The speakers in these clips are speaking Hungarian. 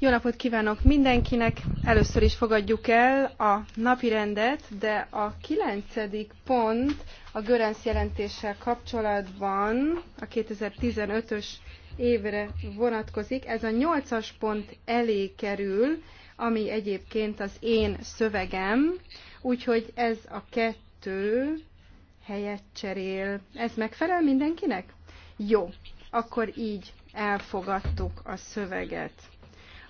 Jó napot kívánok mindenkinek! Először is fogadjuk el a napirendet de a kilencedik pont a Görenc jelentéssel kapcsolatban a 2015-ös évre vonatkozik. Ez a nyolcas pont elé kerül, ami egyébként az én szövegem, úgyhogy ez a kettő helyet cserél. Ez megfelel mindenkinek? Jó, akkor így elfogadtuk a szöveget.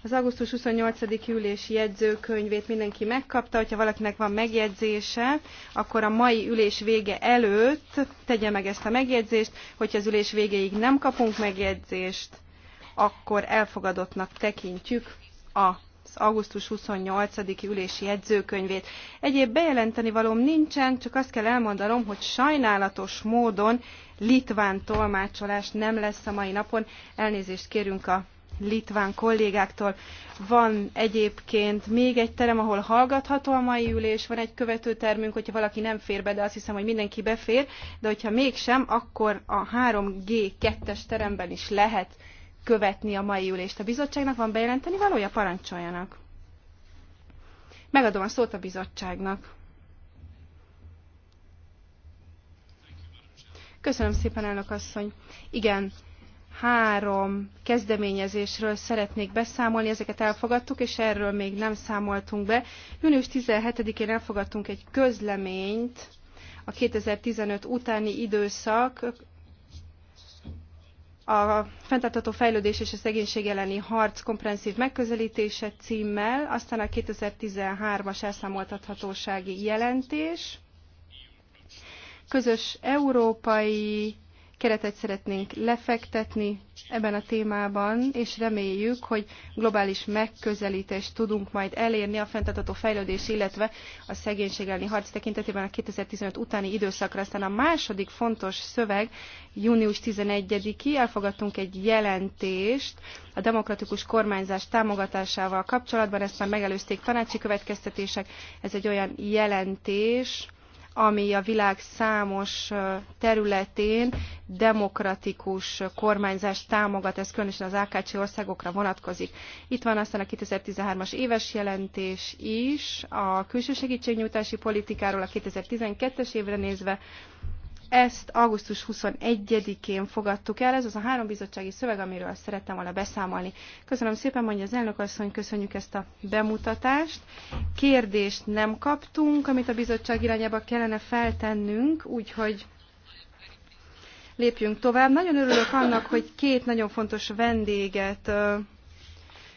Az augusztus 28. ülési jegyzőkönyvét mindenki megkapta, hogyha valakinek van megjegyzése, akkor a mai ülés vége előtt tegye meg ezt a megjegyzést, hogyha az ülés végéig nem kapunk megjegyzést, akkor elfogadottnak tekintjük a augusztus 28-i ülési jegyzőkönyvét. Egyéb bejelenteni valóm nincsen, csak azt kell elmondanom, hogy sajnálatos módon litván tolmácsolás nem lesz a mai napon. Elnézést kérünk a litván kollégáktól. Van egyébként még egy terem, ahol hallgatható a mai ülés, van egy követő termünk, hogyha valaki nem fér be, de azt hiszem, hogy mindenki befér, de hogyha mégsem, akkor a 3G2-es teremben is lehet követni a mai ülést. A bizottságnak van bejelenteni valója? Parancsoljanak. Megadom a szót a bizottságnak. Köszönöm szépen, elnök asszony. Igen, három kezdeményezésről szeretnék beszámolni, ezeket elfogadtuk, és erről még nem számoltunk be. Június 17-én elfogadtunk egy közleményt a 2015 utáni időszak a fenntartható fejlődés és a szegénység elleni harc komprehenszív megközelítése címmel, aztán a 2013-as elszámoltathatósági jelentés, közös európai keretet szeretnénk lefektetni ebben a témában, és reméljük, hogy globális megközelítést tudunk majd elérni a fenntartató fejlődés, illetve a szegénység elleni harc tekintetében a 2015 utáni időszakra. Aztán a második fontos szöveg, június 11-i, elfogadtunk egy jelentést a demokratikus kormányzás támogatásával kapcsolatban, ezt már megelőzték tanácsi következtetések, ez egy olyan jelentés, ami a világ számos területén demokratikus kormányzást támogat, ez különösen az AKC országokra vonatkozik. Itt van aztán a 2013-as éves jelentés is, a külső segítségnyújtási politikáról a 2012-es évre nézve, ezt augusztus 21-én fogadtuk el, ez az a három bizottsági szöveg, amiről szerettem volna beszámolni. Köszönöm szépen, mondja az elnök asszony, köszönjük ezt a bemutatást. Kérdést nem kaptunk, amit a bizottság irányába kellene feltennünk, úgyhogy lépjünk tovább. Nagyon örülök annak, hogy két nagyon fontos vendéget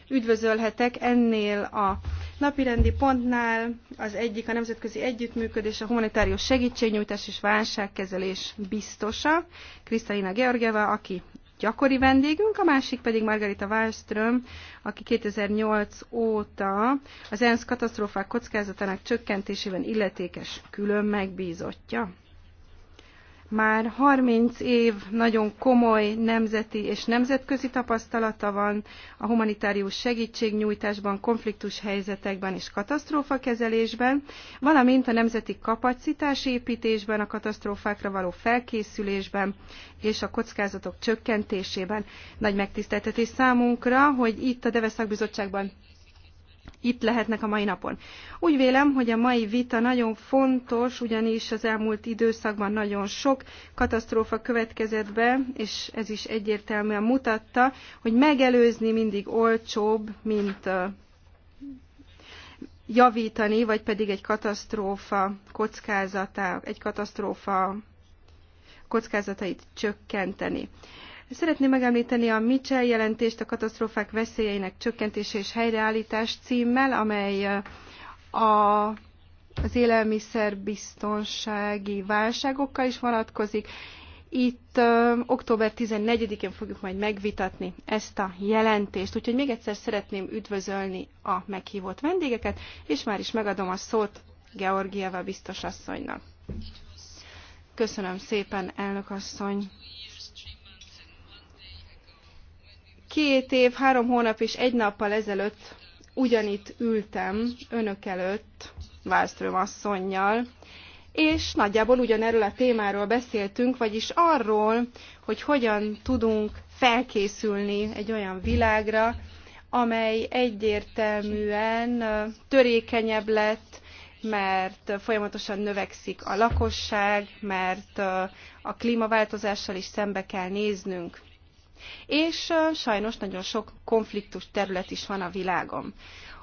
üdvözölhetek ennél a napirendi pontnál az egyik a nemzetközi együttműködés, a humanitárius segítségnyújtás és válságkezelés biztosa, Krisztalina Georgieva, aki gyakori vendégünk, a másik pedig Margarita Wallström, aki 2008 óta az ENSZ katasztrófák kockázatának csökkentésében illetékes külön megbízottja. Már 30 év nagyon komoly nemzeti és nemzetközi tapasztalata van a humanitárius segítségnyújtásban, konfliktus helyzetekben és katasztrófa kezelésben, valamint a nemzeti kapacitás építésben, a katasztrófákra való felkészülésben és a kockázatok csökkentésében. Nagy megtiszteltetés számunkra, hogy itt a Deveszak Bizottságban itt lehetnek a mai napon. Úgy vélem, hogy a mai vita nagyon fontos, ugyanis az elmúlt időszakban nagyon sok katasztrófa következett be, és ez is egyértelműen mutatta, hogy megelőzni mindig olcsóbb, mint javítani, vagy pedig egy katasztrófa kockázatá, egy katasztrófa kockázatait csökkenteni. Szeretném megemlíteni a Mitchell jelentést a katasztrófák veszélyeinek csökkentése és helyreállítás címmel, amely a, az élelmiszerbiztonsági válságokkal is vonatkozik. Itt ö, október 14-én fogjuk majd megvitatni ezt a jelentést, úgyhogy még egyszer szeretném üdvözölni a meghívott vendégeket, és már is megadom a szót Georgieva biztos asszonynak. Köszönöm szépen, elnök asszony! Két év, három hónap és egy nappal ezelőtt ugyanitt ültem önök előtt, Wallström asszonynal, és nagyjából ugyanerről a témáról beszéltünk, vagyis arról, hogy hogyan tudunk felkészülni egy olyan világra, amely egyértelműen törékenyebb lett, mert folyamatosan növekszik a lakosság, mert a klímaváltozással is szembe kell néznünk és sajnos nagyon sok konfliktus terület is van a világon.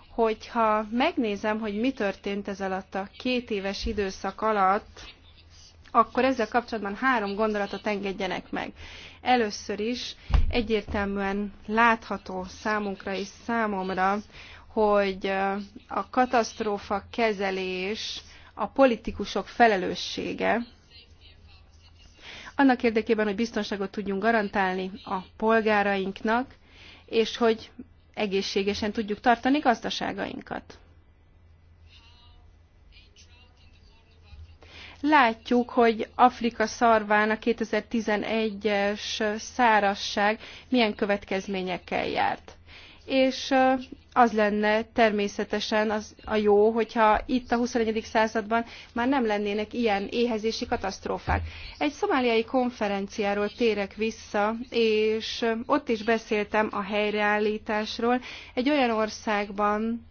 Hogyha megnézem, hogy mi történt ez alatt a két éves időszak alatt, akkor ezzel kapcsolatban három gondolatot engedjenek meg. Először is egyértelműen látható számunkra és számomra, hogy a katasztrófa kezelés a politikusok felelőssége, annak érdekében, hogy biztonságot tudjunk garantálni a polgárainknak, és hogy egészségesen tudjuk tartani gazdaságainkat. Látjuk, hogy Afrika szarván a 2011-es szárasság milyen következményekkel járt. És az lenne természetesen az a jó, hogyha itt a XXI. században már nem lennének ilyen éhezési katasztrófák. Egy szomáliai konferenciáról térek vissza, és ott is beszéltem a helyreállításról. Egy olyan országban,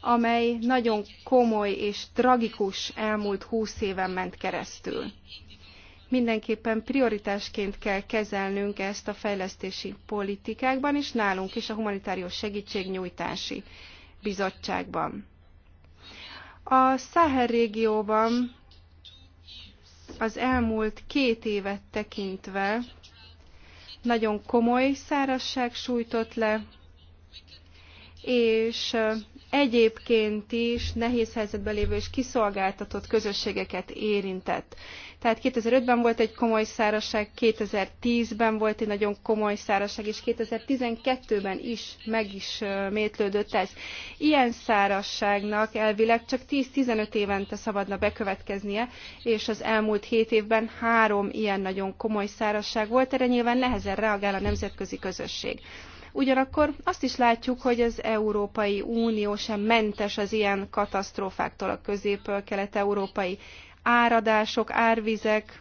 amely nagyon komoly és tragikus elmúlt húsz éven ment keresztül mindenképpen prioritásként kell kezelnünk ezt a fejlesztési politikákban, és nálunk is a humanitárius segítségnyújtási bizottságban. A Száhel régióban az elmúlt két évet tekintve nagyon komoly szárazság sújtott le, és egyébként is nehéz helyzetben lévő és kiszolgáltatott közösségeket érintett. Tehát 2005-ben volt egy komoly szárazság, 2010-ben volt egy nagyon komoly szárazság, és 2012-ben is meg is métlődött ez. Ilyen szárazságnak elvileg csak 10-15 évente szabadna bekövetkeznie, és az elmúlt 7 évben három ilyen nagyon komoly szárazság volt, erre nyilván nehezen reagál a nemzetközi közösség. Ugyanakkor azt is látjuk, hogy az Európai Unió sem mentes az ilyen katasztrófáktól a közép-kelet-európai áradások, árvizek,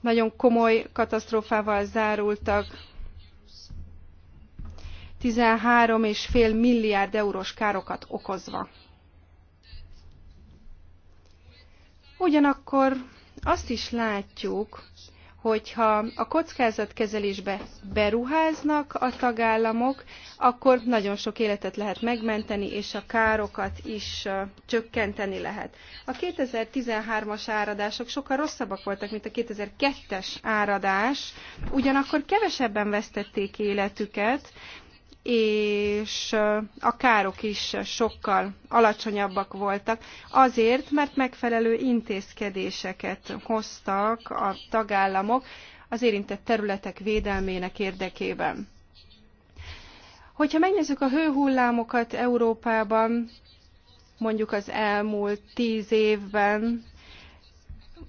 nagyon komoly katasztrófával zárultak. 13,5 milliárd eurós károkat okozva. Ugyanakkor azt is látjuk, hogyha a kockázatkezelésbe beruháznak a tagállamok, akkor nagyon sok életet lehet megmenteni, és a károkat is csökkenteni lehet. A 2013-as áradások sokkal rosszabbak voltak, mint a 2002-es áradás, ugyanakkor kevesebben vesztették életüket, és a károk is sokkal alacsonyabbak voltak, azért, mert megfelelő intézkedéseket hoztak a tagállamok az érintett területek védelmének érdekében. Hogyha megnézzük a hőhullámokat Európában, mondjuk az elmúlt tíz évben,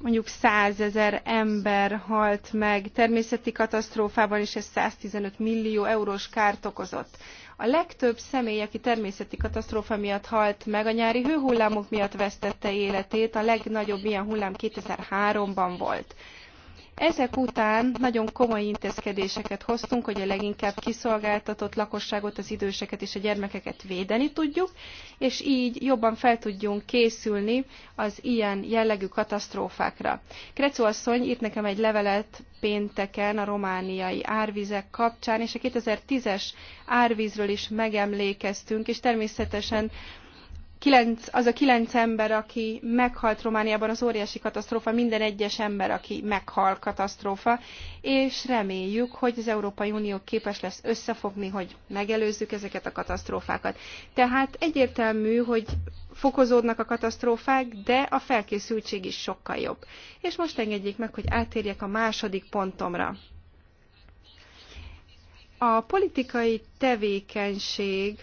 mondjuk 100 ezer ember halt meg természeti katasztrófában, és ez 115 millió eurós kárt okozott. A legtöbb személy, aki természeti katasztrófa miatt halt meg, a nyári hőhullámok miatt vesztette életét, a legnagyobb ilyen hullám 2003-ban volt. Ezek után nagyon komoly intézkedéseket hoztunk, hogy a leginkább kiszolgáltatott lakosságot, az időseket és a gyermekeket védeni tudjuk, és így jobban fel tudjunk készülni az ilyen jellegű katasztrófákra. Krecu asszony írt nekem egy levelet pénteken a romániai árvizek kapcsán, és a 2010-es árvízről is megemlékeztünk, és természetesen kilenc, az a kilenc ember, aki meghalt Romániában, az óriási katasztrófa, minden egyes ember, aki meghal katasztrófa, és reméljük, hogy az Európai Unió képes lesz összefogni, hogy megelőzzük ezeket a katasztrófákat. Tehát egyértelmű, hogy fokozódnak a katasztrófák, de a felkészültség is sokkal jobb. És most engedjék meg, hogy átérjek a második pontomra. A politikai tevékenység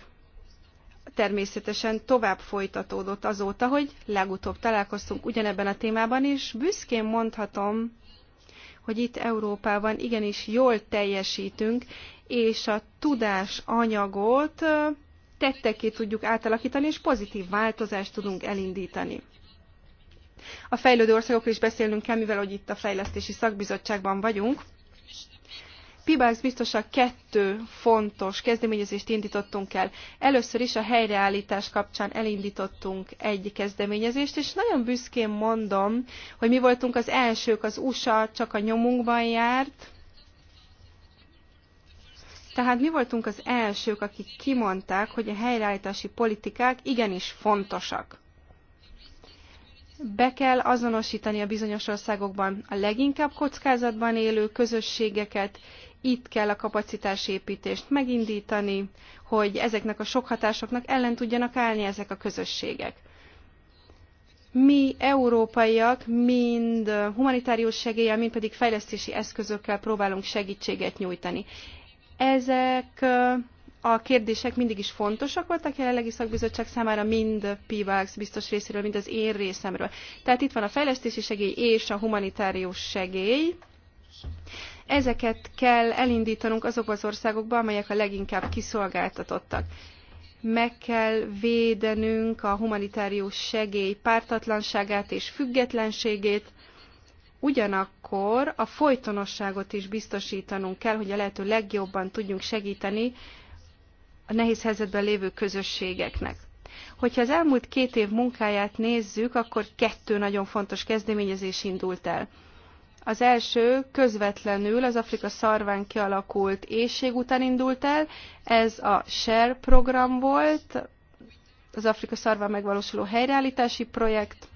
természetesen tovább folytatódott azóta, hogy legutóbb találkoztunk ugyanebben a témában, és büszkén mondhatom, hogy itt Európában igenis jól teljesítünk, és a tudás anyagot tetteké tudjuk átalakítani, és pozitív változást tudunk elindítani. A fejlődő országokról is beszélnünk kell, mivel hogy itt a fejlesztési szakbizottságban vagyunk. PIBAX a kettő fontos kezdeményezést indítottunk el. Először is a helyreállítás kapcsán elindítottunk egy kezdeményezést, és nagyon büszkén mondom, hogy mi voltunk az elsők, az USA csak a nyomunkban járt, tehát mi voltunk az elsők, akik kimondták, hogy a helyreállítási politikák igenis fontosak. Be kell azonosítani a bizonyos országokban a leginkább kockázatban élő közösségeket, itt kell a kapacitásépítést megindítani, hogy ezeknek a sok hatásoknak ellen tudjanak állni ezek a közösségek. Mi, európaiak, mind humanitárius segéllyel, mind pedig fejlesztési eszközökkel próbálunk segítséget nyújtani. Ezek a kérdések mindig is fontosak voltak jelenlegi szakbizottság számára, mind PIVAX biztos részéről, mind az én részemről. Tehát itt van a fejlesztési segély és a humanitárius segély. Ezeket kell elindítanunk azokba az országokba, amelyek a leginkább kiszolgáltatottak. Meg kell védenünk a humanitárius segély pártatlanságát és függetlenségét, ugyanakkor a folytonosságot is biztosítanunk kell, hogy a lehető legjobban tudjunk segíteni a nehéz helyzetben lévő közösségeknek. Hogyha az elmúlt két év munkáját nézzük, akkor kettő nagyon fontos kezdeményezés indult el. Az első közvetlenül az Afrika szarván kialakult éjség után indult el, ez a SHARE program volt, az Afrika szarván megvalósuló helyreállítási projekt,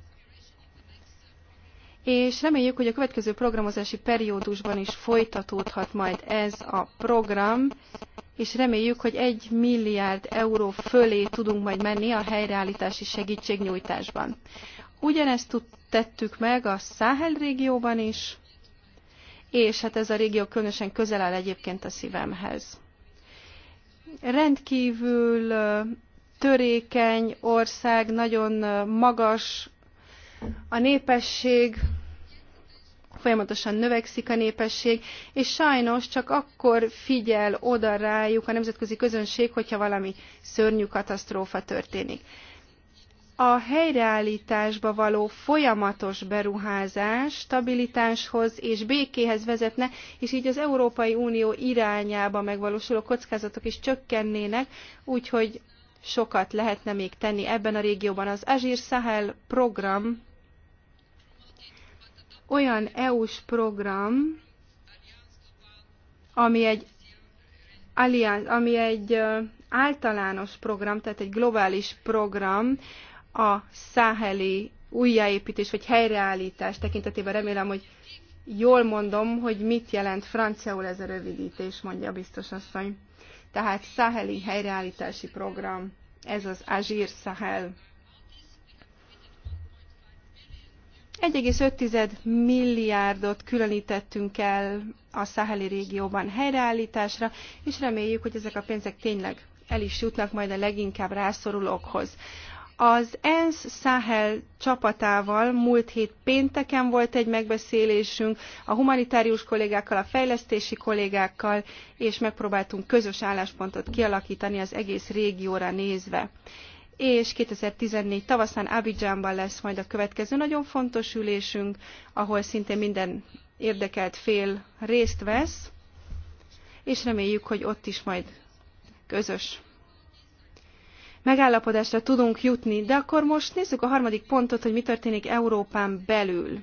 és reméljük, hogy a következő programozási periódusban is folytatódhat majd ez a program, és reméljük, hogy egy milliárd euró fölé tudunk majd menni a helyreállítási segítségnyújtásban. Ugyanezt tettük meg a Száhel régióban is, és hát ez a régió különösen közel áll egyébként a szívemhez. Rendkívül törékeny ország, nagyon magas a népesség, folyamatosan növekszik a népesség, és sajnos csak akkor figyel oda rájuk a nemzetközi közönség, hogyha valami szörnyű katasztrófa történik a helyreállításba való folyamatos beruházás stabilitáshoz és békéhez vezetne, és így az Európai Unió irányába megvalósuló kockázatok is csökkennének, úgyhogy sokat lehetne még tenni ebben a régióban. Az Azir Sahel program olyan EU-s program, ami egy, ami egy általános program, tehát egy globális program, a száheli újjáépítés vagy helyreállítás tekintetében remélem, hogy jól mondom, hogy mit jelent franciául ez a rövidítés, mondja a biztos asszony. Tehát száheli helyreállítási program, ez az Azir Sahel. 1,5 milliárdot különítettünk el a száheli régióban helyreállításra, és reméljük, hogy ezek a pénzek tényleg el is jutnak majd a leginkább rászorulókhoz. Az ENSZ Sahel csapatával múlt hét pénteken volt egy megbeszélésünk a humanitárius kollégákkal, a fejlesztési kollégákkal, és megpróbáltunk közös álláspontot kialakítani az egész régióra nézve és 2014 tavaszán Abidjanban lesz majd a következő nagyon fontos ülésünk, ahol szintén minden érdekelt fél részt vesz, és reméljük, hogy ott is majd közös megállapodásra tudunk jutni. De akkor most nézzük a harmadik pontot, hogy mi történik Európán belül.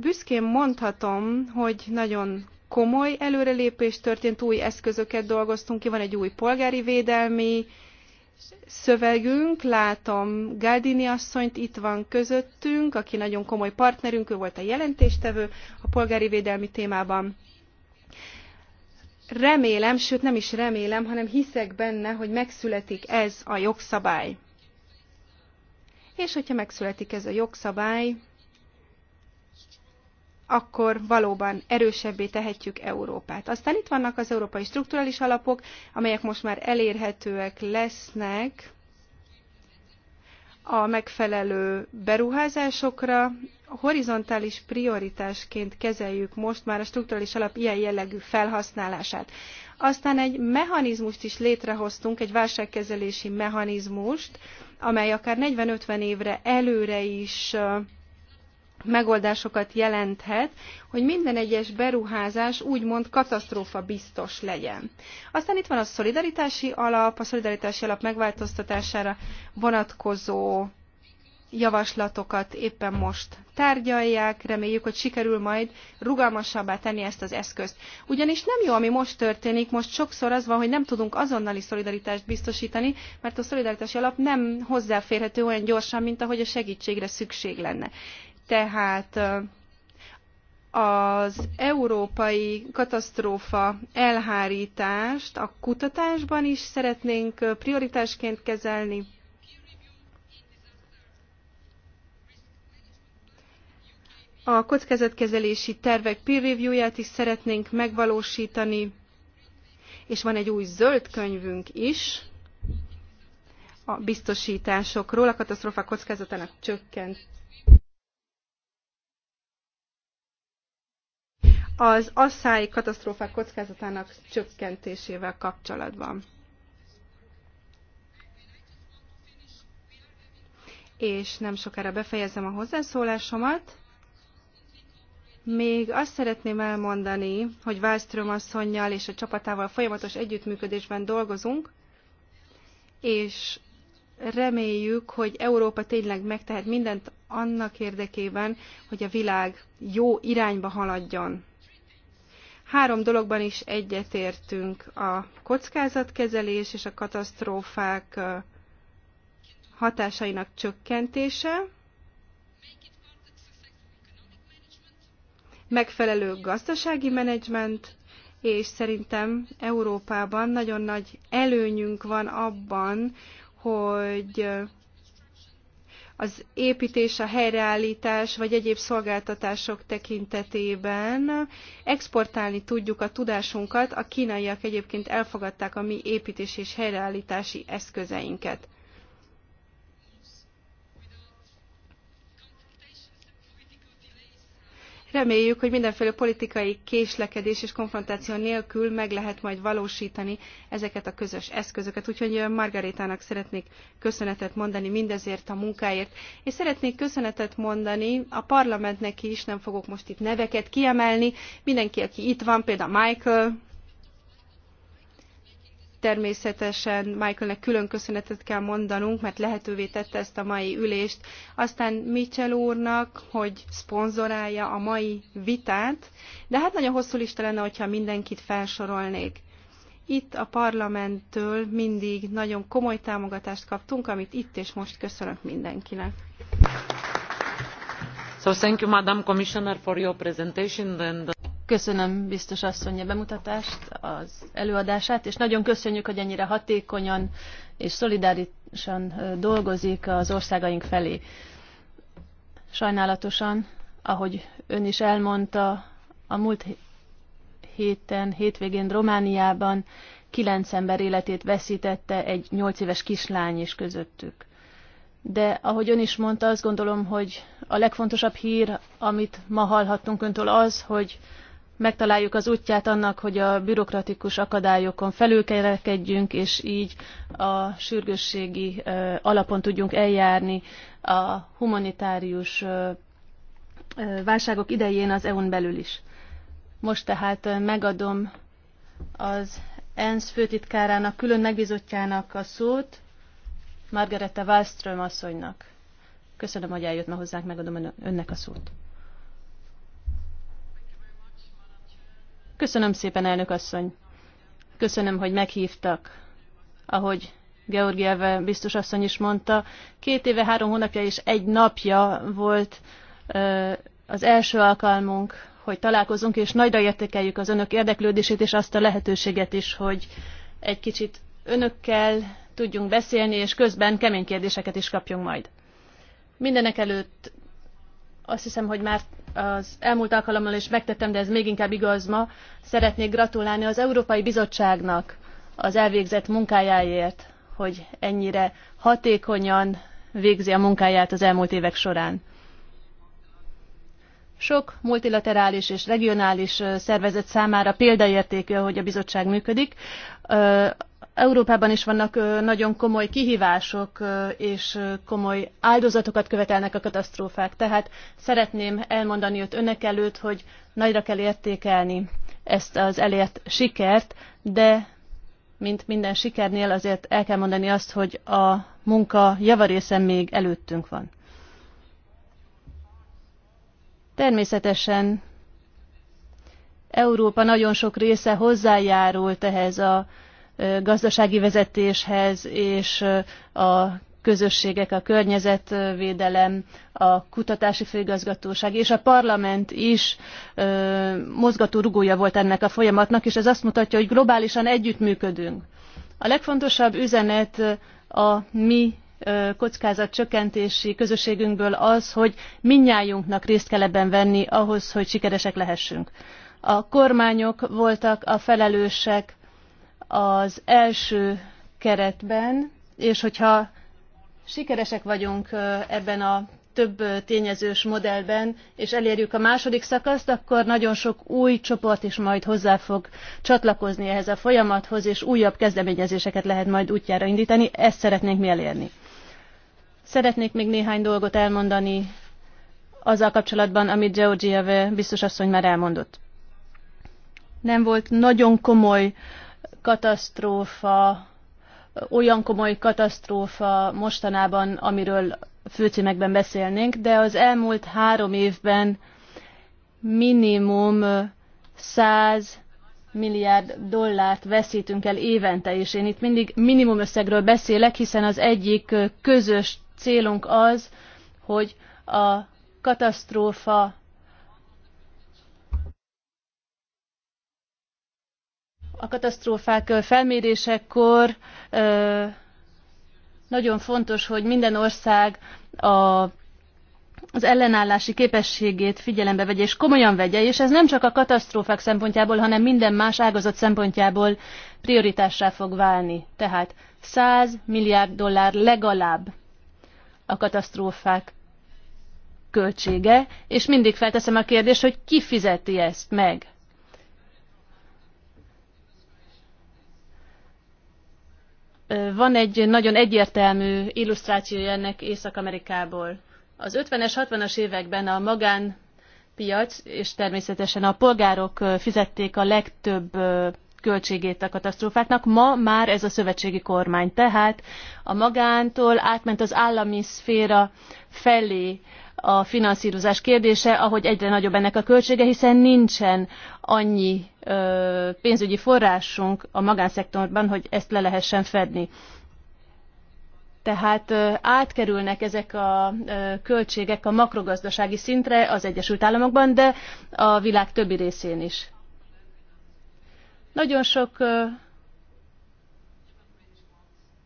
Büszkén mondhatom, hogy nagyon komoly előrelépés történt, új eszközöket dolgoztunk ki, van egy új polgári védelmi szövegünk, látom Gáldini asszonyt itt van közöttünk, aki nagyon komoly partnerünk, ő volt a jelentéstevő a polgári védelmi témában remélem, sőt nem is remélem, hanem hiszek benne, hogy megszületik ez a jogszabály. És hogyha megszületik ez a jogszabály, akkor valóban erősebbé tehetjük Európát. Aztán itt vannak az európai strukturális alapok, amelyek most már elérhetőek lesznek a megfelelő beruházásokra. Horizontális prioritásként kezeljük most már a strukturális alap ilyen jellegű felhasználását. Aztán egy mechanizmust is létrehoztunk, egy válságkezelési mechanizmust, amely akár 40-50 évre előre is megoldásokat jelenthet, hogy minden egyes beruházás úgymond katasztrófa biztos legyen. Aztán itt van a szolidaritási alap, a szolidaritási alap megváltoztatására vonatkozó javaslatokat éppen most tárgyalják, reméljük, hogy sikerül majd rugalmasabbá tenni ezt az eszközt. Ugyanis nem jó, ami most történik, most sokszor az van, hogy nem tudunk azonnali szolidaritást biztosítani, mert a szolidaritási alap nem hozzáférhető olyan gyorsan, mint ahogy a segítségre szükség lenne. Tehát az európai katasztrófa elhárítást a kutatásban is szeretnénk prioritásként kezelni. A kockázatkezelési tervek peer review-ját is szeretnénk megvalósítani, és van egy új zöld könyvünk is a biztosításokról, a katasztrófa kockázatának csökkent az asszályi katasztrófák kockázatának csökkentésével kapcsolatban. És nem sokára befejezem a hozzászólásomat. Még azt szeretném elmondani, hogy Wallström asszonynal és a csapatával folyamatos együttműködésben dolgozunk, és reméljük, hogy Európa tényleg megtehet mindent annak érdekében, hogy a világ jó irányba haladjon. Három dologban is egyetértünk, a kockázatkezelés és a katasztrófák hatásainak csökkentése, megfelelő gazdasági menedzsment, és szerintem Európában nagyon nagy előnyünk van abban, hogy az építés, a helyreállítás vagy egyéb szolgáltatások tekintetében exportálni tudjuk a tudásunkat. A kínaiak egyébként elfogadták a mi építés és helyreállítási eszközeinket. Reméljük, hogy mindenféle politikai késlekedés és konfrontáció nélkül meg lehet majd valósítani ezeket a közös eszközöket. Úgyhogy Margarétának szeretnék köszönetet mondani mindezért a munkáért. És szeretnék köszönetet mondani a parlamentnek is, nem fogok most itt neveket kiemelni, mindenki, aki itt van, például Michael, Természetesen Michaelnek külön köszönetet kell mondanunk, mert lehetővé tette ezt a mai ülést. Aztán Mitchell úrnak, hogy szponzorálja a mai vitát, de hát nagyon hosszú lista lenne, hogyha mindenkit felsorolnék. Itt a parlamenttől mindig nagyon komoly támogatást kaptunk, amit itt és most köszönök mindenkinek. So thank you, Madam Commissioner, for your presentation. And... Köszönöm biztos asszony a bemutatást, az előadását, és nagyon köszönjük, hogy ennyire hatékonyan és szolidárisan dolgozik az országaink felé. Sajnálatosan, ahogy ön is elmondta, a múlt héten, hétvégén Romániában kilenc ember életét veszítette egy nyolc éves kislány is közöttük. De ahogy ön is mondta, azt gondolom, hogy a legfontosabb hír, amit ma hallhattunk öntől az, hogy megtaláljuk az útját annak, hogy a bürokratikus akadályokon felülkerekedjünk, és így a sürgősségi alapon tudjunk eljárni a humanitárius válságok idején az EU-n belül is. Most tehát megadom az ENSZ főtitkárának, külön megbizottjának a szót, Margareta Wallström asszonynak. Köszönöm, hogy eljött ma hozzánk, megadom önnek a szót. Köszönöm szépen, elnök asszony. Köszönöm, hogy meghívtak. Ahogy Georgieve biztos asszony is mondta, két éve, három hónapja és egy napja volt az első alkalmunk, hogy találkozunk, és nagyra értékeljük az önök érdeklődését, és azt a lehetőséget is, hogy egy kicsit önökkel tudjunk beszélni, és közben kemény kérdéseket is kapjunk majd. Mindenek előtt azt hiszem, hogy már az elmúlt alkalommal is megtettem, de ez még inkább igaz ma. Szeretnék gratulálni az Európai Bizottságnak az elvégzett munkájáért, hogy ennyire hatékonyan végzi a munkáját az elmúlt évek során. Sok multilaterális és regionális szervezet számára példaértékű, hogy a bizottság működik. Európában is vannak nagyon komoly kihívások, és komoly áldozatokat követelnek a katasztrófák. Tehát szeretném elmondani ott önök előtt, hogy nagyra kell értékelni ezt az elért sikert, de mint minden sikernél azért el kell mondani azt, hogy a munka javarésze még előttünk van. Természetesen Európa nagyon sok része hozzájárult ehhez a gazdasági vezetéshez és a közösségek, a környezetvédelem, a kutatási főigazgatóság és a parlament is ö, mozgató rugója volt ennek a folyamatnak, és ez azt mutatja, hogy globálisan együttműködünk. A legfontosabb üzenet a mi kockázatcsökkentési közösségünkből az, hogy minnyájunknak részt kell ebben venni ahhoz, hogy sikeresek lehessünk. A kormányok voltak a felelősek az első keretben, és hogyha sikeresek vagyunk ebben a több tényezős modellben, és elérjük a második szakaszt, akkor nagyon sok új csoport is majd hozzá fog csatlakozni ehhez a folyamathoz, és újabb kezdeményezéseket lehet majd útjára indítani. Ezt szeretnénk mi elérni. Szeretnék még néhány dolgot elmondani azzal kapcsolatban, amit Georgieve biztos asszony már elmondott. Nem volt nagyon komoly katasztrófa, olyan komoly katasztrófa mostanában, amiről főcímekben beszélnénk, de az elmúlt három évben minimum 100 milliárd dollárt veszítünk el évente, és én itt mindig minimum összegről beszélek, hiszen az egyik közös célunk az, hogy a katasztrófa a katasztrófák felmérésekor nagyon fontos, hogy minden ország a az ellenállási képességét figyelembe vegye és komolyan vegye, és ez nem csak a katasztrófák szempontjából, hanem minden más ágazat szempontjából prioritássá fog válni. Tehát 100 milliárd dollár legalább a katasztrófák költsége, és mindig felteszem a kérdést, hogy ki fizeti ezt meg. Van egy nagyon egyértelmű illusztrációja ennek Észak-Amerikából. Az 50-es, 60-as években a magánpiac és természetesen a polgárok fizették a legtöbb költségét a katasztrófáknak. Ma már ez a szövetségi kormány. Tehát a magántól átment az állami szféra felé a finanszírozás kérdése, ahogy egyre nagyobb ennek a költsége, hiszen nincsen annyi ö, pénzügyi forrásunk a magánszektorban, hogy ezt le lehessen fedni. Tehát ö, átkerülnek ezek a ö, költségek a makrogazdasági szintre az Egyesült Államokban, de a világ többi részén is. Nagyon sok ö,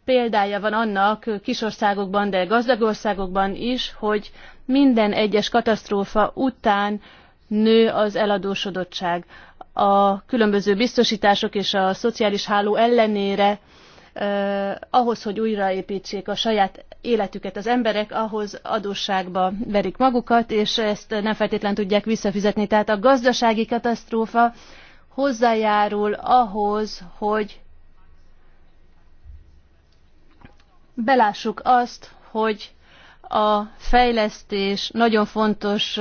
példája van annak kisországokban, de gazdag országokban is, hogy minden egyes katasztrófa után nő az eladósodottság. A különböző biztosítások és a szociális háló ellenére eh, ahhoz, hogy újraépítsék a saját életüket az emberek, ahhoz adósságba verik magukat, és ezt nem feltétlenül tudják visszafizetni. Tehát a gazdasági katasztrófa hozzájárul ahhoz, hogy belássuk azt, hogy a fejlesztés nagyon fontos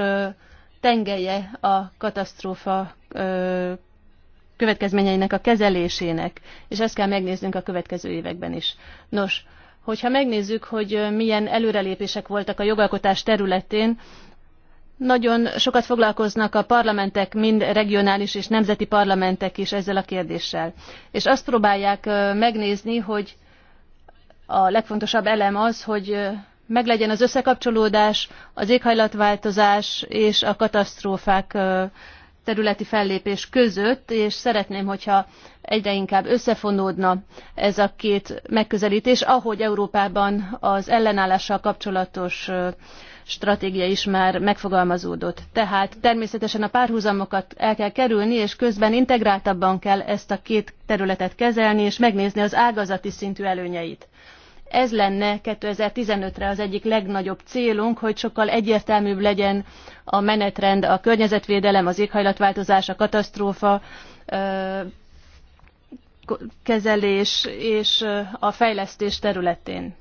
tengelye a katasztrófa következményeinek a kezelésének, és ezt kell megnéznünk a következő években is. Nos, hogyha megnézzük, hogy milyen előrelépések voltak a jogalkotás területén, nagyon sokat foglalkoznak a parlamentek, mind regionális és nemzeti parlamentek is ezzel a kérdéssel. És azt próbálják megnézni, hogy a legfontosabb elem az, hogy meglegyen az összekapcsolódás, az éghajlatváltozás és a katasztrófák területi fellépés között, és szeretném, hogyha egyre inkább összefonódna ez a két megközelítés, ahogy Európában az ellenállással kapcsolatos stratégia is már megfogalmazódott. Tehát természetesen a párhuzamokat el kell kerülni, és közben integráltabban kell ezt a két területet kezelni, és megnézni az ágazati szintű előnyeit. Ez lenne 2015-re az egyik legnagyobb célunk, hogy sokkal egyértelműbb legyen a menetrend, a környezetvédelem, az éghajlatváltozás, a katasztrófa, kezelés és a fejlesztés területén.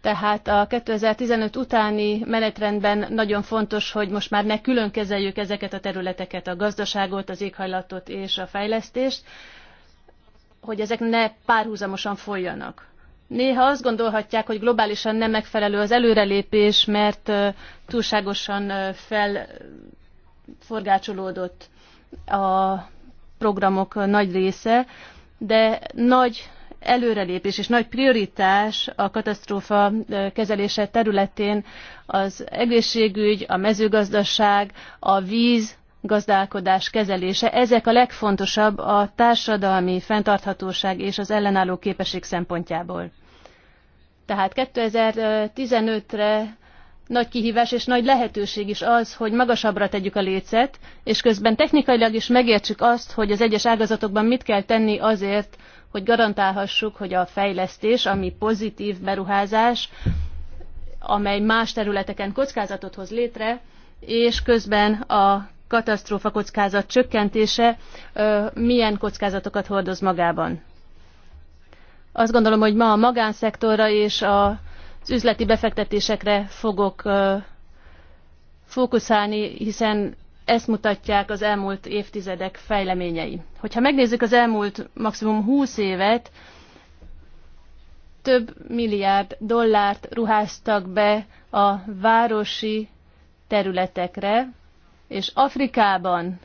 Tehát a 2015 utáni menetrendben nagyon fontos, hogy most már ne külön kezeljük ezeket a területeket, a gazdaságot, az éghajlatot és a fejlesztést, hogy ezek ne párhuzamosan folyjanak. Néha azt gondolhatják, hogy globálisan nem megfelelő az előrelépés, mert túlságosan felforgácsolódott a programok nagy része, de nagy előrelépés és nagy prioritás a katasztrófa kezelése területén az egészségügy, a mezőgazdaság, a víz, gazdálkodás kezelése. Ezek a legfontosabb a társadalmi fenntarthatóság és az ellenálló képesség szempontjából. Tehát 2015-re nagy kihívás és nagy lehetőség is az, hogy magasabbra tegyük a lécet, és közben technikailag is megértsük azt, hogy az egyes ágazatokban mit kell tenni azért, hogy garantálhassuk, hogy a fejlesztés, ami pozitív beruházás, amely más területeken kockázatot hoz létre, és közben a katasztrófa kockázat csökkentése milyen kockázatokat hordoz magában. Azt gondolom, hogy ma a magánszektorra és az üzleti befektetésekre fogok fókuszálni, hiszen ezt mutatják az elmúlt évtizedek fejleményei. Hogyha megnézzük az elmúlt maximum 20 évet, több milliárd dollárt ruháztak be a városi területekre, és Afrikában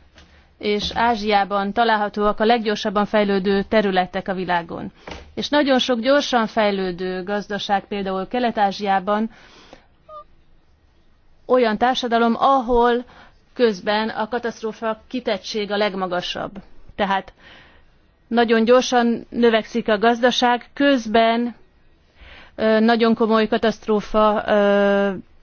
és Ázsiában találhatóak a leggyorsabban fejlődő területek a világon. És nagyon sok gyorsan fejlődő gazdaság, például Kelet-Ázsiában, olyan társadalom, ahol közben a katasztrófa kitettség a legmagasabb. Tehát nagyon gyorsan növekszik a gazdaság, közben nagyon komoly katasztrófa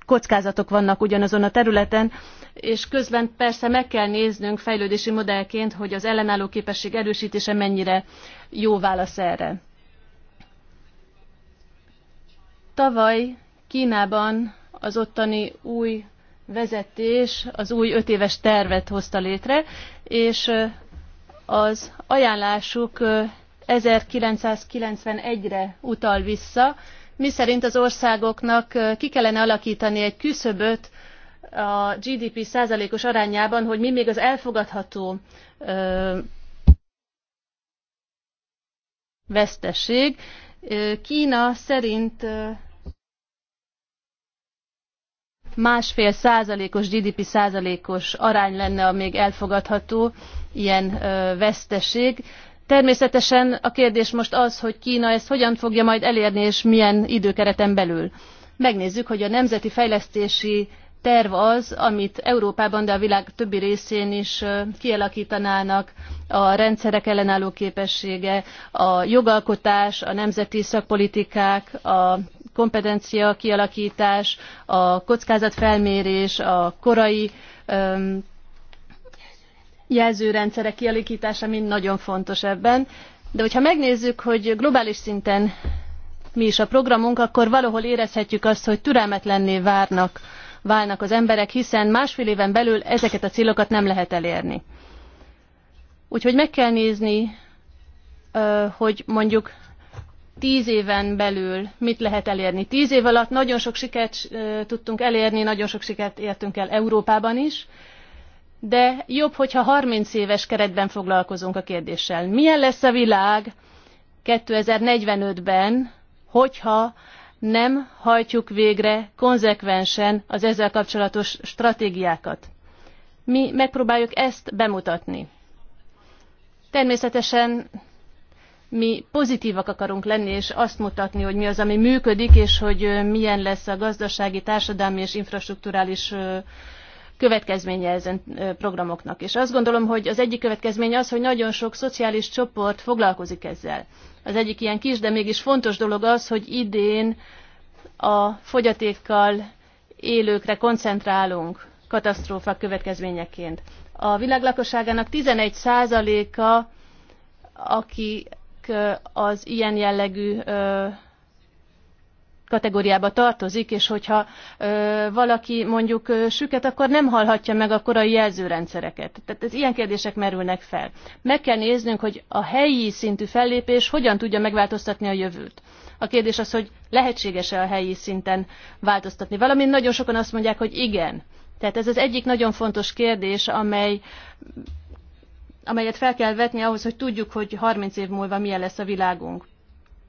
kockázatok vannak ugyanazon a területen, és közben persze meg kell néznünk fejlődési modellként, hogy az ellenálló képesség erősítése mennyire jó válasz erre. Tavaly Kínában az ottani új vezetés az új öt éves tervet hozta létre, és az ajánlásuk 1991-re utal vissza, miszerint az országoknak ki kellene alakítani egy küszöböt a GDP százalékos arányában, hogy mi még az elfogadható veszteség? Kína szerint másfél százalékos GDP százalékos arány lenne a még elfogadható ilyen veszteség. Természetesen a kérdés most az, hogy Kína ezt hogyan fogja majd elérni, és milyen időkereten belül. Megnézzük, hogy a nemzeti fejlesztési terv az, amit Európában, de a világ többi részén is kialakítanának a rendszerek ellenálló képessége, a jogalkotás, a nemzeti szakpolitikák, a kompetencia kialakítás, a kockázatfelmérés, a korai jelzőrendszerek kialakítása mind nagyon fontos ebben. De hogyha megnézzük, hogy globális szinten mi is a programunk, akkor valahol érezhetjük azt, hogy türelmetlenné várnak, válnak az emberek, hiszen másfél éven belül ezeket a célokat nem lehet elérni. Úgyhogy meg kell nézni, hogy mondjuk tíz éven belül mit lehet elérni. Tíz év alatt nagyon sok sikert tudtunk elérni, nagyon sok sikert értünk el Európában is, de jobb, hogyha 30 éves keretben foglalkozunk a kérdéssel. Milyen lesz a világ 2045-ben, hogyha nem hajtjuk végre konzekvensen az ezzel kapcsolatos stratégiákat? Mi megpróbáljuk ezt bemutatni. Természetesen mi pozitívak akarunk lenni, és azt mutatni, hogy mi az, ami működik, és hogy milyen lesz a gazdasági, társadalmi és infrastruktúrális következménye ezen programoknak. És azt gondolom, hogy az egyik következménye az, hogy nagyon sok szociális csoport foglalkozik ezzel. Az egyik ilyen kis, de mégis fontos dolog az, hogy idén a fogyatékkal élőkre koncentrálunk katasztrófa következményeként. A világ lakosságának 11%-a, akik az ilyen jellegű kategóriába tartozik, és hogyha ö, valaki mondjuk ö, süket, akkor nem hallhatja meg a korai jelzőrendszereket. Tehát ez, ilyen kérdések merülnek fel. Meg kell néznünk, hogy a helyi szintű fellépés hogyan tudja megváltoztatni a jövőt. A kérdés az, hogy lehetséges-e a helyi szinten változtatni. Valamint nagyon sokan azt mondják, hogy igen. Tehát ez az egyik nagyon fontos kérdés, amely amelyet fel kell vetni ahhoz, hogy tudjuk, hogy 30 év múlva milyen lesz a világunk.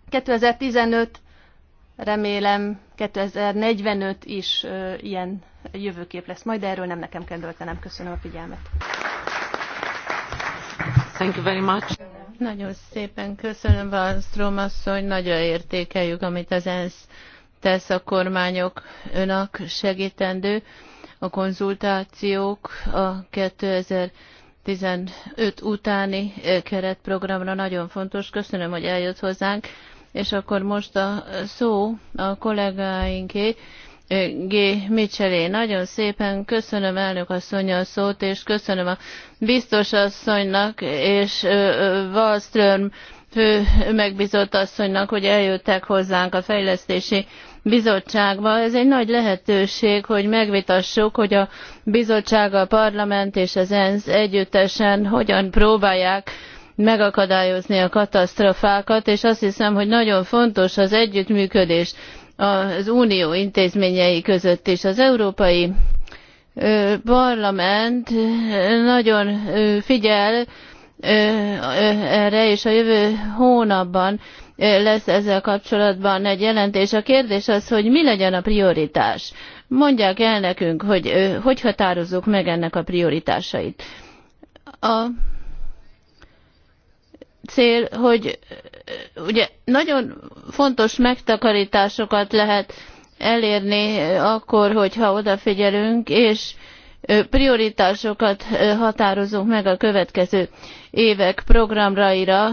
2015 Remélem 2045 is ilyen jövőkép lesz majd, de erről nem nekem kell döltenem. Köszönöm a figyelmet. Thank you very much. Nagyon szépen köszönöm, Wallström asszony, nagyon értékeljük, amit az ENSZ tesz a kormányok önök segítendő. A konzultációk a 2015 utáni keretprogramra nagyon fontos. Köszönöm, hogy eljött hozzánk és akkor most a szó a kollégáinké. G. Michelé. Nagyon szépen köszönöm elnök asszony a szót, és köszönöm a biztos asszonynak, és Wallström fő megbízott asszonynak, hogy eljöttek hozzánk a fejlesztési bizottságba. Ez egy nagy lehetőség, hogy megvitassuk, hogy a bizottság, a parlament és az ENSZ együttesen hogyan próbálják megakadályozni a katasztrofákat, és azt hiszem, hogy nagyon fontos az együttműködés az unió intézményei között is. Az Európai Parlament nagyon figyel erre, és a jövő hónapban lesz ezzel kapcsolatban egy jelentés. A kérdés az, hogy mi legyen a prioritás. Mondják el nekünk, hogy hogy határozzuk meg ennek a prioritásait. A cél, hogy ugye nagyon fontos megtakarításokat lehet elérni akkor, hogyha odafigyelünk, és prioritásokat határozunk meg a következő évek programraira.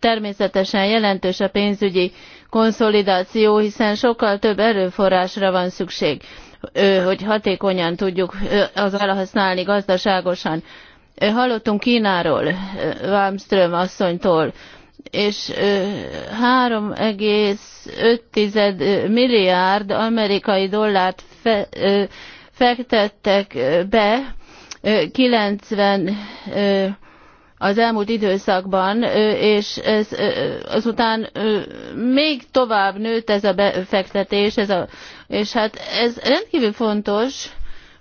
Természetesen jelentős a pénzügyi konszolidáció, hiszen sokkal több erőforrásra van szükség hogy hatékonyan tudjuk az elhasználni gazdaságosan. Hallottunk Kínáról, Wallström asszonytól, és 3,5 milliárd amerikai dollárt fe, fektettek be 90 az elmúlt időszakban, és ez, azután még tovább nőtt ez a befektetés, ez a, és hát ez rendkívül fontos,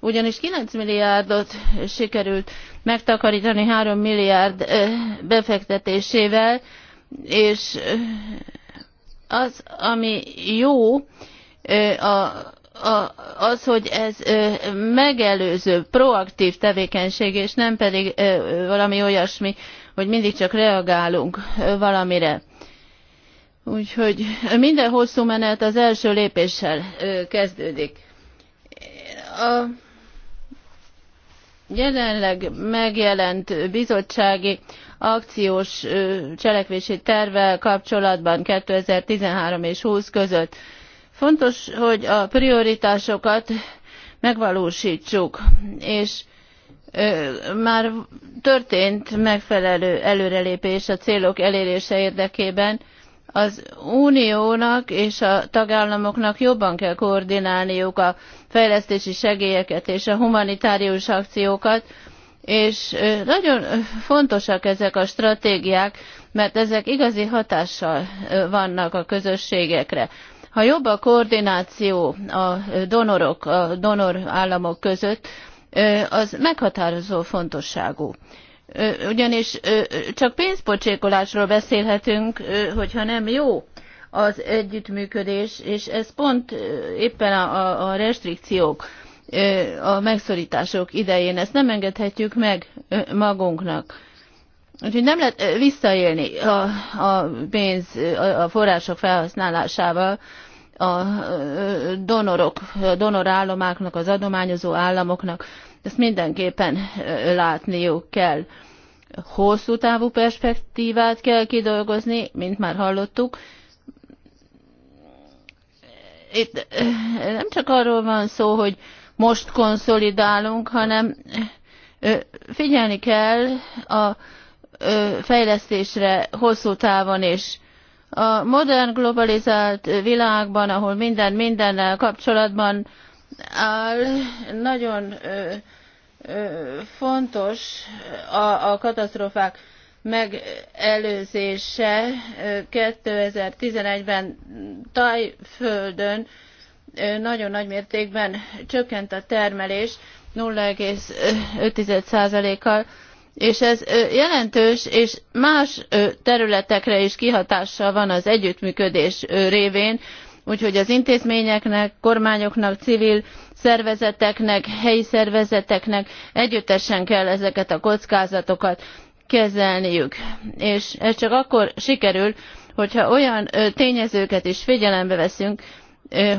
ugyanis 9 milliárdot sikerült megtakarítani 3 milliárd befektetésével, és az, ami jó, a, az, hogy ez megelőző, proaktív tevékenység, és nem pedig valami olyasmi, hogy mindig csak reagálunk valamire. Úgyhogy minden hosszú menet az első lépéssel kezdődik. A jelenleg megjelent bizottsági akciós cselekvési tervvel kapcsolatban 2013 és 20 között. Fontos, hogy a prioritásokat megvalósítsuk, és már történt megfelelő előrelépés a célok elérése érdekében, az uniónak és a tagállamoknak jobban kell koordinálniuk a fejlesztési segélyeket és a humanitárius akciókat, és nagyon fontosak ezek a stratégiák, mert ezek igazi hatással vannak a közösségekre. Ha jobb a koordináció a donorok, a donor államok között, az meghatározó fontosságú ugyanis csak pénzpocsékolásról beszélhetünk, hogyha nem jó az együttműködés, és ez pont éppen a, restrikciók, a megszorítások idején, ezt nem engedhetjük meg magunknak. Úgyhogy nem lehet visszaélni a, a pénz, a források felhasználásával, a donorok, a donorállomáknak, az adományozó államoknak, ezt mindenképpen látniuk kell hosszú távú perspektívát kell kidolgozni, mint már hallottuk. Itt eh, nem csak arról van szó, hogy most konszolidálunk, hanem eh, figyelni kell a eh, fejlesztésre hosszú távon is. A modern globalizált világban, ahol minden mindennel kapcsolatban áll, nagyon fontos a, a katasztrófák megelőzése 2011-ben Tajföldön nagyon nagy mértékben csökkent a termelés 0,5%-kal, és ez jelentős, és más területekre is kihatással van az együttműködés révén, Úgyhogy az intézményeknek, kormányoknak, civil szervezeteknek, helyi szervezeteknek együttesen kell ezeket a kockázatokat kezelniük. És ez csak akkor sikerül, hogyha olyan tényezőket is figyelembe veszünk,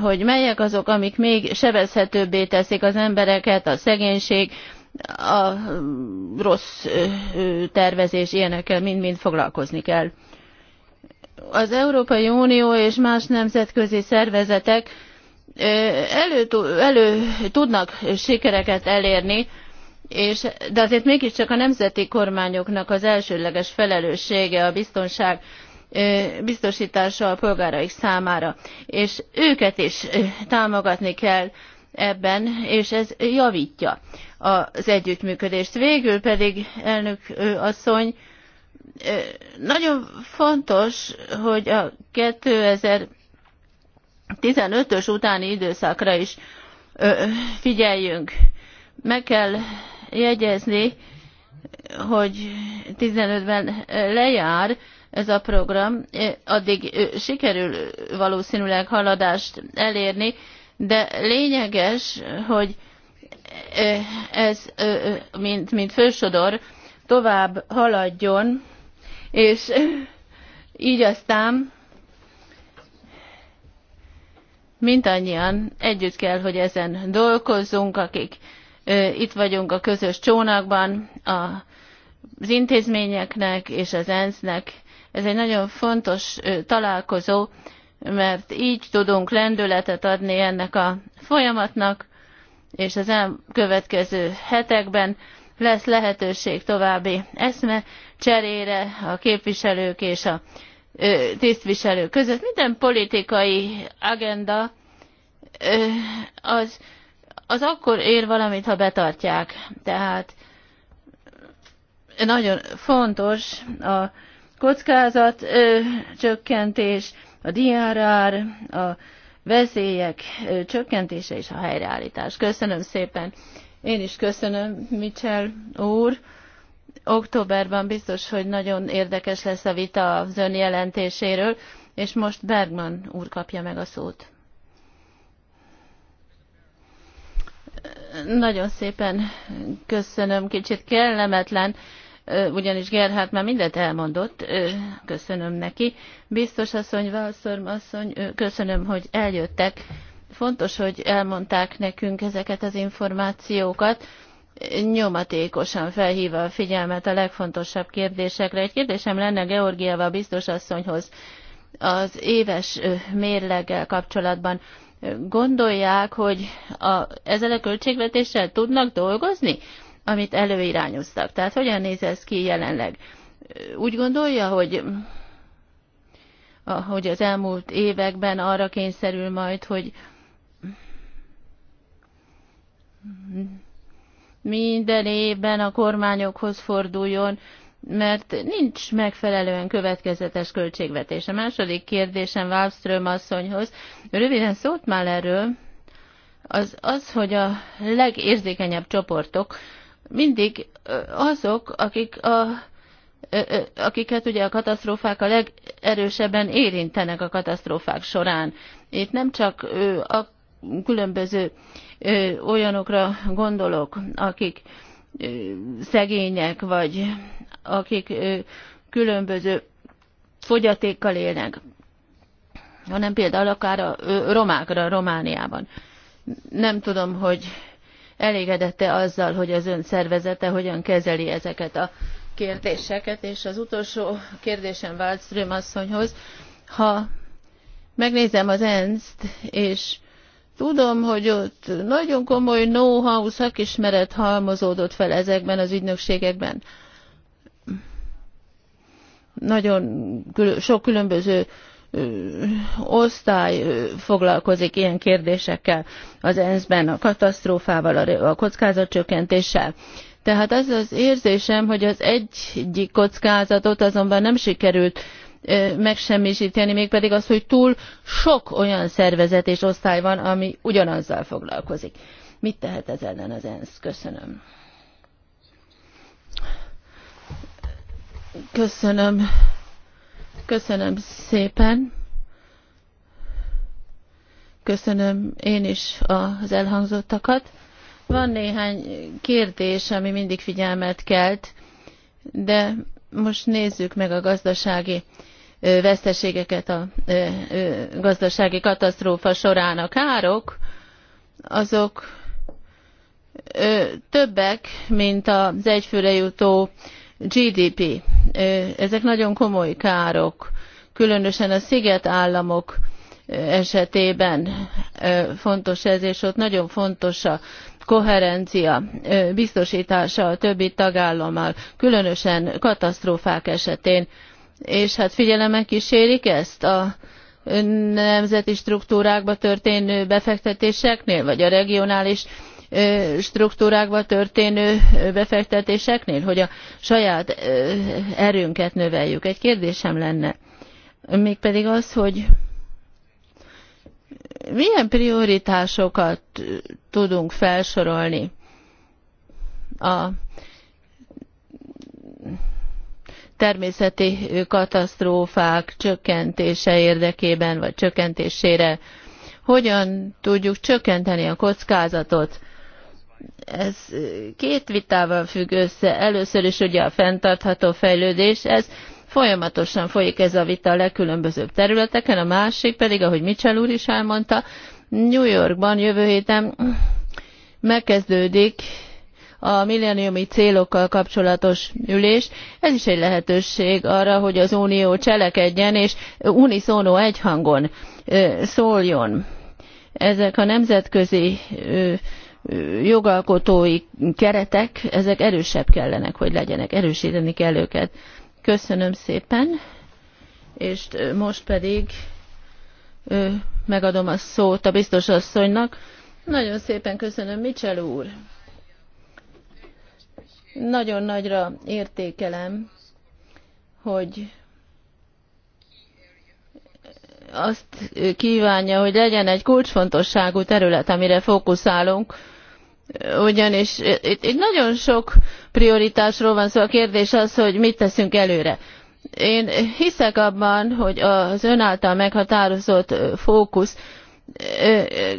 hogy melyek azok, amik még sebezhetőbbé teszik az embereket, a szegénység, a rossz tervezés, ilyenekkel mind-mind foglalkozni kell az Európai Unió és más nemzetközi szervezetek elő, elő tudnak sikereket elérni, és, de azért mégiscsak a nemzeti kormányoknak az elsődleges felelőssége a biztonság biztosítása a polgáraik számára és őket is támogatni kell ebben és ez javítja az együttműködést. végül pedig elnök asszony nagyon fontos, hogy a 2015-ös utáni időszakra is figyeljünk. Meg kell jegyezni, hogy 15-ben lejár ez a program, addig sikerül valószínűleg haladást elérni, de lényeges, hogy ez, mint, mint fősodor, tovább haladjon, és így aztán mindannyian együtt kell, hogy ezen dolgozzunk, akik itt vagyunk a közös csónakban, az intézményeknek és az ENSZ-nek. Ez egy nagyon fontos találkozó, mert így tudunk lendületet adni ennek a folyamatnak, és az elkövetkező hetekben lesz lehetőség további eszme cserére a képviselők és a tisztviselők között. Minden politikai agenda az, az akkor ér valamit, ha betartják. Tehát nagyon fontos a kockázat ö, csökkentés, a diárár, a veszélyek ö, csökkentése és a helyreállítás. Köszönöm szépen! Én is köszönöm, Mitchell úr. Októberben biztos, hogy nagyon érdekes lesz a vita az ön jelentéséről, és most Bergman úr kapja meg a szót. Nagyon szépen köszönöm, kicsit kellemetlen, ugyanis Gerhard már mindent elmondott, köszönöm neki. Biztos asszony, Valszorm asszony, köszönöm, hogy eljöttek Fontos, hogy elmondták nekünk ezeket az információkat, nyomatékosan felhívva a figyelmet a legfontosabb kérdésekre. Egy kérdésem lenne Georgiával biztos asszonyhoz az éves mérleggel kapcsolatban gondolják, hogy a, ezzel a költségvetéssel tudnak dolgozni, amit előirányoztak. Tehát hogyan néz ez ki jelenleg? Úgy gondolja, hogy hogy az elmúlt években arra kényszerül majd, hogy minden évben a kormányokhoz forduljon, mert nincs megfelelően következetes költségvetés. A második kérdésem Wallström asszonyhoz. Röviden szólt már erről, az az, hogy a legérzékenyebb csoportok mindig azok, akik a, akiket ugye a katasztrófák a legerősebben érintenek a katasztrófák során. Itt nem csak a különböző olyanokra gondolok, akik szegények, vagy akik különböző fogyatékkal élnek, hanem például akár a romákra Romániában. Nem tudom, hogy elégedette azzal, hogy az ön szervezete hogyan kezeli ezeket a kérdéseket, és az utolsó kérdésem Wallström asszonyhoz, ha megnézem az ENSZ-t, és Tudom, hogy ott nagyon komoly know-how szakismeret halmozódott fel ezekben az ügynökségekben. Nagyon kül- sok különböző osztály foglalkozik ilyen kérdésekkel az ENSZ-ben, a katasztrófával, a kockázatcsökkentéssel. Tehát az az érzésem, hogy az egyik kockázatot azonban nem sikerült megsemmisteni mégpedig az, hogy túl sok olyan szervezet és osztály van, ami ugyanazzal foglalkozik. Mit tehet ez ellen az ENSZ? Köszönöm. Köszönöm. Köszönöm szépen. Köszönöm én is az elhangzottakat. Van néhány kérdés, ami mindig figyelmet kelt, de most nézzük meg a gazdasági veszteségeket a gazdasági katasztrófa során. A károk azok többek, mint az egyfőre jutó GDP. Ezek nagyon komoly károk, különösen a szigetállamok esetében fontos ez, és ott nagyon fontos a koherencia biztosítása a többi tagállammal, különösen katasztrófák esetén. És hát figyelemmel ksérik ezt a nemzeti struktúrákba történő befektetéseknél, vagy a regionális struktúrákba történő befektetéseknél, hogy a saját erőnket növeljük. Egy kérdésem lenne, mégpedig az, hogy milyen prioritásokat tudunk felsorolni a természeti katasztrófák csökkentése érdekében, vagy csökkentésére, hogyan tudjuk csökkenteni a kockázatot. Ez két vitával függ össze. Először is ugye a fenntartható fejlődés, ez Folyamatosan folyik ez a vita a legkülönbözőbb területeken, a másik pedig, ahogy Mitchell úr is elmondta, New Yorkban jövő héten megkezdődik a milleniumi célokkal kapcsolatos ülés. Ez is egy lehetőség arra, hogy az Unió cselekedjen és uniszónó egyhangon szóljon. Ezek a nemzetközi jogalkotói keretek, ezek erősebb kellenek, hogy legyenek, erősíteni kell őket. Köszönöm szépen, és most pedig megadom a szót a biztos asszonynak. Nagyon szépen köszönöm, Michel úr. Nagyon nagyra értékelem, hogy azt kívánja, hogy legyen egy kulcsfontosságú terület, amire fókuszálunk, ugyanis itt, itt nagyon sok prioritásról van szó, a kérdés az, hogy mit teszünk előre. Én hiszek abban, hogy az ön által meghatározott fókusz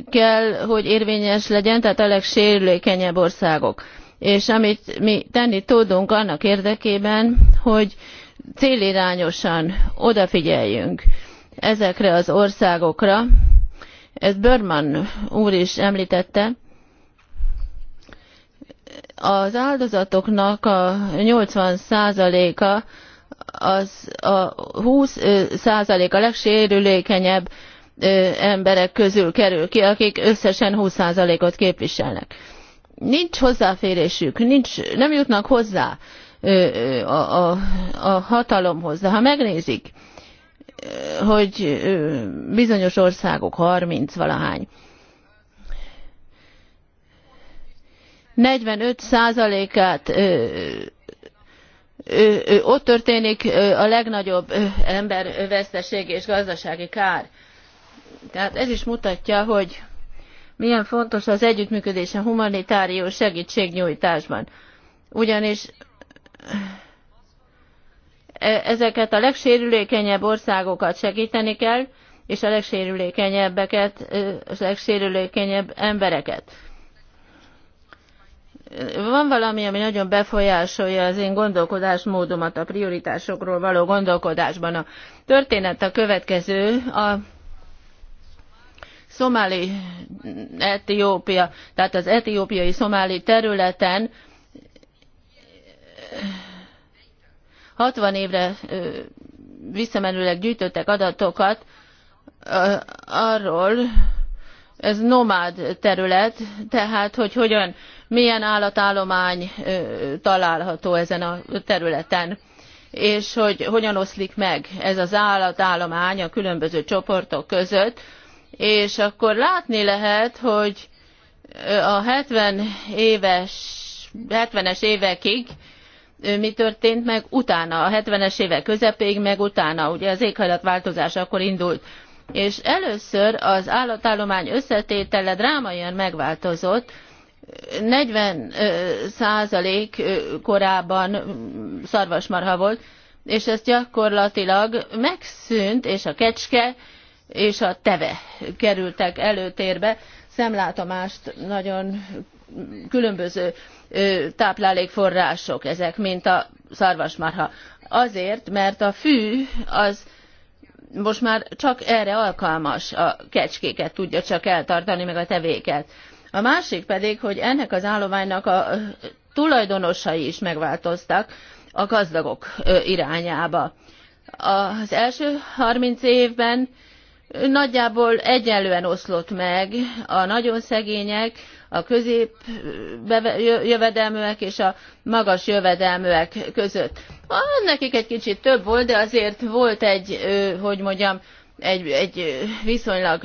kell, hogy érvényes legyen, tehát a legsérülékenyebb országok. És amit mi tenni tudunk annak érdekében, hogy célirányosan odafigyeljünk ezekre az országokra, ezt Börman úr is említette, az áldozatoknak a 80%-a az a 20% a legsérülékenyebb emberek közül kerül ki, akik összesen 20 százalékot képviselnek. Nincs hozzáférésük, nincs, nem jutnak hozzá a, a, a hatalomhoz. De ha megnézik, hogy bizonyos országok 30 valahány 45%-át ott történik a legnagyobb emberveszteség és gazdasági kár. Tehát ez is mutatja, hogy milyen fontos az együttműködés a humanitárius segtségnyújtásban Ugyanis ezeket a legsérülékenyebb országokat segíteni kell, és a legsérülékenyebbeket, a legsérülékenyebb embereket van valami, ami nagyon befolyásolja az én gondolkodásmódomat a prioritásokról való gondolkodásban. A történet a következő, a szomáli Etiópia, tehát az etiópiai szomáli területen 60 évre visszamenőleg gyűjtöttek adatokat arról, ez nomád terület, tehát hogy hogyan, milyen állatállomány található ezen a területen és hogy hogyan oszlik meg ez az állatállomány a különböző csoportok között, és akkor látni lehet, hogy a 70 éves, 70-es évekig mi történt meg utána, a 70-es évek közepéig, meg utána, ugye az éghajlatváltozás akkor indult és először az állatállomány összetétele drámaian megváltozott, 40 százalék korábban szarvasmarha volt, és ez gyakorlatilag megszűnt, és a kecske és a teve kerültek előtérbe. Szemlátomást nagyon különböző táplálékforrások ezek, mint a szarvasmarha. Azért, mert a fű az most már csak erre alkalmas a kecskéket tudja csak eltartani, meg a tevéket. A másik pedig, hogy ennek az állománynak a tulajdonosai is megváltoztak a gazdagok irányába. Az első 30 évben nagyjából egyenlően oszlott meg a nagyon szegények, a közép jövedelműek és a magas jövedelműek között. Nekik egy kicsit több volt, de azért volt egy, hogy mondjam, egy, egy viszonylag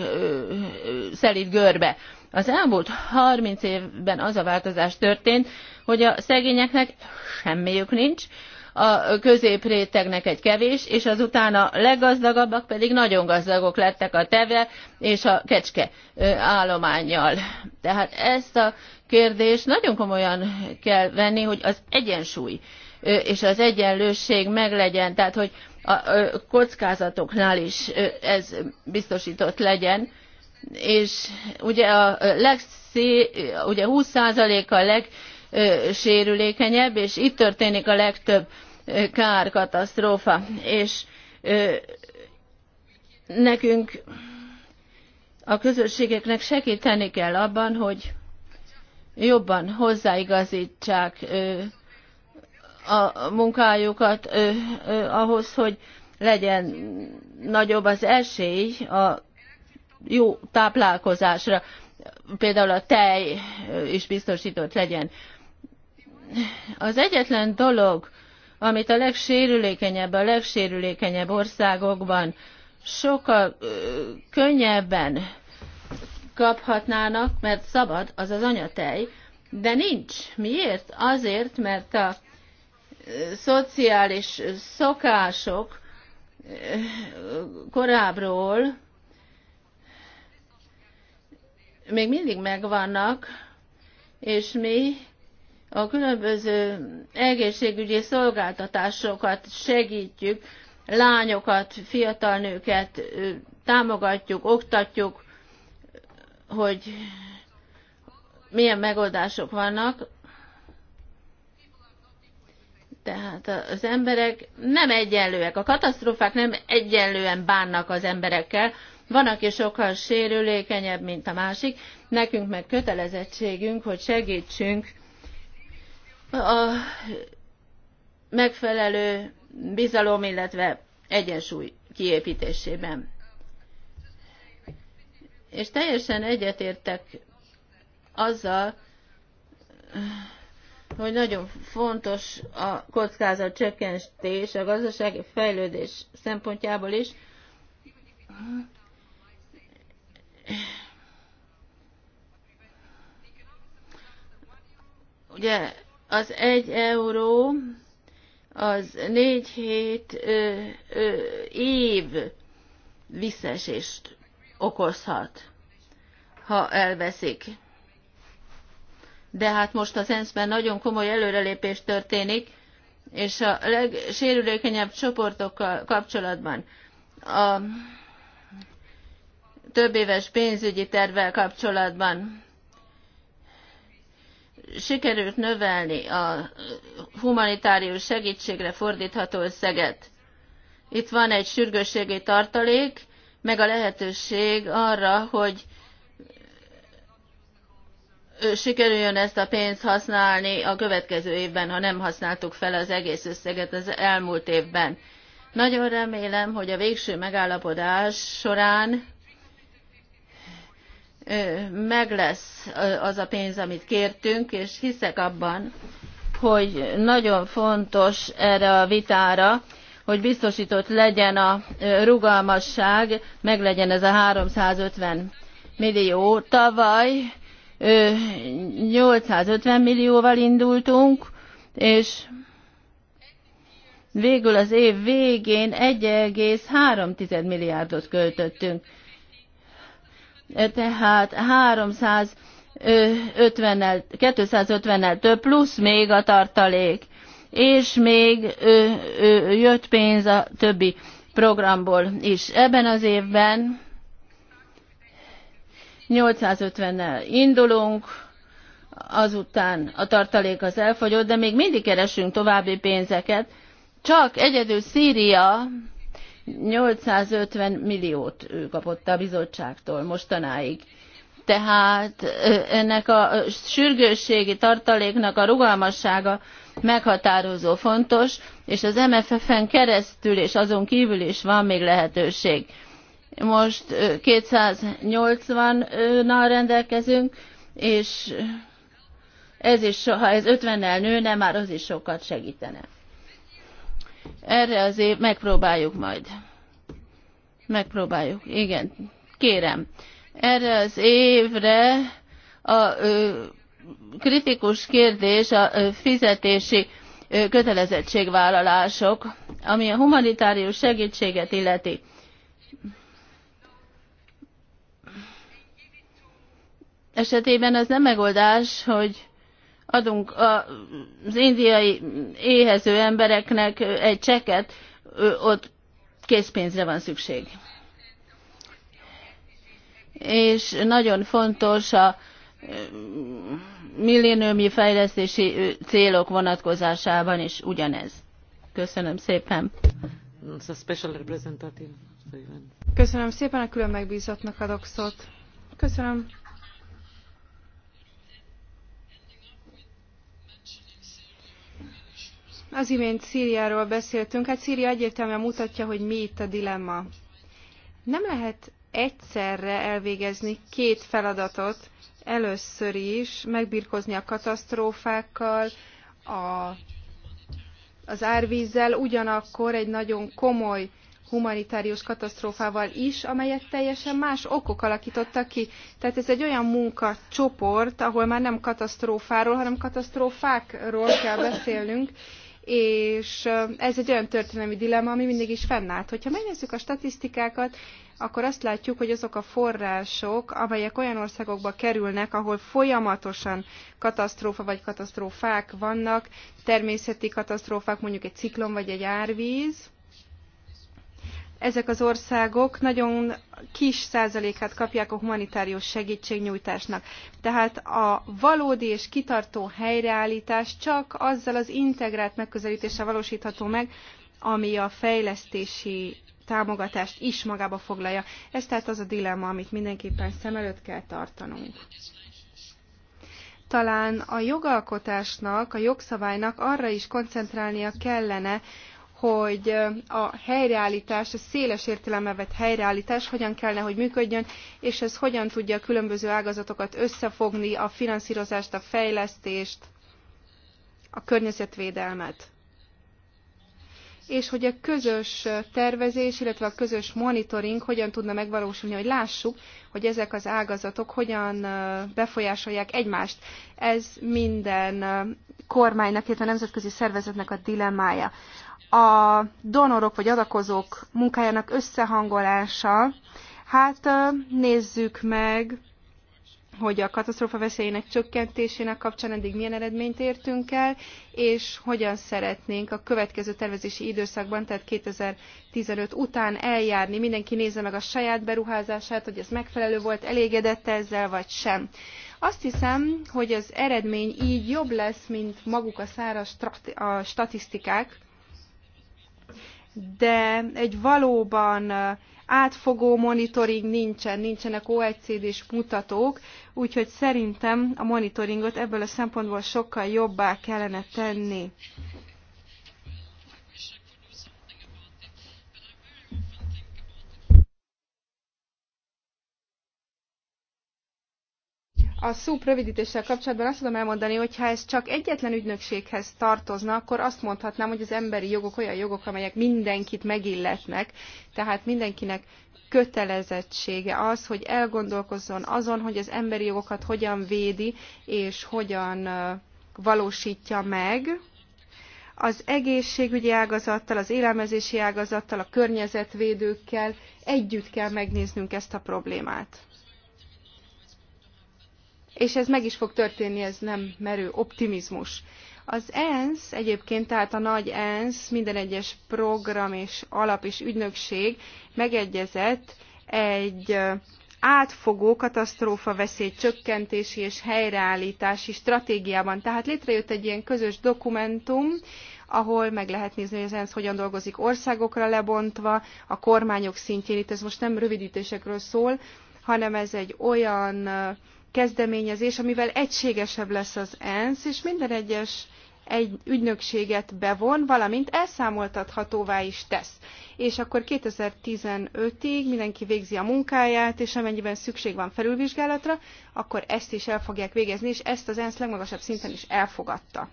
szelít görbe. Az elmúlt 30 évben az a változás történt, hogy a szegényeknek semmiük nincs, a középrétegnek egy kevés, és azután a leggazdagabbak pedig nagyon gazdagok lettek a teve és a kecske állományjal. Tehát ezt a kérdést nagyon komolyan kell venni, hogy az egyensúly és az egyenlőség meglegyen, tehát hogy a kockázatoknál is ez biztosított legyen, és ugye a legszé, ugye 20% a leg sérülékenyebb, és itt történik a legtöbb kár, katasztrófa. És nekünk a közösségeknek segíteni kell abban, hogy jobban hozzáigazítsák a munkájukat ahhoz, hogy legyen nagyobb az esély a jó táplálkozásra, például a tej is biztosított legyen az egyetlen dolog, amit a legsérülékenyebb, a legsérülékenyebb országokban sokkal ö, könnyebben kaphatnának, mert szabad, az az anyatej, de nincs. Miért? Azért, mert a ö, szociális szokások ö, korábbról még mindig megvannak, és mi a különböző egészségügyi szolgáltatásokat segítjük, lányokat, fiatal nőket támogatjuk, oktatjuk, hogy milyen megoldások vannak. Tehát az emberek nem egyenlőek, a katasztrófák nem egyenlően bánnak az emberekkel, van, aki sokkal sérülékenyebb, mint a másik, nekünk meg kötelezettségünk, hogy segítsünk a megfelelő bizalom, illetve egyensúly kiépítésében. És teljesen egyetértek azzal, hogy nagyon fontos a kockázat csökkentés a gazdasági fejlődés szempontjából is. Ugye az egy euró az négy hét ö, ö, év visszaesést okozhat, ha elveszik. De hát most az ENSZ-ben nagyon komoly előrelépés történik, és a legsérülékenyebb csoportokkal kapcsolatban a több éves pénzügyi tervvel kapcsolatban sikerült növelni a humanitárius segítségre fordítható összeget. Itt van egy sürgősségi tartalék, meg a lehetőség arra, hogy sikerüljön ezt a pénzt használni a következő évben, ha nem használtuk fel az egész összeget az elmúlt évben. Nagyon remélem, hogy a végső megállapodás során meg lesz az a pénz, amit kértünk, és hiszek abban, hogy nagyon fontos erre a vitára, hogy biztosított legyen a rugalmasság, meg legyen ez a 350 millió. Tavaly 850 millióval indultunk, és végül az év végén 1,3 milliárdot költöttünk tehát 350 nel 250-nel több, plusz még a tartalék, és még ö, ö, jött pénz a többi programból is. Ebben az évben 850-nel indulunk, azután a tartalék az elfogyott, de még mindig keresünk további pénzeket. Csak egyedül Szíria 850 milliót kapott a bizottságtól mostanáig. Tehát ennek a sürgősségi tartaléknak a rugalmassága meghatározó fontos, és az MFF-en keresztül és azon kívül is van még lehetőség. Most 280-nal rendelkezünk, és ez is, ha ez 50-nel nőne, már az is sokat segítene. Erre azért megpróbáljuk majd. Megpróbáljuk, igen, kérem. Erre az évre a ö, kritikus kérdés a ö, fizetési ö, kötelezettségvállalások, ami a humanitárius segítséget illeti. Esetében az nem megoldás, hogy adunk az indiai éhező embereknek egy cseket, ott készpénzre van szükség. És nagyon fontos a milléniumi fejlesztési célok vonatkozásában is ugyanez. Köszönöm szépen. Köszönöm szépen, a külön megbízottnak adok szót. Köszönöm. Az imént Szíriáról beszéltünk, hát Szíria egyértelműen mutatja, hogy mi itt a dilemma. Nem lehet egyszerre elvégezni két feladatot, először is megbirkozni a katasztrófákkal, a, az árvízzel, ugyanakkor egy nagyon komoly humanitárius katasztrófával is, amelyet teljesen más okok alakítottak ki. Tehát ez egy olyan munkacsoport, ahol már nem katasztrófáról, hanem katasztrófákról kell beszélnünk, és ez egy olyan történelmi dilemma, ami mindig is fennállt. Hogyha megnézzük a statisztikákat, akkor azt látjuk, hogy azok a források, amelyek olyan országokba kerülnek, ahol folyamatosan katasztrófa vagy katasztrófák vannak, természeti katasztrófák, mondjuk egy ciklon vagy egy árvíz, ezek az országok nagyon kis százalékát kapják a humanitárius segítségnyújtásnak. Tehát a valódi és kitartó helyreállítás csak azzal az integrált megközelítéssel valósítható meg, ami a fejlesztési támogatást is magába foglalja. Ez tehát az a dilemma, amit mindenképpen szem előtt kell tartanunk. Talán a jogalkotásnak, a jogszabálynak arra is koncentrálnia kellene, hogy a helyreállítás, a széles értelemben vett helyreállítás hogyan kellene, hogy működjön, és ez hogyan tudja a különböző ágazatokat összefogni, a finanszírozást, a fejlesztést, a környezetvédelmet. És hogy a közös tervezés, illetve a közös monitoring hogyan tudna megvalósulni, hogy lássuk, hogy ezek az ágazatok hogyan befolyásolják egymást. Ez minden kormánynak, illetve a nemzetközi szervezetnek a dilemmája. A donorok vagy adakozók munkájának összehangolása, hát nézzük meg, hogy a katasztrófa veszélyének csökkentésének kapcsán eddig milyen eredményt értünk el, és hogyan szeretnénk a következő tervezési időszakban, tehát 2015 után eljárni. Mindenki nézze meg a saját beruházását, hogy ez megfelelő volt, elégedett ezzel, vagy sem. Azt hiszem, hogy az eredmény így jobb lesz, mint maguk a száraz a statisztikák, de egy valóban átfogó monitoring nincsen, nincsenek OECD-s mutatók, úgyhogy szerintem a monitoringot ebből a szempontból sokkal jobbá kellene tenni. A szúp rövidítéssel kapcsolatban azt tudom elmondani, hogy ha ez csak egyetlen ügynökséghez tartozna, akkor azt mondhatnám, hogy az emberi jogok olyan jogok, amelyek mindenkit megilletnek, tehát mindenkinek kötelezettsége az, hogy elgondolkozzon azon, hogy az emberi jogokat hogyan védi és hogyan valósítja meg, az egészségügyi ágazattal, az élelmezési ágazattal, a környezetvédőkkel együtt kell megnéznünk ezt a problémát és ez meg is fog történni, ez nem merő optimizmus. Az ENSZ egyébként, tehát a nagy ENSZ, minden egyes program és alap és ügynökség megegyezett egy átfogó katasztrófa veszély csökkentési és helyreállítási stratégiában. Tehát létrejött egy ilyen közös dokumentum, ahol meg lehet nézni, hogy az ENSZ hogyan dolgozik országokra lebontva, a kormányok szintjén. Itt ez most nem rövidítésekről szól, hanem ez egy olyan kezdeményezés, amivel egységesebb lesz az ENSZ, és minden egyes egy ügynökséget bevon, valamint elszámoltathatóvá is tesz. És akkor 2015-ig mindenki végzi a munkáját, és amennyiben szükség van felülvizsgálatra, akkor ezt is el fogják végezni, és ezt az ENSZ legmagasabb szinten is elfogadta.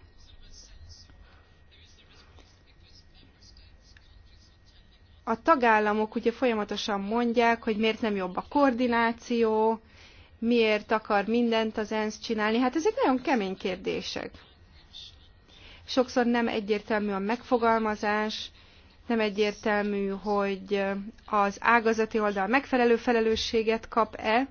A tagállamok ugye folyamatosan mondják, hogy miért nem jobb a koordináció, miért akar mindent az ENSZ csinálni? Hát ezek nagyon kemény kérdések. Sokszor nem egyértelmű a megfogalmazás, nem egyértelmű, hogy az ágazati oldal megfelelő felelősséget kap-e,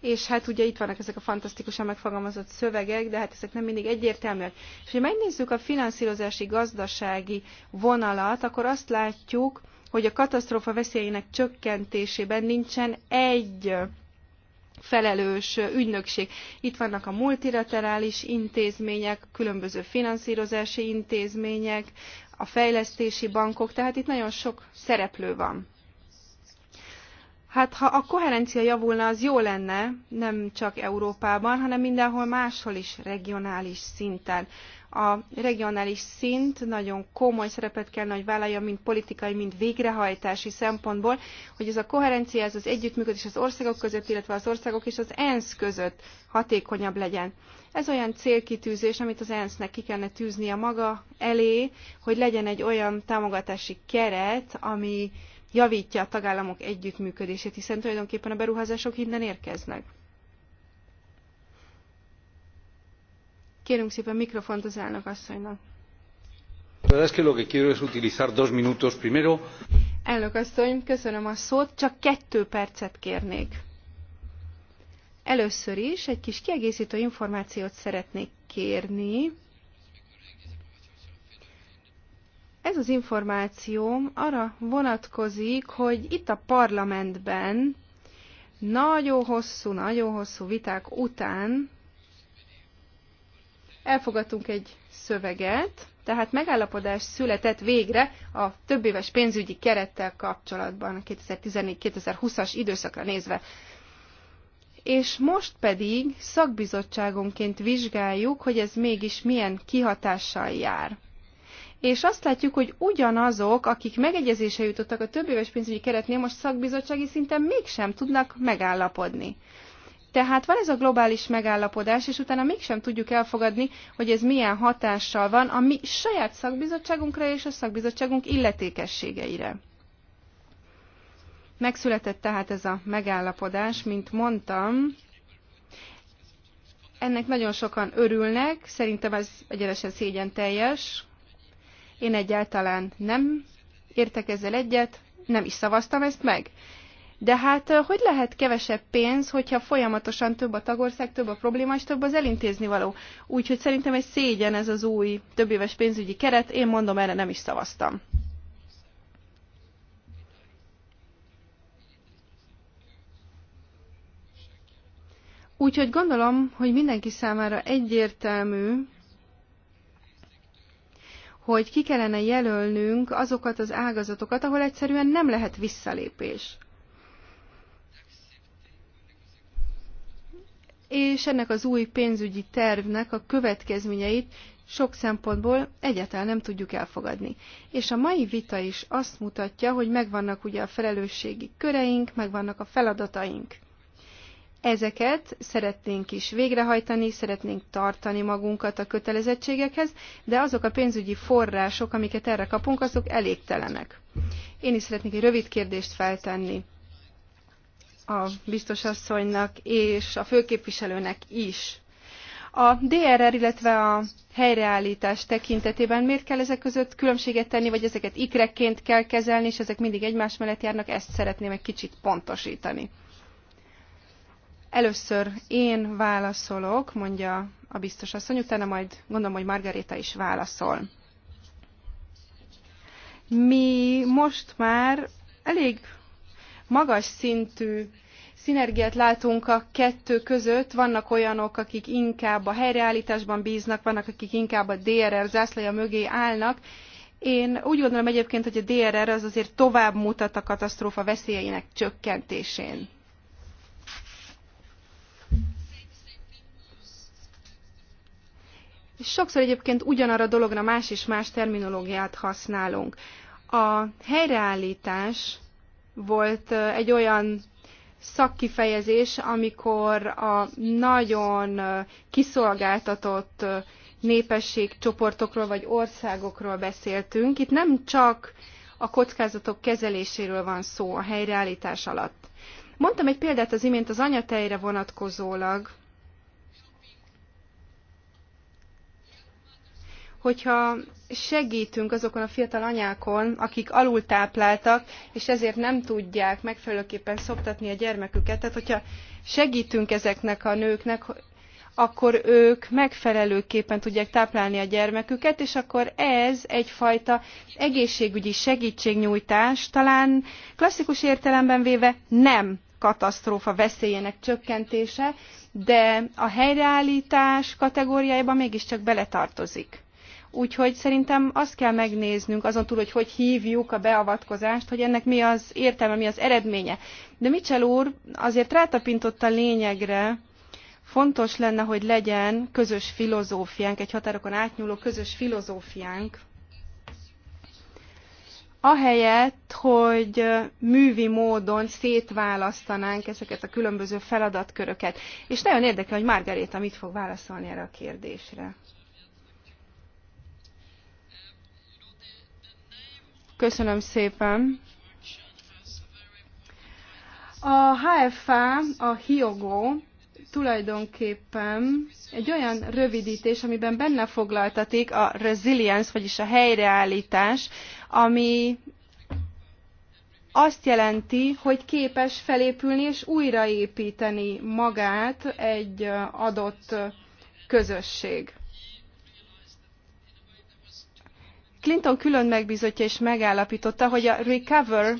és hát ugye itt vannak ezek a fantasztikusan megfogalmazott szövegek, de hát ezek nem mindig egyértelműek. És ha megnézzük a finanszírozási gazdasági vonalat, akkor azt látjuk, hogy a katasztrófa veszélyének csökkentésében nincsen egy felelős ügynökség. Itt vannak a multilaterális intézmények, különböző finanszírozási intézmények, a fejlesztési bankok, tehát itt nagyon sok szereplő van. Hát ha a koherencia javulna, az jó lenne, nem csak Európában, hanem mindenhol máshol is regionális szinten a regionális szint nagyon komoly szerepet kellene, hogy vállalja, mind politikai, mind végrehajtási szempontból, hogy ez a koherencia, ez az együttműködés az országok között, illetve az országok és az ENSZ között hatékonyabb legyen. Ez olyan célkitűzés, amit az ENSZ-nek ki kellene tűznie maga elé, hogy legyen egy olyan támogatási keret, ami javítja a tagállamok együttműködését, hiszen tulajdonképpen a beruházások innen érkeznek. Kérünk szépen mikrofont az elnök asszonynak. Elnök asszony, köszönöm a szót, csak kettő percet kérnék. Először is egy kis kiegészítő információt szeretnék kérni. Ez az információ arra vonatkozik, hogy itt a parlamentben nagyon hosszú, nagyon hosszú viták után elfogadtunk egy szöveget, tehát megállapodás született végre a éves pénzügyi kerettel kapcsolatban 2014-2020-as időszakra nézve. És most pedig szakbizottságonként vizsgáljuk, hogy ez mégis milyen kihatással jár és azt látjuk, hogy ugyanazok, akik megegyezése jutottak a több éves pénzügyi keretnél, most szakbizottsági szinten mégsem tudnak megállapodni. Tehát van ez a globális megállapodás, és utána mégsem tudjuk elfogadni, hogy ez milyen hatással van a mi saját szakbizottságunkra és a szakbizottságunk illetékességeire. Megszületett tehát ez a megállapodás, mint mondtam. Ennek nagyon sokan örülnek, szerintem ez egyenesen szégyen teljes. Én egyáltalán nem értek ezzel egyet, nem is szavaztam ezt meg. De hát hogy lehet kevesebb pénz, hogyha folyamatosan több a tagország, több a probléma, és több az elintézni való? Úgyhogy szerintem egy szégyen ez az új többéves pénzügyi keret, én mondom, erre nem is szavaztam. Úgyhogy gondolom, hogy mindenki számára egyértelmű, hogy ki kellene jelölnünk azokat az ágazatokat, ahol egyszerűen nem lehet visszalépés. és ennek az új pénzügyi tervnek a következményeit sok szempontból egyáltalán nem tudjuk elfogadni. És a mai vita is azt mutatja, hogy megvannak ugye a felelősségi köreink, megvannak a feladataink. Ezeket szeretnénk is végrehajtani, szeretnénk tartani magunkat a kötelezettségekhez, de azok a pénzügyi források, amiket erre kapunk, azok elégtelenek. Én is szeretnék egy rövid kérdést feltenni a biztos asszonynak és a főképviselőnek is. A DRR, illetve a helyreállítás tekintetében miért kell ezek között különbséget tenni, vagy ezeket ikrekként kell kezelni, és ezek mindig egymás mellett járnak, ezt szeretném egy kicsit pontosítani. Először én válaszolok, mondja a biztos asszony, utána majd gondolom, hogy Margaréta is válaszol. Mi most már elég magas szintű szinergiát látunk a kettő között. Vannak olyanok, akik inkább a helyreállításban bíznak, vannak, akik inkább a DRR zászlaja mögé állnak. Én úgy gondolom egyébként, hogy a DRR az azért tovább mutat a katasztrófa veszélyeinek csökkentésén. És sokszor egyébként ugyanarra a dologra más és más terminológiát használunk. A helyreállítás volt egy olyan szakkifejezés, amikor a nagyon kiszolgáltatott népességcsoportokról vagy országokról beszéltünk. Itt nem csak a kockázatok kezeléséről van szó a helyreállítás alatt. Mondtam egy példát az imént az anyatejre vonatkozólag, hogyha segítünk azokon a fiatal anyákon, akik alultápláltak, és ezért nem tudják megfelelőképpen szoptatni a gyermeküket, tehát hogyha segítünk ezeknek a nőknek, akkor ők megfelelőképpen tudják táplálni a gyermeküket, és akkor ez egyfajta egészségügyi segítségnyújtás, talán klasszikus értelemben véve nem katasztrófa veszélyének csökkentése, de a helyreállítás kategóriájába mégiscsak beletartozik. Úgyhogy szerintem azt kell megnéznünk azon túl, hogy hogy hívjuk a beavatkozást, hogy ennek mi az értelme, mi az eredménye. De Mitchell úr azért rátapintott a lényegre, fontos lenne, hogy legyen közös filozófiánk, egy határokon átnyúló közös filozófiánk, ahelyett, hogy művi módon szétválasztanánk ezeket a különböző feladatköröket. És nagyon érdekel, hogy Margaréta mit fog válaszolni erre a kérdésre. Köszönöm szépen. A HFA, a Hiogo tulajdonképpen egy olyan rövidítés, amiben benne foglaltatik a resilience, vagyis a helyreállítás, ami azt jelenti, hogy képes felépülni és újraépíteni magát egy adott közösség. Clinton külön megbizotja és megállapította, hogy a recover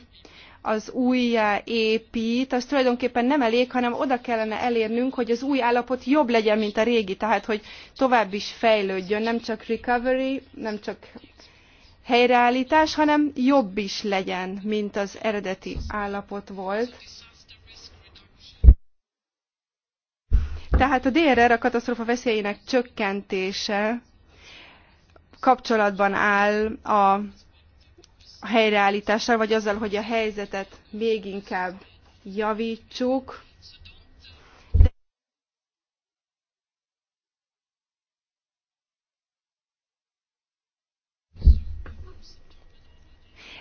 az újjá eh, épít, az tulajdonképpen nem elég, hanem oda kellene elérnünk, hogy az új állapot jobb legyen, mint a régi, tehát hogy tovább is fejlődjön, nem csak recovery, nem csak helyreállítás, hanem jobb is legyen, mint az eredeti állapot volt. Tehát a DRR a katasztrófa veszélyének csökkentése kapcsolatban áll a helyreállítással, vagy azzal, hogy a helyzetet még inkább javtsuk.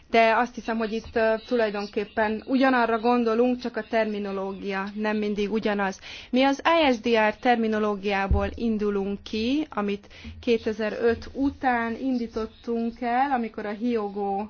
de azt hiszem, hogy itt tulajdonképpen ugyanarra gondolunk, csak a terminológia nem mindig ugyanaz. Mi az ISDR terminológiából indulunk ki, amit 2005 után indítottunk el, amikor a Hiogó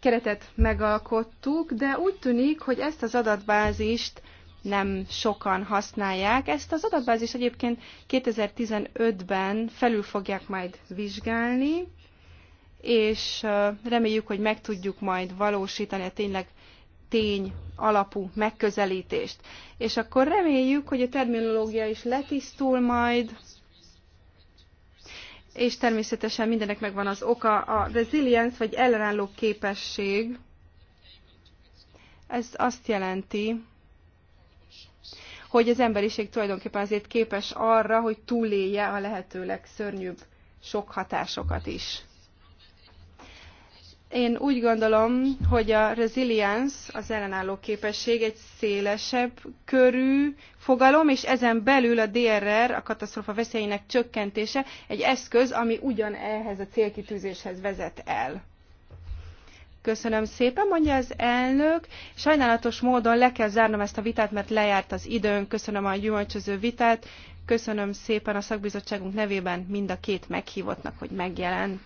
keretet megalkottuk, de úgy tűnik, hogy ezt az adatbázist nem sokan használják. Ezt az adatbázis egyébként 2015-ben felül fogják majd vizsgálni, és reméljük, hogy meg tudjuk majd valósítani a tényleg tény alapú megközelítést. És akkor reméljük, hogy a terminológia is letisztul majd, és természetesen mindenek megvan az oka, a resilience, vagy ellenálló képesség. Ez azt jelenti, hogy az emberiség tulajdonképpen azért képes arra, hogy túlélje a lehető legszörnyűbb sok hatásokat is. Én úgy gondolom, hogy a resilience, az ellenálló képesség egy szélesebb körű fogalom, és ezen belül a DRR, a katasztrófa veszélyének csökkentése egy eszköz, ami ugyan ehhez a célkitűzéshez vezet el. Köszönöm szépen, mondja az elnök. Sajnálatos módon le kell zárnom ezt a vitát, mert lejárt az időn. Köszönöm a gyümölcsöző vitát. Köszönöm szépen a szakbizottságunk nevében mind a két meghívottnak, hogy megjelent.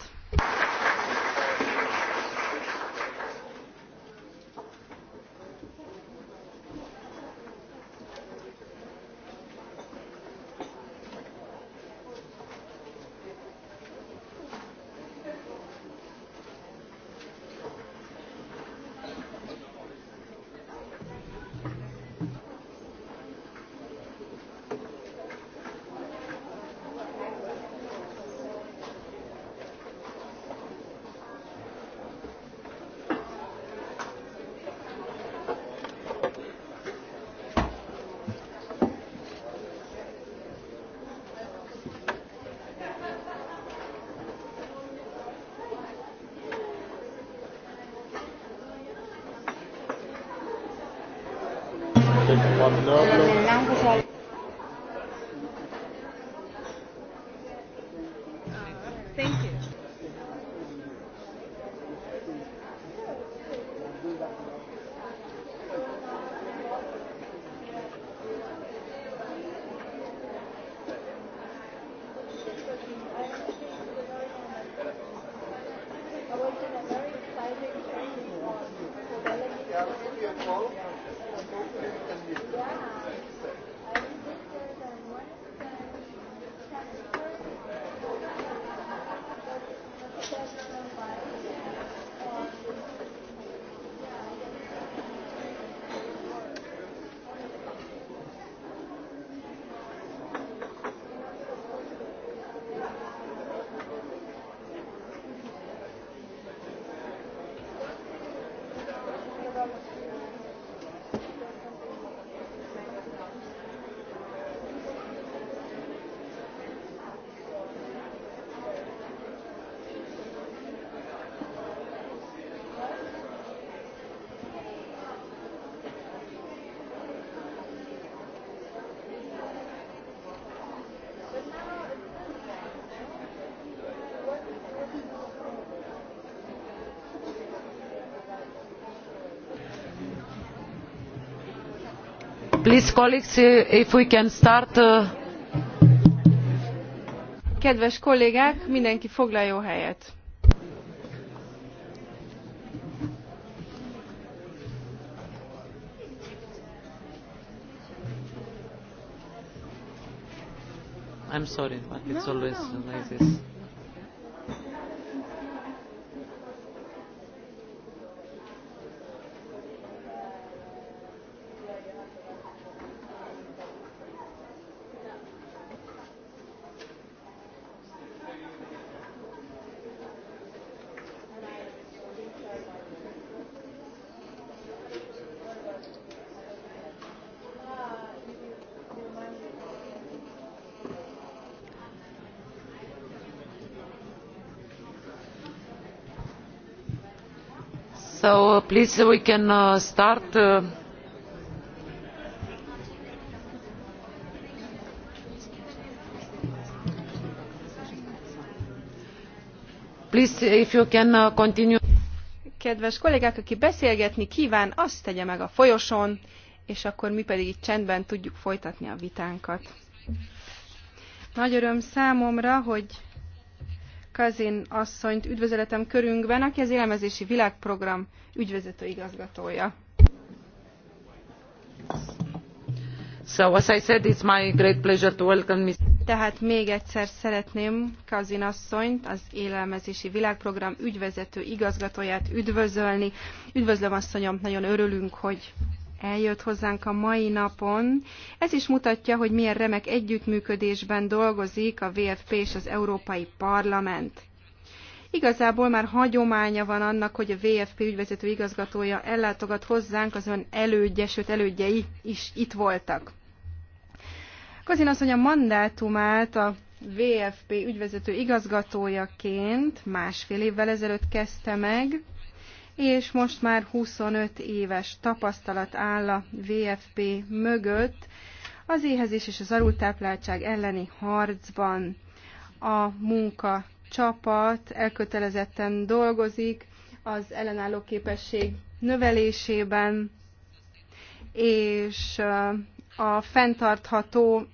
Uh, Kedves kollégák, mindenki foglaljon helyet. I'm sorry, but it's always like this. Uh, uh, uh, Kedves kollégák, aki beszélgetni kíván, azt tegye meg a folyosón, és akkor mi pedig itt csendben tudjuk folytatni a vitánkat. Nagy öröm számomra, hogy Kazin asszonyt üdvözöletem körünkben, aki az élelmezési világprogram ügyvezető igazgatója. So, as I said, it's my great pleasure to welcome Ms. Tehát még egyszer szeretném Kazin asszonyt, az Élelmezési Világprogram ügyvezető igazgatóját üdvözölni. Üdvözlöm asszonyom, nagyon örülünk, hogy eljött hozzánk a mai napon. Ez is mutatja, hogy milyen remek együttműködésben dolgozik a VFP és az Európai Parlament. Igazából már hagyománya van annak, hogy a VFP ügyvezető igazgatója ellátogat hozzánk, az ön elődje, sőt elődjei is itt voltak. Kozin azt mondja, a mandátumát a VFP ügyvezető igazgatójaként másfél évvel ezelőtt kezdte meg, és most már 25 éves tapasztalat áll a VFP mögött az éhezés és az alultápláltság elleni harcban, a munka csapat elkötelezetten dolgozik az ellenálló képesség növelésében, és a fenntartható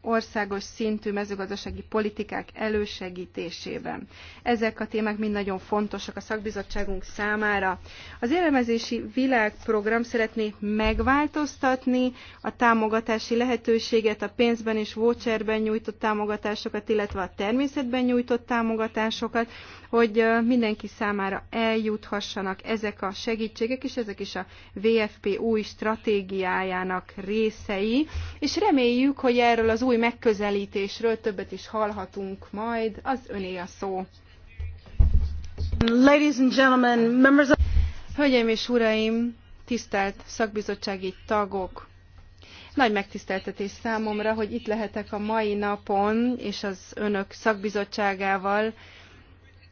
országos szintű mezőgazdasági politikák elősegítésében. Ezek a témák mind nagyon fontosak a szakbizottságunk számára. Az élelmezési világprogram szeretné megváltoztatni a támogatási lehetőséget, a pénzben és voucherben nyújtott támogatásokat, illetve a természetben nyújtott támogatásokat, hogy mindenki számára eljuthassanak ezek a segítségek, és ezek is a VFP új stratégiájának részei, és reméljük, hogy erről az új megközelítésről többet is hallhatunk majd. Az öné a szó. Ladies and gentlemen, members of... Hölgyeim és uraim, tisztelt szakbizottsági tagok! Nagy megtiszteltetés számomra, hogy itt lehetek a mai napon, és az önök szakbizottságával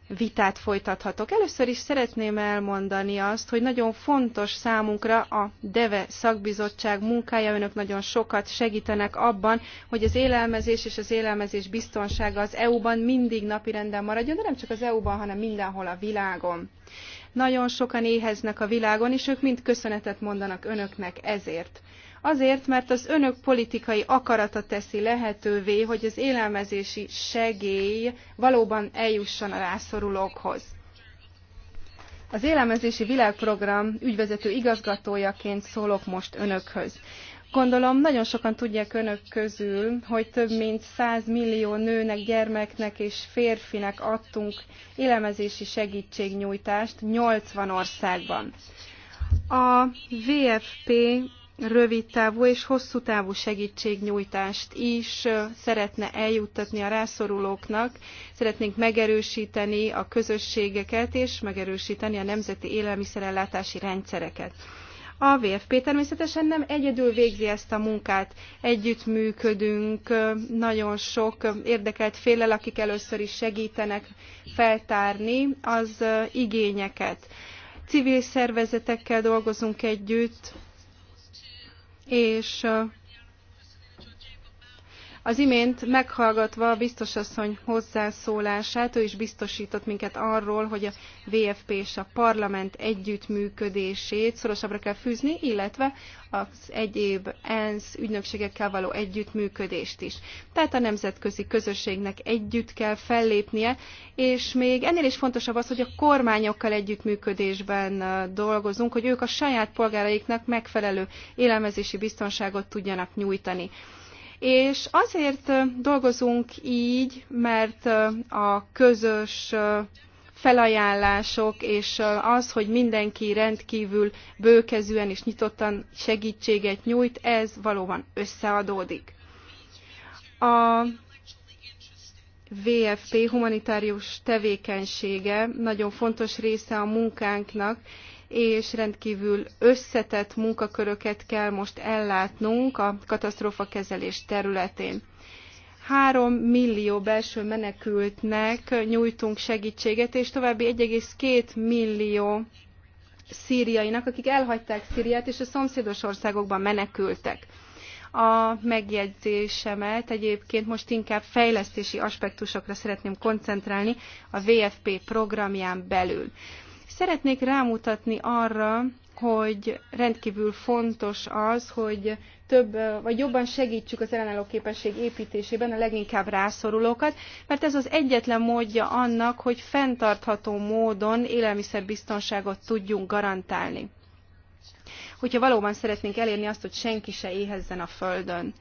vitát folytathatok. Először is szeretném elmondani azt, hogy nagyon fontos számunkra a DEVE szakbizottság munkája. Önök nagyon sokat segítenek abban, hogy az élelmezés és az élelmezés biztonsága az EU-ban mindig napirenden maradjon, de nem csak az EU-ban, hanem mindenhol a világon. Nagyon sokan éheznek a világon, és ők mind köszönetet mondanak önöknek ezért. Azért, mert az önök politikai akarata teszi lehetővé, hogy az élelmezési segély valóban eljusson a rászorulókhoz. Az Élelmezési Világprogram ügyvezető igazgatójaként szólok most önökhöz. Gondolom nagyon sokan tudják önök közül, hogy több mint 100 millió nőnek, gyermeknek és férfinek adtunk élelmezési segítségnyújtást 80 országban. A VFP rövid távú és hosszú távú segítségnyújtást is szeretne eljuttatni a rászorulóknak. Szeretnénk megerősíteni a közösségeket és megerősíteni a nemzeti élelmiszerellátási rendszereket. A VFP természetesen nem egyedül végzi ezt a munkát, együttműködünk nagyon sok érdekelt félel, akik először is segítenek feltárni az igényeket. Civil szervezetekkel dolgozunk együtt, és az imént meghallgatva a biztos asszony hozzászólását, ő is biztosított minket arról, hogy a VFP és a parlament együttműködését szorosabbra kell fűzni, illetve az egyéb ENSZ ügynökségekkel való együttműködést is. Tehát a nemzetközi közösségnek együtt kell fellépnie, és még ennél is fontosabb az, hogy a kormányokkal együttműködésben uh, dolgozunk, hogy ők a saját polgáraiknak megfelelő élelmezési biztonságot tudjanak nyújtani. És azért dolgozunk így, mert a közös felajánlások, és az, hogy mindenki rendkívül bőkezűen és nyitottan segítséget nyújt, ez valóban összeadódik. A VFP humanitárius tevékenysége nagyon fontos része a munkánknak, és rendkívül összetett munkaköröket kell most ellátnunk a katasztrófakezelés területén. Három millió belső menekültnek nyújtunk segítséget, és további 1,2 millió szíriainak, akik elhagyták Szíriát, és a szomszédos országokban menekültek. A megjegyzésemet egyébként most inkább fejlesztési aspektusokra szeretném koncentrálni a VFP programján belül. Szeretnék rámutatni arra, hogy rendkívül fontos az, hogy több, vagy jobban segítsük az ellenálló képesség építésében a leginkább rászorulókat, mert ez az egyetlen módja annak, hogy fenntartható módon élelmiszerbiztonságot tudjunk garantálni. Hogyha valóban szeretnénk elérni azt, hogy senki se éhezzen a Földön.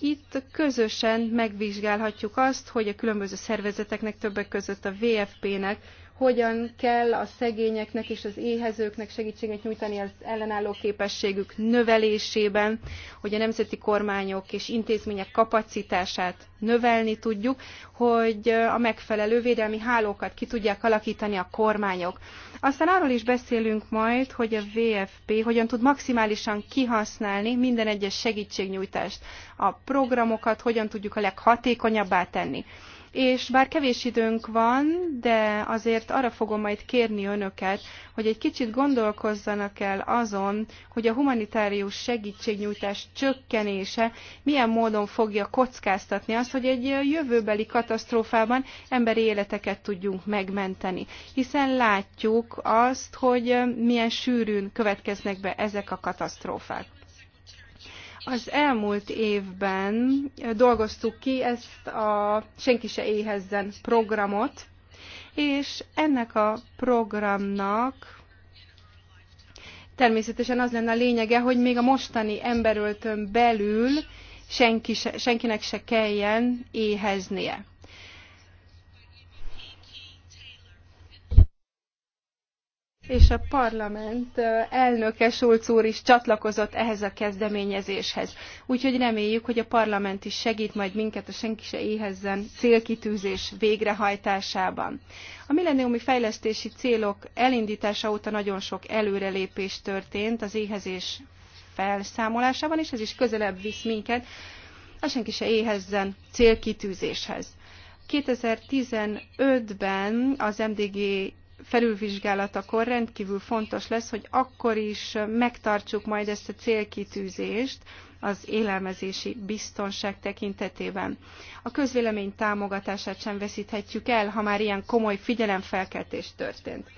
Itt közösen megvizsgálhatjuk azt, hogy a különböző szervezeteknek, többek között a VFP-nek hogyan kell a szegényeknek és az éhezőknek segítséget nyújtani az ellenálló képességük növelésében, hogy a nemzeti kormányok és intézmények kapacitását növelni tudjuk, hogy a megfelelő védelmi hálókat ki tudják alakítani a kormányok. Aztán arról is beszélünk majd, hogy a VFP hogyan tud maximálisan kihasználni minden egyes segítségnyújtást, a programokat hogyan tudjuk a leghatékonyabbá tenni és bár kevés időnk van, de azért arra fogom majd kérni önöket, hogy egy kicsit gondolkozzanak el azon, hogy a humanitárius segítségnyújtás csökkenése milyen módon fogja kockáztatni azt, hogy egy jövőbeli katasztrófában emberi életeket tudjunk megmenteni. Hiszen látjuk azt, hogy milyen sűrűn következnek be ezek a katasztrófák. Az elmúlt évben dolgoztuk ki ezt a Senki se éhezzen programot, és ennek a programnak természetesen az lenne a lényege, hogy még a mostani emberöltön belül senki se, senkinek se kelljen éheznie. és a parlament elnöke Schulz úr is csatlakozott ehhez a kezdeményezéshez. Úgyhogy reméljük, hogy a parlament is segít majd minket a senki se éhezzen célkitűzés végrehajtásában. A milleniumi fejlesztési célok elindítása óta nagyon sok előrelépés történt az éhezés felszámolásában, és ez is közelebb visz minket a senki se éhezzen célkitűzéshez. 2015-ben az MDG felülvizsgálatakor rendkívül fontos lesz, hogy akkor is megtartsuk majd ezt a célkitűzést az élelmezési biztonság tekintetében. A közvélemény támogatását sem veszíthetjük el, ha már ilyen komoly figyelemfelkeltés történt.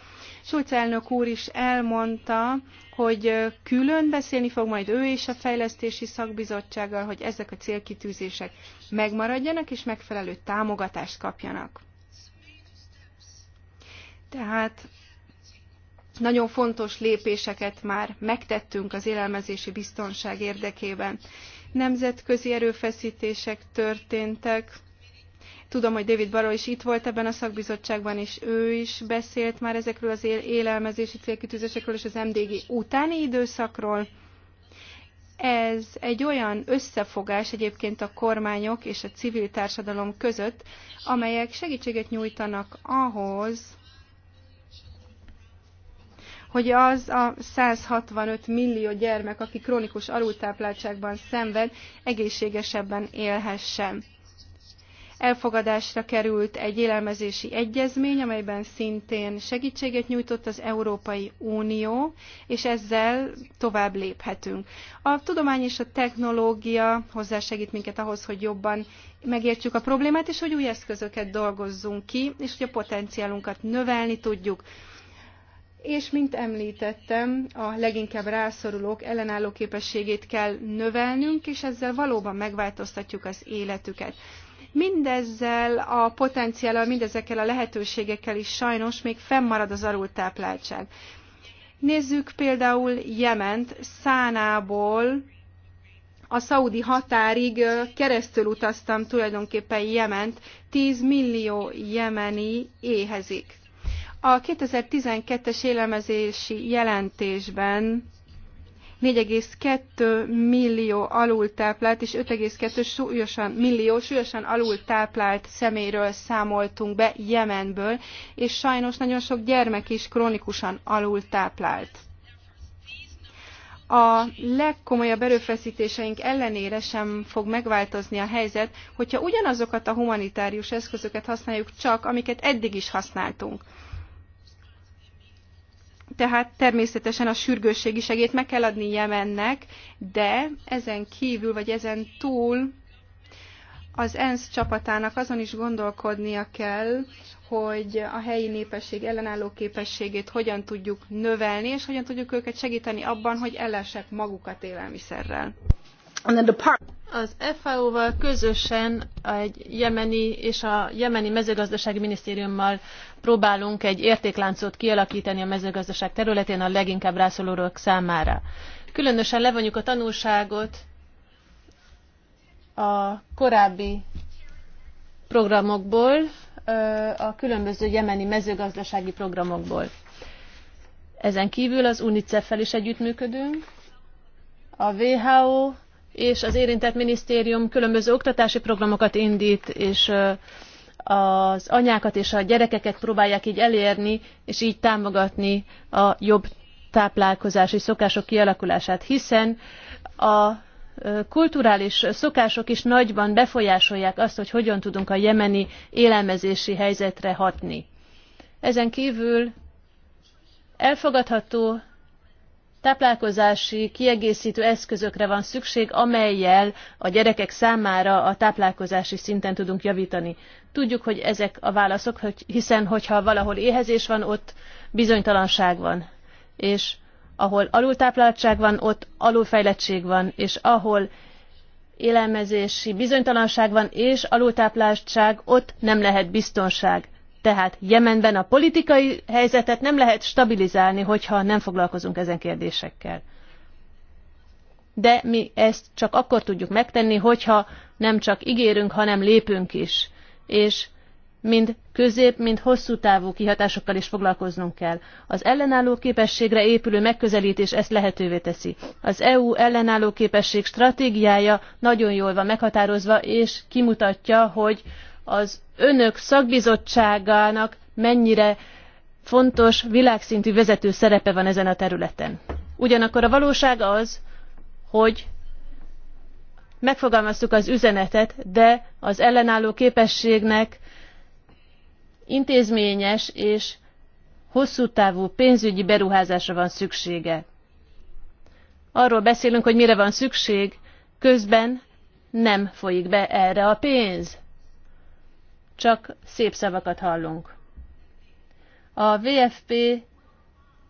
Schulz elnök úr is elmondta, hogy külön beszélni fog majd ő és a fejlesztési szakbizottsággal, hogy ezek a célkitűzések megmaradjanak és megfelelő támogatást kapjanak. Tehát nagyon fontos lépéseket már megtettünk az élelmezési biztonság érdekében. Nemzetközi erőfeszítések történtek. Tudom, hogy David Barrow is itt volt ebben a szakbizottságban, és ő is beszélt már ezekről az élelmezési célkitűzésekről és az MDG utáni időszakról. Ez egy olyan összefogás egyébként a kormányok és a civil társadalom között, amelyek segítséget nyújtanak ahhoz, hogy az a 165 millió gyermek, aki krónikus alultápláltságban szenved, egészségesebben élhessen. Elfogadásra került egy élelmezési egyezmény, amelyben szintén segítséget nyújtott az Európai Unió, és ezzel tovább léphetünk. A tudomány és a technológia hozzásegít minket ahhoz, hogy jobban megértsük a problémát, és hogy új eszközöket dolgozzunk ki, és hogy a potenciálunkat növelni tudjuk és mint említettem, a leginkább rászorulók ellenálló képességét kell növelnünk, és ezzel valóban megváltoztatjuk az életüket. Mindezzel a potenciállal, mindezekkel a lehetőségekkel is sajnos még fennmarad az alultápláltság. Nézzük például Jement, Szánából a szaudi határig keresztül utaztam tulajdonképpen Jement, 10 millió jemeni éhezik. A 2012-es élelmezési jelentésben 4,2 millió alultáplált és 5,2 súlyosan, millió súlyosan alultáplált szeméről számoltunk be Jemenből, és sajnos nagyon sok gyermek is krónikusan alultáplált. A legkomolyabb erőfeszítéseink ellenére sem fog megváltozni a helyzet, hogyha ugyanazokat a humanitárius eszközöket használjuk csak, amiket eddig is használtunk tehát természetesen a sürgősségi segélyt meg kell adni Jemennek, de ezen kívül, vagy ezen túl az ENSZ csapatának azon is gondolkodnia kell, hogy a helyi népesség ellenálló képességét hogyan tudjuk növelni, és hogyan tudjuk őket segíteni abban, hogy ellessek magukat élelmiszerrel. Az FAO-val közösen egy jemeni és a jemeni mezőgazdasági minisztériummal próbálunk egy értékláncot kialakítani a mezőgazdaság területén a leginkább rászorulók számára. Különösen levonjuk a tanulságot a korábbi programokból, a különböző jemeni mezőgazdasági programokból. Ezen kívül az UNICEF-fel is együttműködünk, a WHO és az érintett minisztérium különböző oktatási programokat indít, és az anyákat és a gyerekeket próbálják így elérni, és így támogatni a jobb táplálkozási szokások kialakulását, hiszen a kulturális szokások is nagyban befolyásolják azt, hogy hogyan tudunk a jemeni élelmezési helyzetre hatni. Ezen kívül elfogadható táplálkozási kiegészítő eszközökre van szükség, amelyel a gyerekek számára a táplálkozási szinten tudunk javítani. Tudjuk, hogy ezek a válaszok, hiszen hogyha valahol éhezés van, ott bizonytalanság van. És ahol alultápláltság van, ott alulfejlettség van, és ahol élelmezési bizonytalanság van és alultápláltság, ott nem lehet biztonság. Tehát Jemenben a politikai helyzetet nem lehet stabilizálni, hogyha nem foglalkozunk ezen kérdésekkel. De mi ezt csak akkor tudjuk megtenni, hogyha nem csak ígérünk, hanem lépünk is. És mind közép, mind hosszú távú kihatásokkal is foglalkoznunk kell. Az ellenálló képességre épülő megközelítés ezt lehetővé teszi. Az EU ellenálló képesség stratégiája nagyon jól van meghatározva, és kimutatja, hogy az önök szakbizottságának mennyire fontos világszintű vezető szerepe van ezen a területen. Ugyanakkor a valóság az, hogy megfogalmaztuk az üzenetet, de az ellenálló képességnek intézményes és hosszú távú pénzügyi beruházásra van szüksége. Arról beszélünk, hogy mire van szükség, közben nem folyik be erre a pénz csak szép szavakat hallunk. A VFP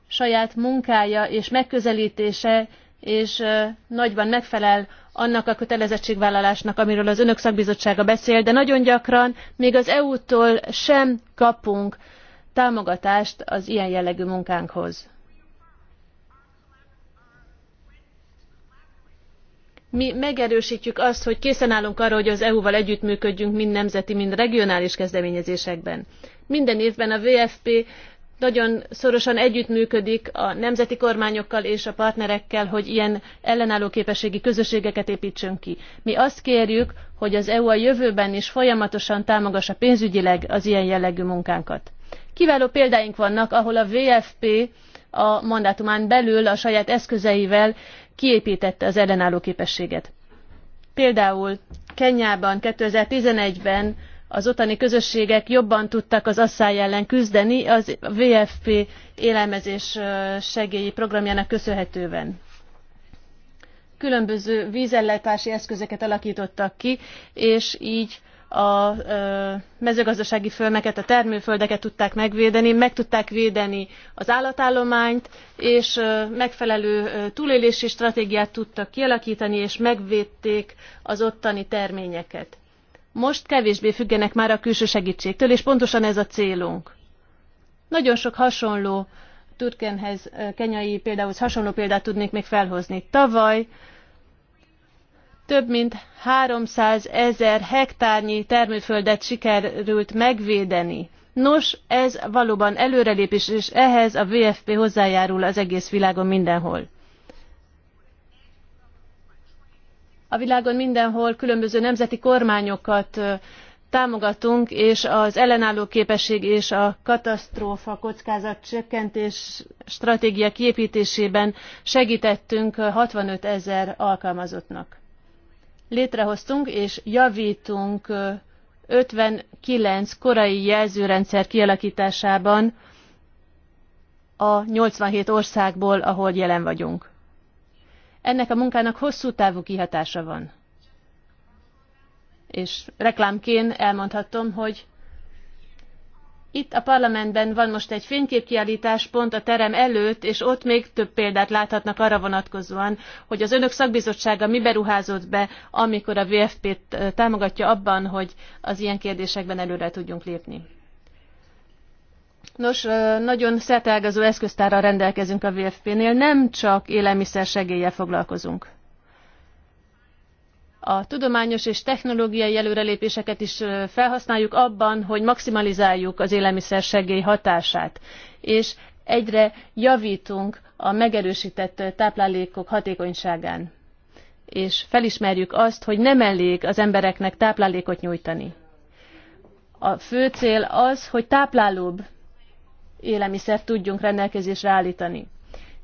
saját munkája és megközelítése és nagyban megfelel annak a kötelezettségvállalásnak, amiről az önök szakbizottsága beszél, de nagyon gyakran még az EU-tól sem kapunk támogatást az ilyen jellegű munkánkhoz. mi megerősítjük azt, hogy készen állunk arra, hogy az EU-val együttműködjünk mind nemzeti, mind regionális kezdeményezésekben. Minden évben a WFP nagyon szorosan együttműködik a nemzeti kormányokkal és a partnerekkel, hogy ilyen ellenálló képességi közösségeket éptsünk ki. Mi azt kérjük, hogy az EU a jövőben is folyamatosan támogassa pénzügyileg az ilyen jellegű munkánkat. Kiváló példáink vannak, ahol a WFP a mandátumán belül a saját eszközeivel kiépítette az ellenálló képességet. Például Kenyában 2011-ben az otani közösségek jobban tudtak az asszály ellen küzdeni az VFP élelmezés segélyi programjának köszönhetően. Különböző vízellátási eszközöket alakítottak ki, és így a mezőgazdasági földeket, a termőföldeket tudták megvédeni, meg tudták védeni az állatállományt, és megfelelő túlélési stratégiát tudtak kialakítani, és megvédték az ottani terményeket. Most kevésbé függenek már a külső segítségtől, és pontosan ez a célunk. Nagyon sok hasonló Turkenhez, kenyai példához hasonló példát tudnék még felhozni. Tavaly több mint 300 ezer hektárnyi termőföldet sikerült megvédeni. Nos, ez valóban előrelépés, és ehhez a WFP hozzájárul az egész világon mindenhol. A világon mindenhol különböző nemzeti kormányokat támogatunk, és az ellenálló képesség és a katasztrófa kockázat csökkentés stratégia kiépítésében segítettünk 65 ezer alkalmazottnak létrehoztunk és javítunk 59 korai jelzőrendszer kialakításában a 87 országból, ahol jelen vagyunk. Ennek a munkának hosszú távú kihatása van. És reklámként elmondhatom, hogy itt a parlamentben van most egy fényképkiállítás pont a terem előtt, és ott még több példát láthatnak arra vonatkozóan, hogy az önök szakbizottsága mi beruházott be, amikor a VFP-t támogatja abban, hogy az ilyen kérdésekben előre tudjunk lépni. Nos, nagyon szertelgazó eszköztárral rendelkezünk a VFP-nél, nem csak élelmiszer segéllyel foglalkozunk a tudományos és technológiai előrelépéseket is felhasználjuk abban, hogy maximalizáljuk az élelmiszersegély hatását, és egyre javítunk a megerősített táplálékok hatékonyságán. És felismerjük azt, hogy nem elég az embereknek táplálékot nyújtani. A fő cél az, hogy táplálóbb élelmiszert tudjunk rendelkezésre állítani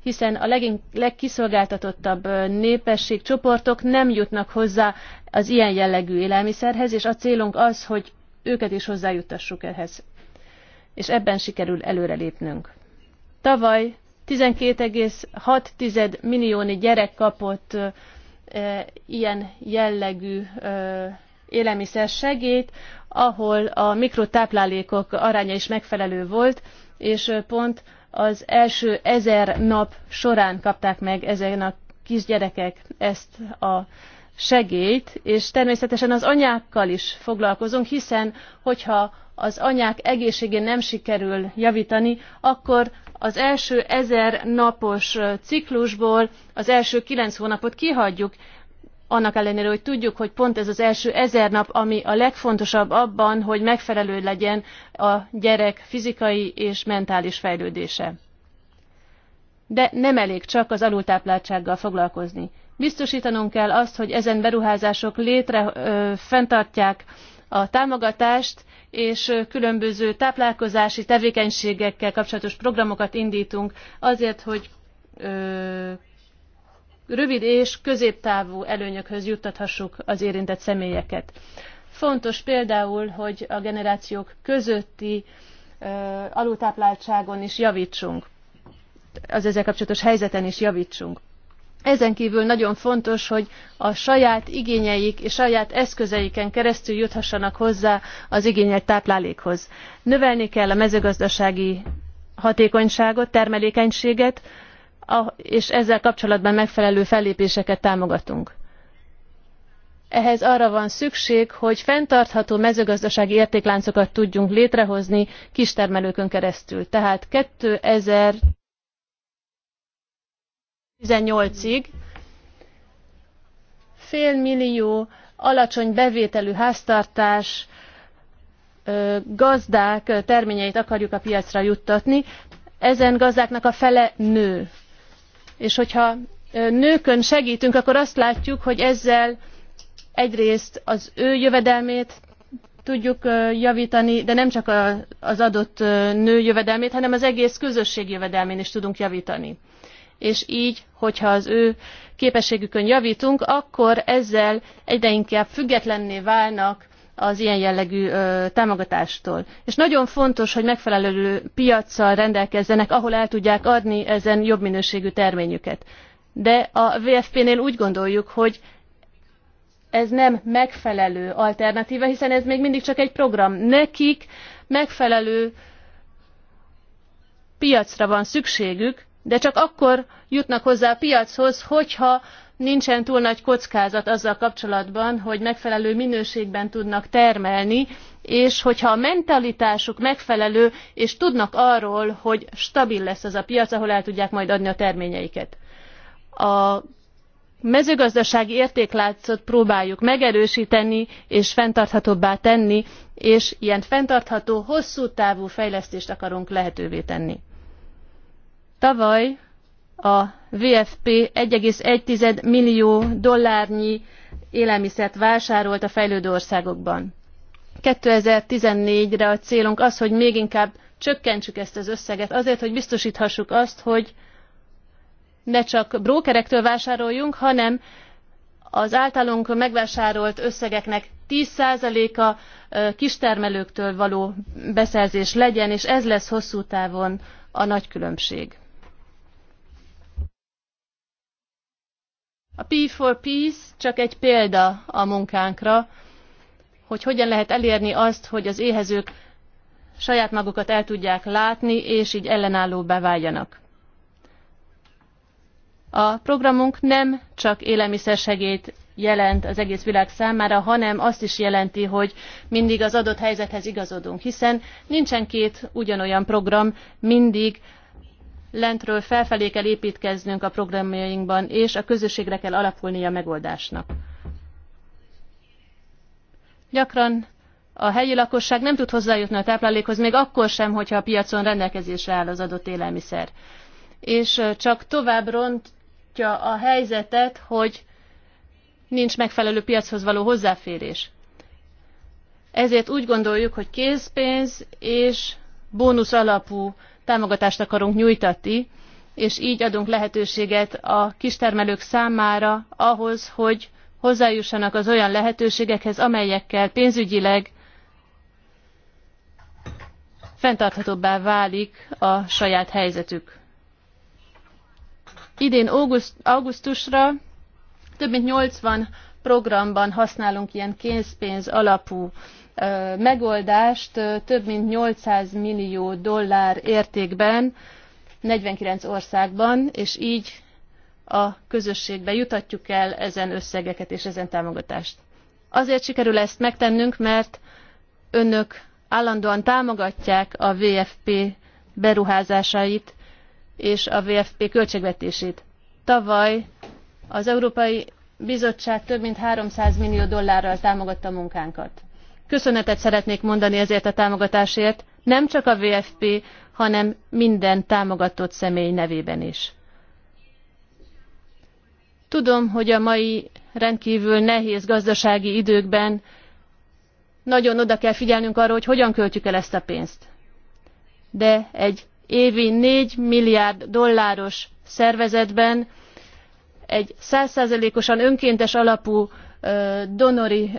hiszen a legink, legkiszolgáltatottabb népességcsoportok nem jutnak hozzá az ilyen jellegű élelmiszerhez, és a célunk az, hogy őket is hozzájuttassuk ehhez. És ebben sikerül előrelépnünk. Tavaly 12,6 milliónyi gyerek kapott e, ilyen jellegű e, élelmiszer segélyt, ahol a mikrotáplálékok aránya is megfelelő volt, és pont az első ezer nap során kapták meg ezen a kisgyerekek ezt a segélyt, és természetesen az anyákkal is foglalkozunk, hiszen hogyha az anyák egészségén nem sikerül javítani, akkor az első ezer napos ciklusból az első kilenc hónapot kihagyjuk, annak ellenére, hogy tudjuk, hogy pont ez az első ezer nap, ami a legfontosabb abban, hogy megfelelő legyen a gyerek fizikai és mentális fejlődése. De nem elég csak az alultápláltsággal foglalkozni. Biztosítanunk kell azt, hogy ezen beruházások létre ö, fenntartják a támogatást, és különböző táplálkozási tevékenységekkel kapcsolatos programokat indítunk azért, hogy ö, rövid és középtávú előnyökhöz juttathassuk az érintett személyeket. Fontos például, hogy a generációk közötti alultápláltságon is javítsunk, az ezzel kapcsolatos helyzeten is javítsunk. Ezen kívül nagyon fontos, hogy a saját igényeik és saját eszközeiken keresztül juthassanak hozzá az igényelt táplálékhoz. Növelni kell a mezőgazdasági hatékonyságot, termelékenységet, és ezzel kapcsolatban megfelelő fellépéseket támogatunk. Ehhez arra van szükség, hogy fenntartható mezőgazdasági értékláncokat tudjunk létrehozni kistermelőkön keresztül. Tehát 2018-ig fél millió alacsony bevételű háztartás gazdák terményeit akarjuk a piacra juttatni. Ezen gazdáknak a fele nő és hogyha nőkön segítünk, akkor azt látjuk, hogy ezzel egyrészt az ő jövedelmét tudjuk javítani, de nem csak az adott nő jövedelmét, hanem az egész közösség jövedelmén is tudunk javítani. És így, hogyha az ő képességükön javítunk, akkor ezzel egyre inkább függetlenné válnak az ilyen jellegű ö, támogatástól. És nagyon fontos, hogy megfelelő piaccal rendelkezzenek, ahol el tudják adni ezen jobb minőségű terményüket. De a VFP-nél úgy gondoljuk, hogy ez nem megfelelő alternatíva, hiszen ez még mindig csak egy program. Nekik megfelelő piacra van szükségük, de csak akkor jutnak hozzá a piachoz, hogyha nincsen túl nagy kockázat azzal kapcsolatban, hogy megfelelő minőségben tudnak termelni, és hogyha a mentalitásuk megfelelő, és tudnak arról, hogy stabil lesz az a piac, ahol el tudják majd adni a terményeiket. A mezőgazdasági értékláncot próbáljuk megerősíteni és fenntarthatóbbá tenni, és ilyen fenntartható, hosszú távú fejlesztést akarunk lehetővé tenni. Tavaly a VFP one millió dollárnyi élelmiszert vásárolt a fejlődő országokban. 2014-re a célunk az, hogy még inkább csökkentsük ezt az összeget, azért, hogy biztosíthassuk azt, hogy ne csak brókerektől vásároljunk, hanem az általunk megvásárolt összegeknek 10%-a kistermelőktől való beszerzés legyen, és ez lesz hosszú távon a nagy különbség. A P for Peace csak egy példa a munkánkra, hogy hogyan lehet elérni azt, hogy az éhezők saját magukat el tudják látni, és így ellenállóbbá váljanak. A programunk nem csak élelmiszersegélyt jelent az egész világ számára, hanem azt is jelenti, hogy mindig az adott helyzethez igazodunk, hiszen nincsen két ugyanolyan program, mindig lentről felfelé kell építkeznünk a programjainkban, és a közösségre kell alapulnia a megoldásnak. Gyakran a helyi lakosság nem tud hozzájutni a táplálékhoz, még akkor sem, hogyha a piacon rendelkezésre áll az adott élelmiszer. És csak tovább rontja a helyzetet, hogy nincs megfelelő piachoz való hozzáférés. Ezért úgy gondoljuk, hogy készpénz és bónusz alapú támogatást akarunk nyújtatni, és így adunk lehetőséget a kistermelők számára ahhoz, hogy hozzájussanak az olyan lehetőségekhez, amelyekkel pénzügyileg fenntarthatóbbá válik a saját helyzetük. Idén augusztusra több mint 80 programban használunk ilyen készpénz alapú megoldást több mint 800 millió dollár értékben 49 országban, és így a közösségbe jutatjuk el ezen összegeket és ezen támogatást. Azért sikerül ezt megtennünk, mert önök állandóan támogatják a VFP beruházásait és a VFP költségvetését. Tavaly az Európai bizottság több mint 300 millió dollárral támogatta munkánkat. Köszönetet szeretnék mondani ezért a támogatásért, nem csak a VFP, hanem minden támogatott személy nevében is. Tudom, hogy a mai rendkívül nehéz gazdasági időkben nagyon oda kell figyelnünk arra, hogy hogyan költjük el ezt a pénzt. De egy évi 4 milliárd dolláros szervezetben egy százszázalékosan önkéntes alapú donori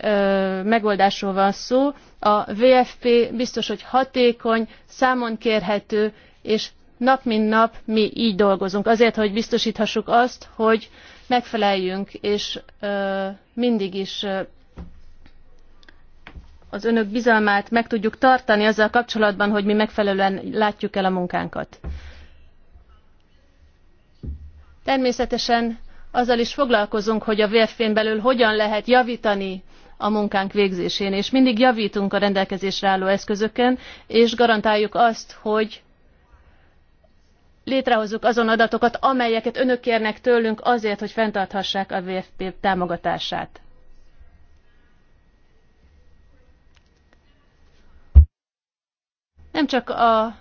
megoldásról van szó. A VFP biztos, hogy hatékony, számon kérhető, és nap mint nap mi így dolgozunk, azért, hogy biztosíthassuk azt, hogy megfeleljünk, és mindig is az önök bizalmát meg tudjuk tartani azzal kapcsolatban, hogy mi megfelelően látjuk el a munkánkat. Természetesen azzal is foglalkozunk, hogy a VFP-n belül hogyan lehet javítani a munkánk végzésén, és mindig javítunk a rendelkezésre álló eszközöken, és garantáljuk azt, hogy létrehozzuk azon adatokat, amelyeket önök kérnek tőlünk azért, hogy fenntarthassák a VFP támogatását. Nem csak a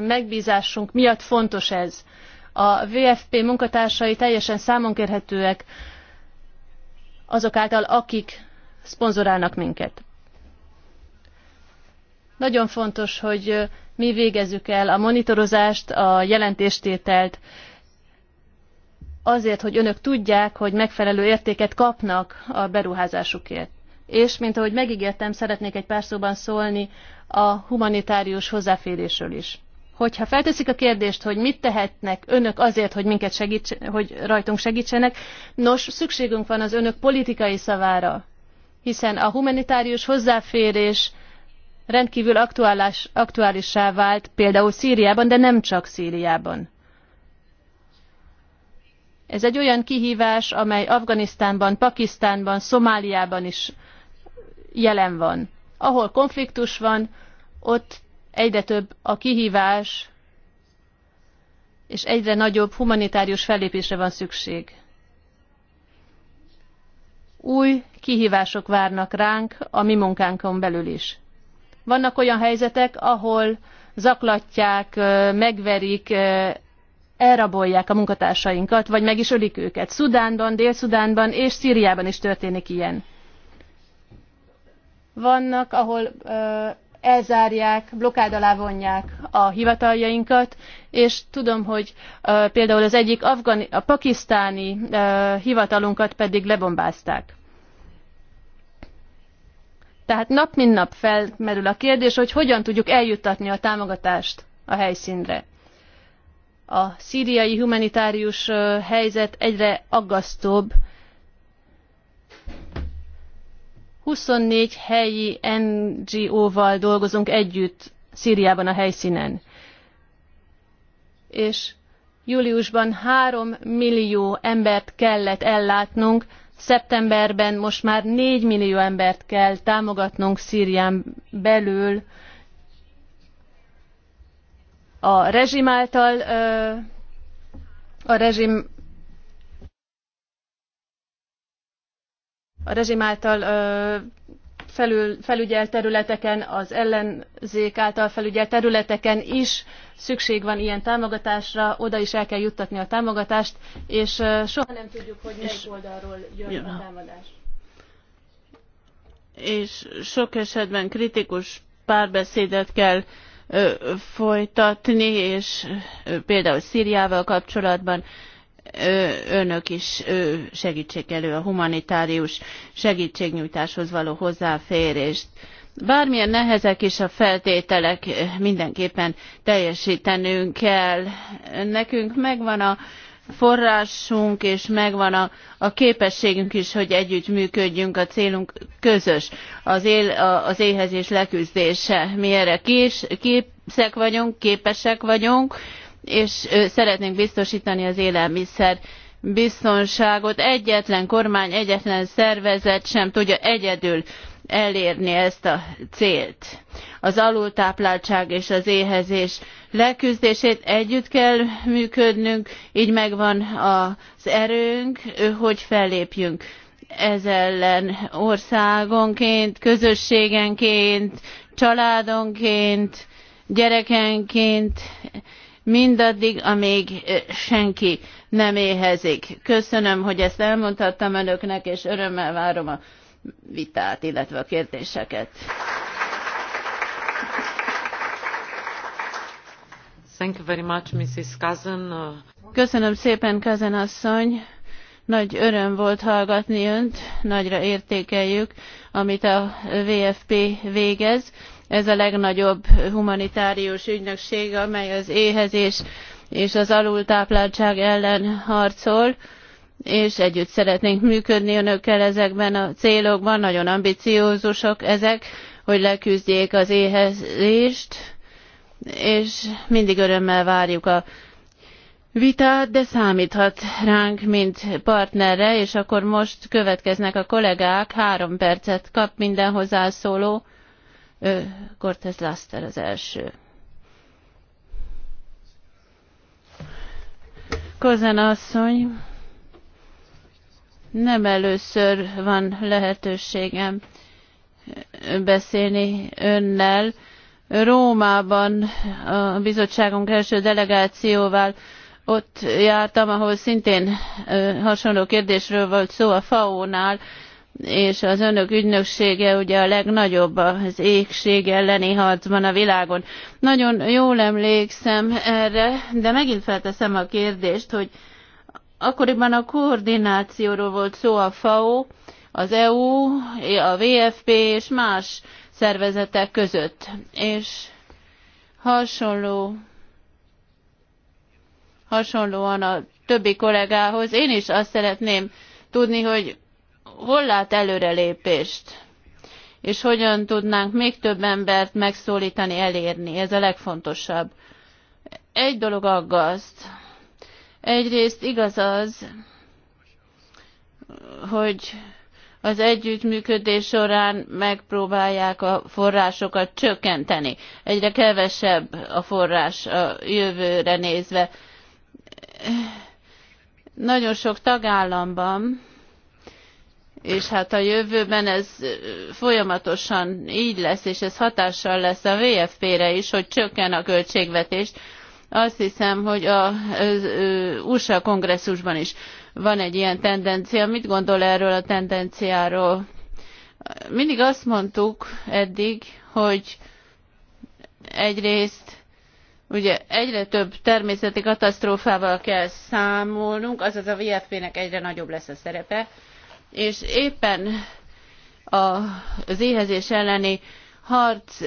megbízásunk miatt fontos ez, a VFP munkatársai teljesen számon kérhetőek azok által, akik szponzorálnak minket. Nagyon fontos, hogy mi végezzük el a monitorozást, a jelentéstételt, azért, hogy önök tudják, hogy megfelelő értéket kapnak a beruházásukért. És, mint ahogy megígértem, szeretnék egy pár szóban szólni a humanitárius hozzáférésről is hogyha felteszik a kérdést, hogy mit tehetnek önök azért, hogy minket segíts, hogy rajtunk segítsenek, nos, szükségünk van az önök politikai szavára, hiszen a humanitárius hozzáférés rendkívül aktuális, aktuálissá vált például Szíriában, de nem csak Szíriában. Ez egy olyan kihívás, amely Afganisztánban, Pakisztánban, Szomáliában is jelen van. Ahol konfliktus van, ott egyre több a kihívás, és egyre nagyobb humanitárius fellépésre van szükség. Új kihívások várnak ránk a mi munkánkon belül is. Vannak olyan helyzetek, ahol zaklatják, megverik, elrabolják a munkatársainkat, vagy meg is ölik őket. Szudánban, Dél-Szudánban és Szíriában is történik ilyen. Vannak, ahol elzárják, blokád alá vonják a hivataljainkat, és tudom, hogy uh, például az egyik afgani, a pakisztáni uh, hivatalunkat pedig lebombázták. Tehát nap mint nap felmerül a kérdés, hogy hogyan tudjuk eljuttatni a támogatást a helyszínre. A szíriai humanitárius helyzet egyre aggasztóbb, 24 helyi NGO-val dolgozunk együtt Szíriában a helyszínen. És júliusban 3 millió embert kellett ellátnunk, szeptemberben most már 4 millió embert kell támogatnunk Szírián belül a rezsim által a rezsim a rezsim által felül, felügyelt területeken, az ellenzék által felügyelt területeken is szükség van ilyen támogatásra, oda is el kell juttatni a támogatást, és soha nem tudjuk, hogy melyik oldalról jön ja. a támadás. És sok esetben kritikus párbeszédet kell ö, folytatni, és ö, például Szíriával kapcsolatban önök is segítsék elő a humanitárius segítségnyújtáshoz való hozzáférést. Bármilyen nehezek is a feltételek, mindenképpen teljesítenünk kell. Nekünk megvan a forrásunk és megvan a, a képességünk is, hogy együttműködjünk, a célunk közös, az, él, a, az éhezés leküzdése. Mi erre kés, vagyunk, képesek vagyunk, és szeretnénk biztosítani az élelmiszer biztonságot. Egyetlen kormány, egyetlen szervezet sem tudja egyedül elérni ezt a célt. Az alultápláltság és az éhezés leküzdését együtt kell működnünk, így megvan az erőnk, hogy fellépjünk ez ellen országonként, közösségenként, családonként, gyerekenként, mindaddig, amíg eh, senki nem éhezik. Köszönöm, hogy ezt elmondhattam önöknek, és örömmel várom a vitát, illetve a kérdéseket. Thank you very much, Mrs. Cousin. Köszönöm szépen, Kazen asszony. Nagy öröm volt hallgatni önt, nagyra értékeljük, amit a VFP végez ez a legnagyobb humanitárius ügynökség, amely az éhezés és az alultápláltság ellen harcol és együtt szeretnénk működni önökkel ezekben a célokban, nagyon ambiciózusok ezek, hogy leküzdjék az éhezést, és mindig örömmel várjuk a vitát, de számíthat ránk, mint partnerre, és akkor most következnek a kollégák, három percet kap minden hozzászóló. Cortez Laster az első. Kozen asszony, nem először van lehetőségem beszélni önnel. Rómában a bizottságunk első delegációval ott jártam, ahol szintén hasonló kérdésről volt szó a FAO-nál, és az önök ügynöksége ugye a legnagyobb az égség elleni harcban a világon. Nagyon jól emlékszem erre, de megint felteszem a kérdést, hogy akkoriban a koordinációról volt szó a FAO, az EU, a VFP és más szervezetek között. És hasonló, hasonlóan a többi kollégához én is azt szeretném tudni, hogy hol lát előrelépést, és hogyan tudnánk még több embert megszólítani, elérni. Ez a legfontosabb. Egy dolog aggaszt. Egyrészt igaz az, hogy az együttműködés során megpróbálják a forrásokat csökkenteni. Egyre kevesebb a forrás a jövőre nézve. Nagyon sok tagállamban és hát a jövőben ez folyamatosan így lesz, és ez hatással lesz a VFP-re is, hogy csökken a költségvetés. Azt hiszem, hogy a USA kongresszusban is van egy ilyen tendencia. Mit gondol erről a tendenciáról? Mindig azt mondtuk eddig, hogy egyrészt ugye egyre több természeti katasztrófával kell számolnunk, azaz a VFP-nek egyre nagyobb lesz a szerepe, és éppen az éhezés elleni harc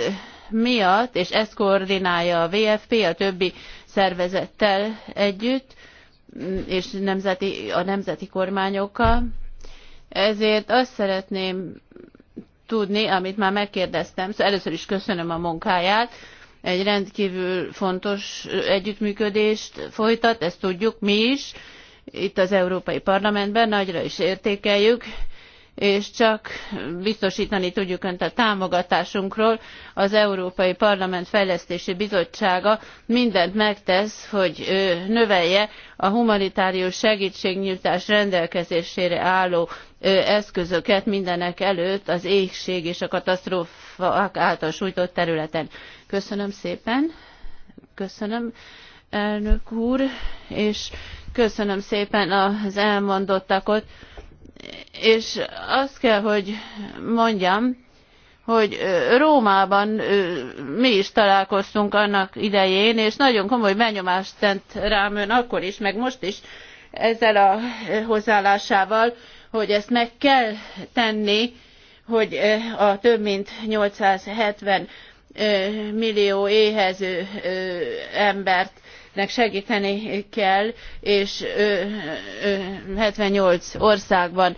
miatt, és ezt koordinálja a VFP a többi szervezettel együtt, és nemzeti, a nemzeti kormányokkal. Ezért azt szeretném tudni, amit már megkérdeztem, szóval először is köszönöm a munkáját, egy rendkívül fontos együttműködést folytat, ezt tudjuk mi is, itt az Európai Parlamentben, nagyra is értékeljük, és csak biztosítani tudjuk önt a támogatásunkról. Az Európai Parlament Fejlesztési Bizottsága mindent megtesz, hogy növelje a humanitárius segítségnyújtás rendelkezésére álló eszközöket mindenek előtt az éhség és a katasztrófák által sújtott területen. Köszönöm szépen, köszönöm elnök úr, és Köszönöm szépen az elmondottakot és azt kell, hogy mondjam, hogy Rómában mi is találkoztunk annak idején, és nagyon komoly benyomást tett rám ön akkor is, meg most is ezzel a hozzáállásával, hogy ezt meg kell tenni, hogy a több mint 870 millió éhező embert nek segíteni kell, és 78 országban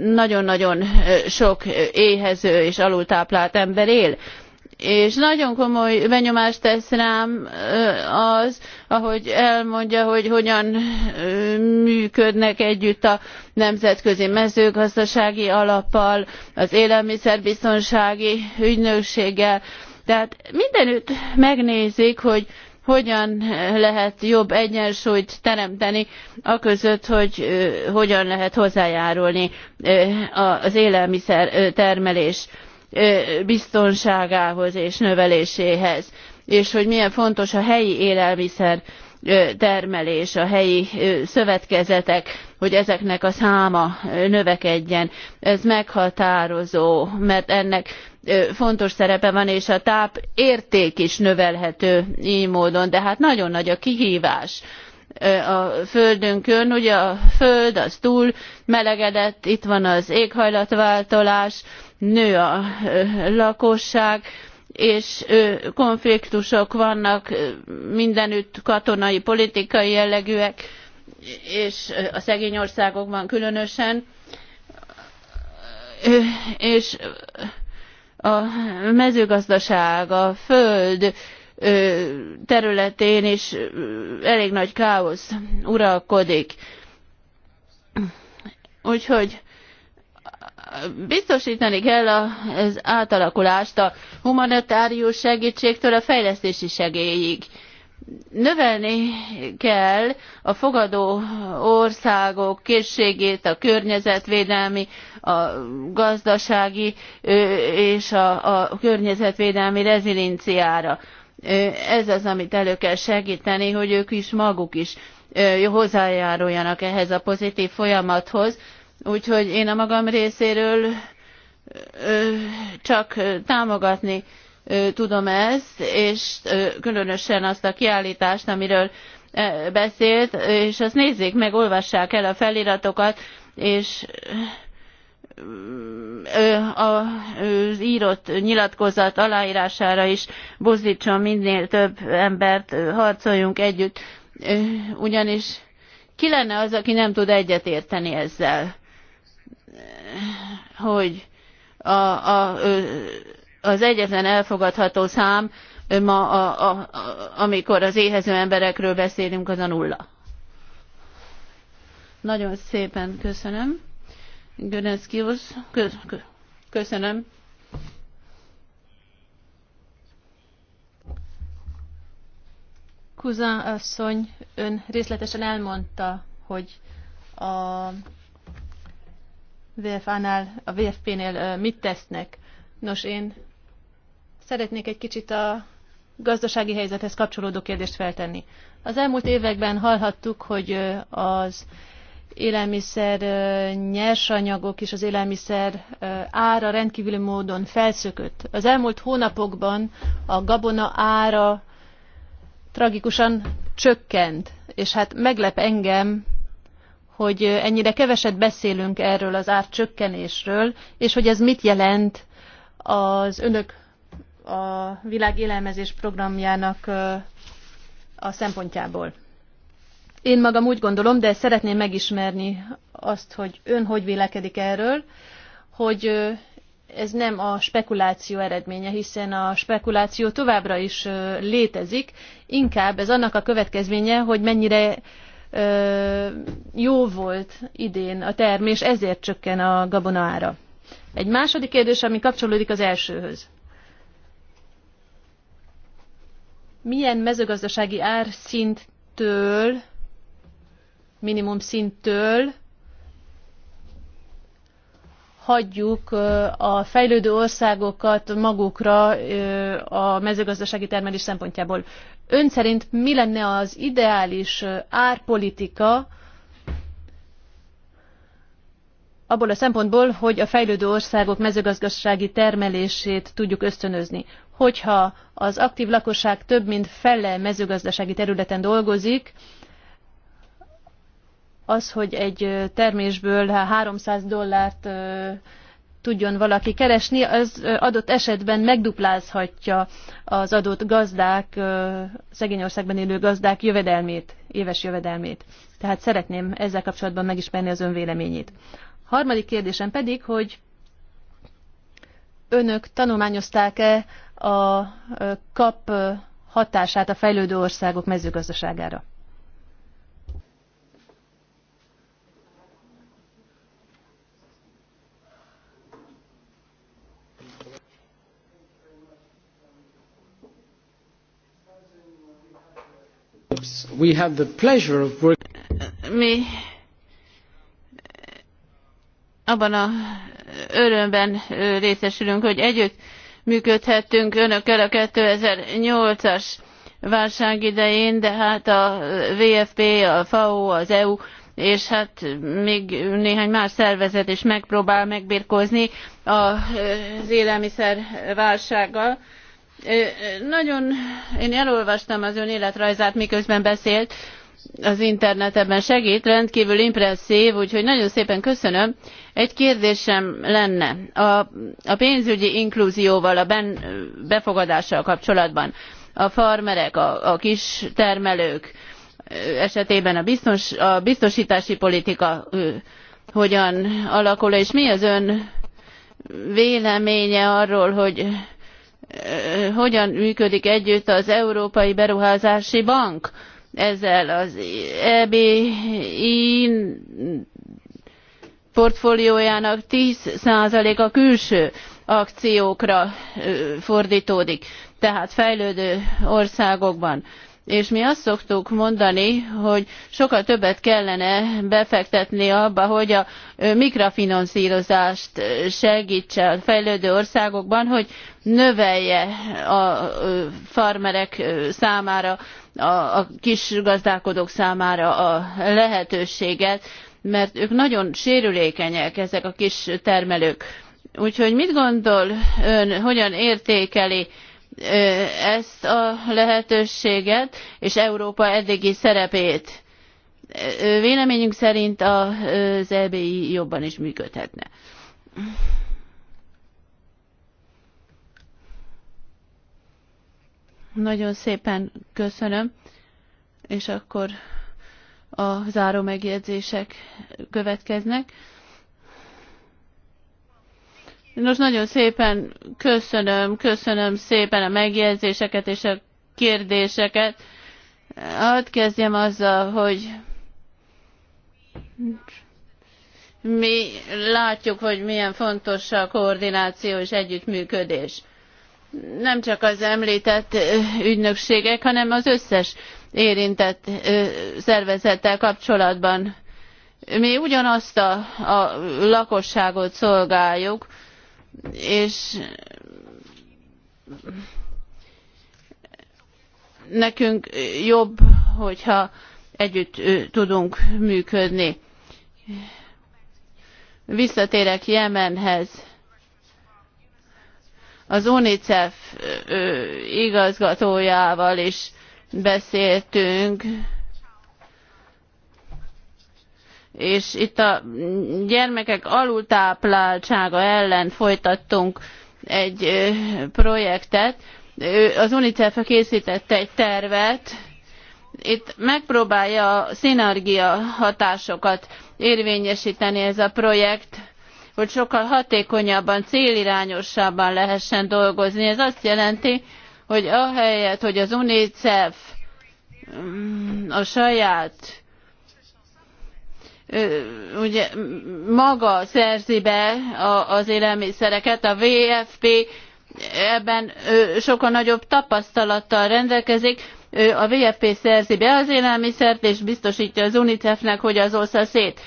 nagyon-nagyon sok éhező és alultáplált ember él és nagyon komoly benyomást tesz rám az, ahogy elmondja, hogy hogyan működnek együtt a nemzetközi mezőgazdasági alappal, az élelmiszerbiztonsági ügynökséggel. Tehát mindenütt megnézik, hogy hogyan lehet jobb egyensúlyt teremteni aközött, hogy hogyan lehet hozzájárulni az élelmiszer termelés biztonságához és növeléséhez, és hogy milyen fontos a helyi élelmiszer termelés, a helyi szövetkezetek, hogy ezeknek a száma növekedjen. Ez meghatározó, mert ennek fontos szerepe van, és a táp is növelhető így módon, de hát nagyon nagy a kihívás a földünkön. Ugye a föld az túl melegedett, itt van az éghajlatváltozás, nő a lakosság, és konfliktusok vannak mindenütt katonai, politikai jellegűek, és a szegény országokban különösen. És a mezőgazdaság, a föld területén is elég nagy káosz uralkodik. Úgyhogy biztosítani kell az átalakulást a humanitárius segítségtől a fejlesztési segélyig. Növelni kell a fogadó országok készségét, a környezetvédelmi a gazdasági és a, a környezetvédelmi rezilinciára. Ez az, amit elő kell segíteni, hogy ők is maguk is hozzájáruljanak ehhez a pozitív folyamathoz. Úgyhogy én a magam részéről csak támogatni tudom ezt, és különösen azt a kiállítást, amiről beszélt, és azt nézzék meg, olvassák el a feliratokat, és az írott nyilatkozat aláírására is buzdítson minél több embert, harcoljunk együtt, ugyanis ki lenne az, aki nem tud egyetérteni ezzel, hogy a, a, az egyetlen elfogadható szám ma, a, a, amikor az éhező emberekről beszélünk, az a nulla. Nagyon szépen köszönöm. Göneszki köszönöm. Kuzan asszony, ön részletesen elmondta, hogy a VFA-nál, a VFP-nél mit tesznek. Nos, én szeretnék egy kicsit a gazdasági helyzethez kapcsolódó kérdést feltenni. Az elmúlt években hallhattuk, hogy az élelmiszer nyersanyagok és az élelmiszer ára rendkívüli módon felszökött. Az elmúlt hónapokban a gabona ára tragikusan csökkent, és hát meglep engem, hogy ennyire keveset beszélünk erről az ár csökkenésről, és hogy ez mit jelent az önök a világ programjának a szempontjából. Én magam úgy gondolom, de szeretném megismerni azt, hogy ön hogy vélekedik erről, hogy ez nem a spekuláció eredménye, hiszen a spekuláció továbbra is létezik, inkább ez annak a következménye, hogy mennyire jó volt idén a termés, ezért csökken a gabona ára. Egy második kérdés, ami kapcsolódik az elsőhöz. Milyen mezőgazdasági árszinttől minimum szinttől hagyjuk a fejlődő országokat magukra a mezőgazdasági termelés szempontjából. Ön szerint mi lenne az ideális árpolitika abból a szempontból, hogy a fejlődő országok mezőgazdasági termelését tudjuk ösztönözni? Hogyha az aktív lakosság több mint fele mezőgazdasági területen dolgozik, az, hogy egy termésből 300 dollárt tudjon valaki keresni, az adott esetben megduplázhatja az adott gazdák, szegény országban élő gazdák jövedelmét, éves jövedelmét. Tehát szeretném ezzel kapcsolatban megismerni az ön véleményét. Harmadik kérdésem pedig, hogy önök tanulmányozták-e a kap hatását a fejlődő országok mezőgazdaságára? we the pleasure of working. Mi abban a örömben részesülünk, hogy együtt működhettünk önökkel a 2008-as válság idején, de hát a VFP, a FAO, az EU és hát még néhány más szervezet is megpróbál megbirkózni az élelmiszer válsággal nagyon, én elolvastam az ön életrajzát, miközben beszélt, az internet ebben segít, rendkívül impresszív, úgyhogy nagyon szépen köszönöm. Egy kérdésem lenne a, a pénzügyi inkluzióval, a ben, befogadással kapcsolatban. A farmerek, a, a kis termelők esetében a, biztos, a biztosítási politika ő, hogyan alakul, és mi az ön véleménye arról, hogy hogyan működik együtt az Európai Beruházási Bank ezzel az EBI portfóliójának 10%-a külső akciókra fordítódik, tehát fejlődő országokban és mi azt szoktuk mondani, hogy sokkal többet kellene befektetni abba, hogy a mikrofinanszírozást segítse a fejlődő országokban, hogy növelje a farmerek számára, a kis gazdálkodók számára a lehetőséget, mert ők nagyon sérülékenyek, ezek a kis termelők. Úgyhogy mit gondol ön, hogyan értékeli ezt a lehetőséget és Európa eddigi szerepét. Véleményünk szerint az EBI jobban is működhetne. Nagyon szépen köszönöm, és akkor a záró megjegyzések következnek. Nos, nagyon szépen köszönöm, köszönöm szépen a megjegyzéseket és a kérdéseket. Hadd kezdjem azzal, hogy mi látjuk, hogy milyen fontos a koordináció és együttműködés. Nem csak az említett ügynökségek, hanem az összes érintett szervezettel kapcsolatban. Mi ugyanazt a, a lakosságot szolgáljuk, és nekünk jobb, hogyha együtt tudunk működni. Visszatérek Jemenhez. Az UNICEF igazgatójával is beszéltünk, és itt a gyermekek alultápláltsága ellen folytattunk egy projektet. Az UNICEF készítette egy tervet, itt megpróbálja a szinergia hatásokat érvényesíteni ez a projekt, hogy sokkal hatékonyabban, célirányosabban lehessen dolgozni. Ez azt jelenti, hogy ahelyett, hogy az UNICEF mm, a saját ugye maga szerzi be az élelmiszereket, a VFP ebben sokkal nagyobb tapasztalattal rendelkezik, a VFP szerzi be az élelmiszert, és biztosítja az UNICEF-nek, hogy az ossza szét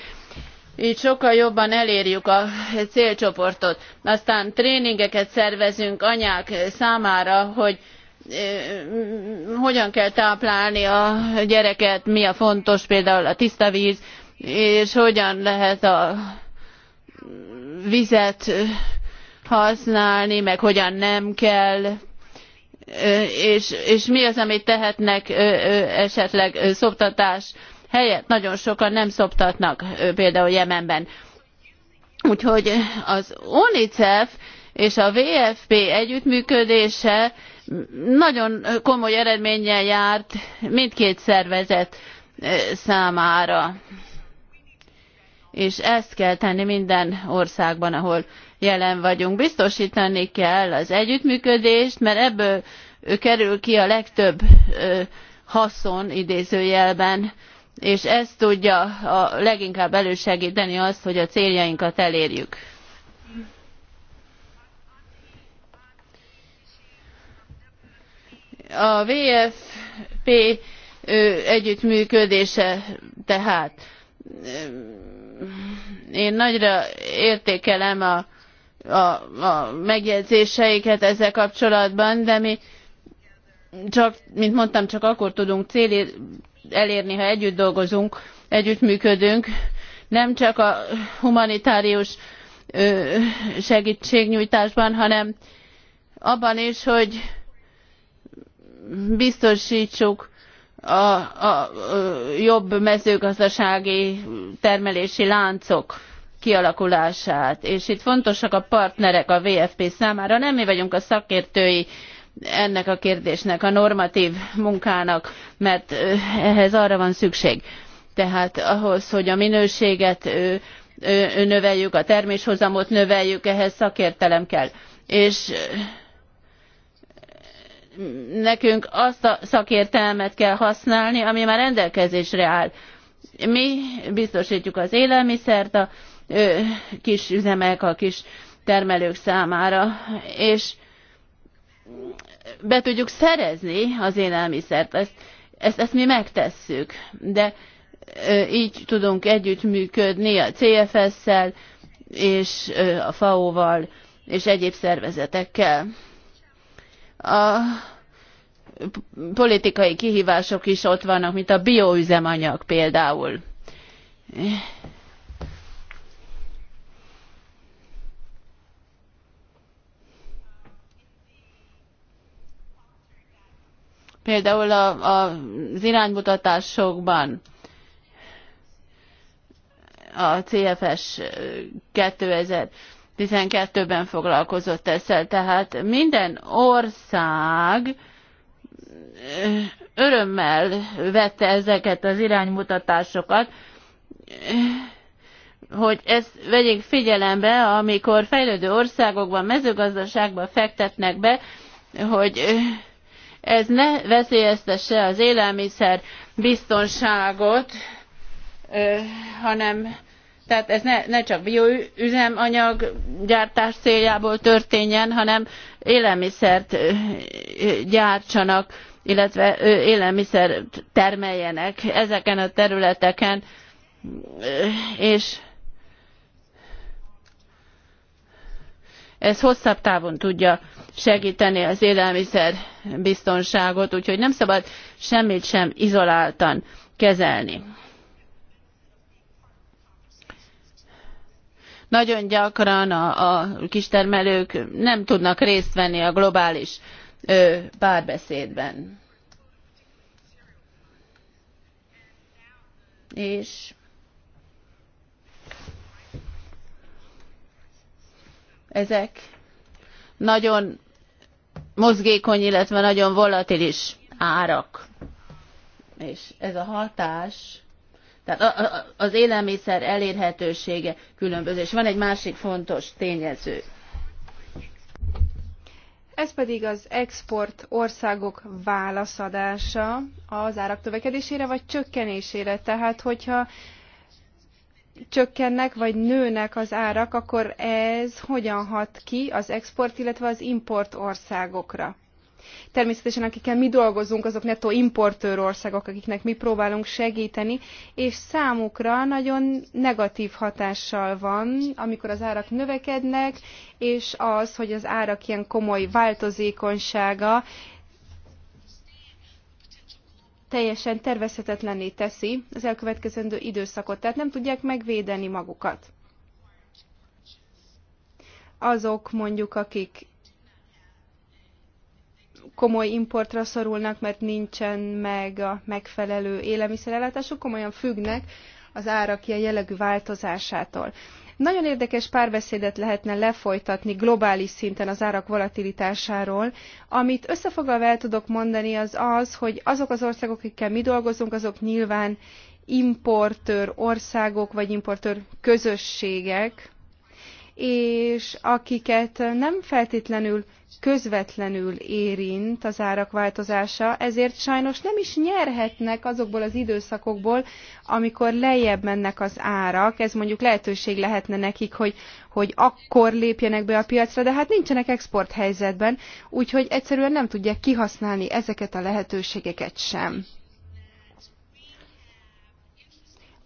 így sokkal jobban elérjük a célcsoportot. Aztán tréningeket szervezünk anyák számára, hogy hogyan kell táplálni a gyereket, mi a fontos, például a tiszta víz, és hogyan lehet a vizet használni, meg hogyan nem kell, és, és mi az, amit tehetnek esetleg szoptatás helyett. Nagyon sokan nem szoptatnak például Jemenben. Úgyhogy az UNICEF és a WFP együttműködése nagyon komoly eredménnyel járt mindkét szervezet számára és ezt kell tenni minden országban, ahol jelen vagyunk. Biztosítani kell az együttműködést, mert ebből kerül ki a legtöbb haszon idézőjelben, és ez tudja a leginkább elősegíteni azt, hogy a céljainkat elérjük. A VFP együttműködése tehát én nagyra értékelem a, a, a megjegyzéseiket ezzel kapcsolatban, de mi csak, mint mondtam, csak akkor tudunk cél elérni, ha együtt dolgozunk, együttműködünk. Nem csak a humanitárius ö, segítségnyújtásban, hanem abban is, hogy biztosítsuk a, a jobb mezőgazdasági termelési láncok kialakulását. És itt fontosak a partnerek a VFP számára. Nem mi vagyunk a szakértői ennek a kérdésnek, a normatív munkának, mert ehhez arra van szükség. Tehát ahhoz, hogy a minőséget növeljük, a terméshozamot növeljük, ehhez szakértelem kell. És nekünk azt a szakértelmet kell használni, ami már rendelkezésre áll. Mi biztosítjuk az élelmiszert a kis üzemek, a kis termelők számára, és be tudjuk szerezni az élelmiszert. Ezt, ezt, ezt mi megtesszük, de így tudunk együttműködni a CFS-szel és a FAO-val és egyéb szervezetekkel a politikai kihívások is ott vannak, mint a bioüzemanyag például. Például a, a, az iránymutatásokban a CFS 2000 12-ben foglalkozott ezzel. Tehát minden ország eh, örömmel vette ezeket az iránymutatásokat, eh, hogy ezt vegyék figyelembe, amikor fejlődő országokban, mezőgazdaságban fektetnek be, hogy eh, ez ne veszélyeztesse az élelmiszer biztonságot, hanem tehát ez ne, ne csak bioüzemanyag gyártás céljából történjen, hanem élelmiszert gyártsanak, illetve élelmiszert termeljenek ezeken a területeken, és ez hosszabb távon tudja segíteni az élelmiszer biztonságot, úgyhogy nem szabad semmit sem izoláltan kezelni Nagyon gyakran a, a kistermelők nem tudnak részt venni a globális ö, párbeszédben. És ezek nagyon mozgékony, illetve nagyon volatilis árak. És ez a hatás tehát az élelmiszer elérhetősége különböző. És van egy másik fontos tényező. Ez pedig az export országok válaszadása az árak tövekedésére vagy csökkenésére. Tehát, hogyha csökkennek vagy nőnek az árak, akkor ez hogyan hat ki az export, illetve az import országokra? Természetesen akikkel mi dolgozunk, azok netto importőr országok, akiknek mi próbálunk segíteni, és számukra nagyon negatív hatással van, amikor az árak növekednek, és az, hogy az árak ilyen komoly változékonysága teljesen tervezhetetlenné teszi az elkövetkezendő időszakot, tehát nem tudják megvédeni magukat. Azok mondjuk, akik komoly importra szorulnak, mert nincsen meg a megfelelő élelmiszerellátásuk, komolyan függnek az árak ilyen jellegű változásától. Nagyon érdekes párbeszédet lehetne lefolytatni globális szinten az árak volatilitásáról. Amit összefoglalva el tudok mondani, az az, hogy azok az országok, akikkel mi dolgozunk, azok nyilván importőr országok vagy importőr közösségek, és akiket nem feltétlenül közvetlenül érint az árak változása, ezért sajnos nem is nyerhetnek azokból az időszakokból, amikor lejjebb mennek az árak. Ez mondjuk lehetőség lehetne nekik, hogy, hogy akkor lépjenek be a piacra, de hát nincsenek exporthelyzetben, úgyhogy egyszerűen nem tudják kihasználni ezeket a lehetőségeket sem.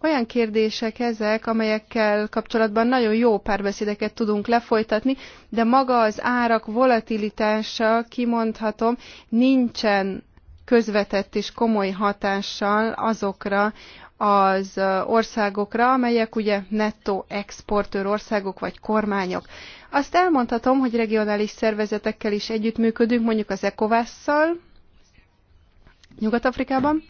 Olyan kérdések ezek, amelyekkel kapcsolatban nagyon jó párbeszédeket tudunk lefolytatni, de maga az árak volatilitása, kimondhatom, nincsen közvetett és komoly hatással azokra az országokra, amelyek ugye nettó exportőr országok vagy kormányok. Azt elmondhatom, hogy regionális szervezetekkel is együttműködünk, mondjuk az ECOWAS-szal, Nyugat-Afrikában,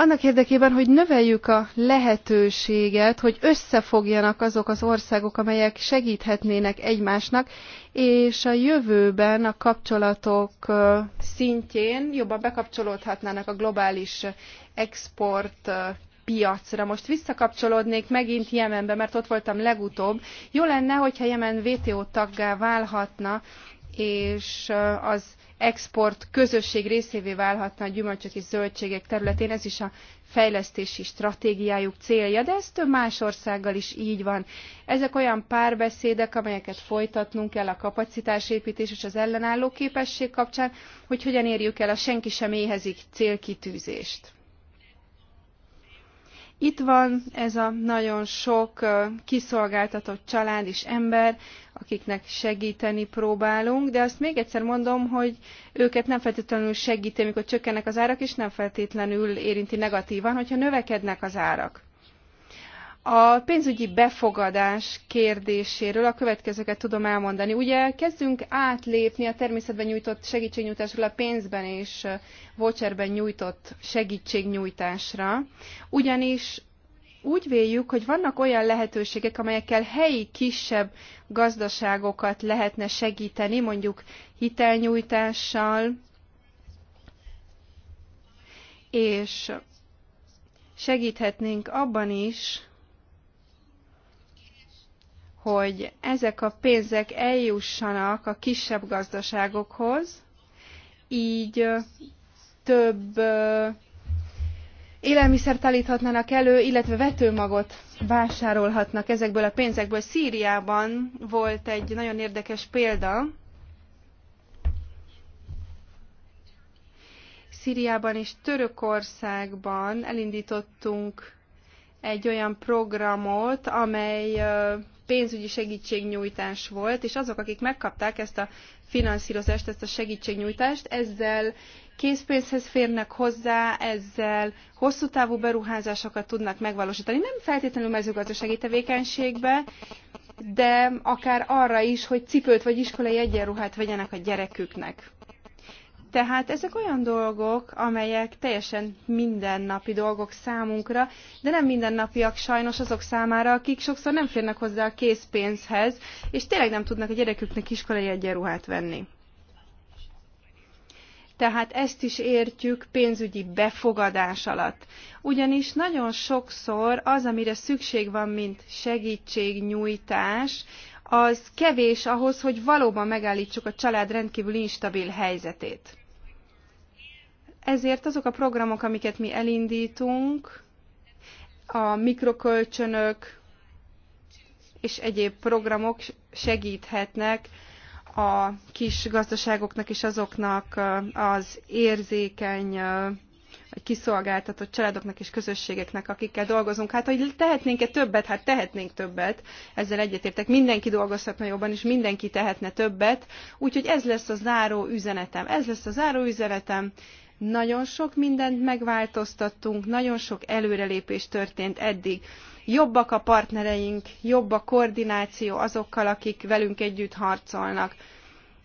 annak érdekében, hogy növeljük a lehetőséget, hogy összefogjanak azok az országok, amelyek segíthetnének egymásnak, és a jövőben a kapcsolatok szintjén jobban bekapcsolódhatnának a globális export piacra. Most visszakapcsolódnék megint Jemenbe, mert ott voltam legutóbb. Jó lenne, hogyha Jemen WTO taggá válhatna, és az export közösség részévé válhatna a gyümölcsök és zöldségek területén. Ez is a fejlesztési stratégiájuk célja, de ez több más országgal is így van. Ezek olyan párbeszédek, amelyeket folytatnunk kell a kapacitásépítés és az ellenálló képesség kapcsán, hogy hogyan érjük el a senki sem éhezik célkitűzést. Itt van ez a nagyon sok kiszolgáltatott család és ember, akiknek segíteni próbálunk, de azt még egyszer mondom, hogy őket nem feltétlenül segíti, amikor csökkennek az árak, és nem feltétlenül érinti negatívan, hogyha növekednek az árak. A pénzügyi befogadás kérdéséről a következőket tudom elmondani. Ugye kezdünk átlépni a természetben nyújtott segítségnyújtásról a pénzben és voucherben nyújtott segítségnyújtásra, ugyanis úgy véljük, hogy vannak olyan lehetőségek, amelyekkel helyi kisebb gazdaságokat lehetne segíteni, mondjuk hitelnyújtással, és segíthetnénk abban is, hogy ezek a pénzek eljussanak a kisebb gazdaságokhoz, így több élelmiszert állthatnának elő illetve vetőmagot vásárolhatnak ezekből a pénzekből. szriában volt egy nagyon érdekes példa szriában és törökországban elindtottunk egy olyan programot, amely pénzügyi segítségnyújtás volt, és azok, akik megkapták ezt a finanszírozást, ezt a segítségnyújtást, ezzel készpénzhez férnek hozzá, ezzel hosszú távú beruházásokat tudnak megvalósítani. Nem feltétlenül mezőgazdasági tevékenységbe, de akár arra is, hogy cipőt vagy iskolai egyenruhát vegyenek a gyereküknek. Tehát ezek olyan dolgok, amelyek teljesen mindennapi dolgok számunkra, de nem mindennapiak sajnos azok számára, akik sokszor nem férnek hozzá a készpénzhez, és tényleg nem tudnak a gyereküknek iskolai egyenruhát venni. Tehát ezt is értjük pénzügyi befogadás alatt. Ugyanis nagyon sokszor az, amire szükség van, mint segítségnyújtás, az kevés ahhoz, hogy valóban megállítsuk a család rendkívül instabil helyzetét. Ezért azok a programok, amiket mi elindítunk, a mikrokölcsönök és egyéb programok segíthetnek a kis gazdaságoknak és azoknak az érzékeny vagy kiszolgáltatott családoknak és közösségeknek, akikkel dolgozunk. Hát, hogy tehetnénk-e többet? Hát tehetnénk többet, ezzel egyetértek. Mindenki dolgozhatna jobban, és mindenki tehetne többet. Úgyhogy ez lesz a záró üzenetem. Ez lesz a záró üzenetem. Nagyon sok mindent megváltoztattunk, nagyon sok előrelépés történt eddig. Jobbak a partnereink, jobb a koordináció azokkal, akik velünk együtt harcolnak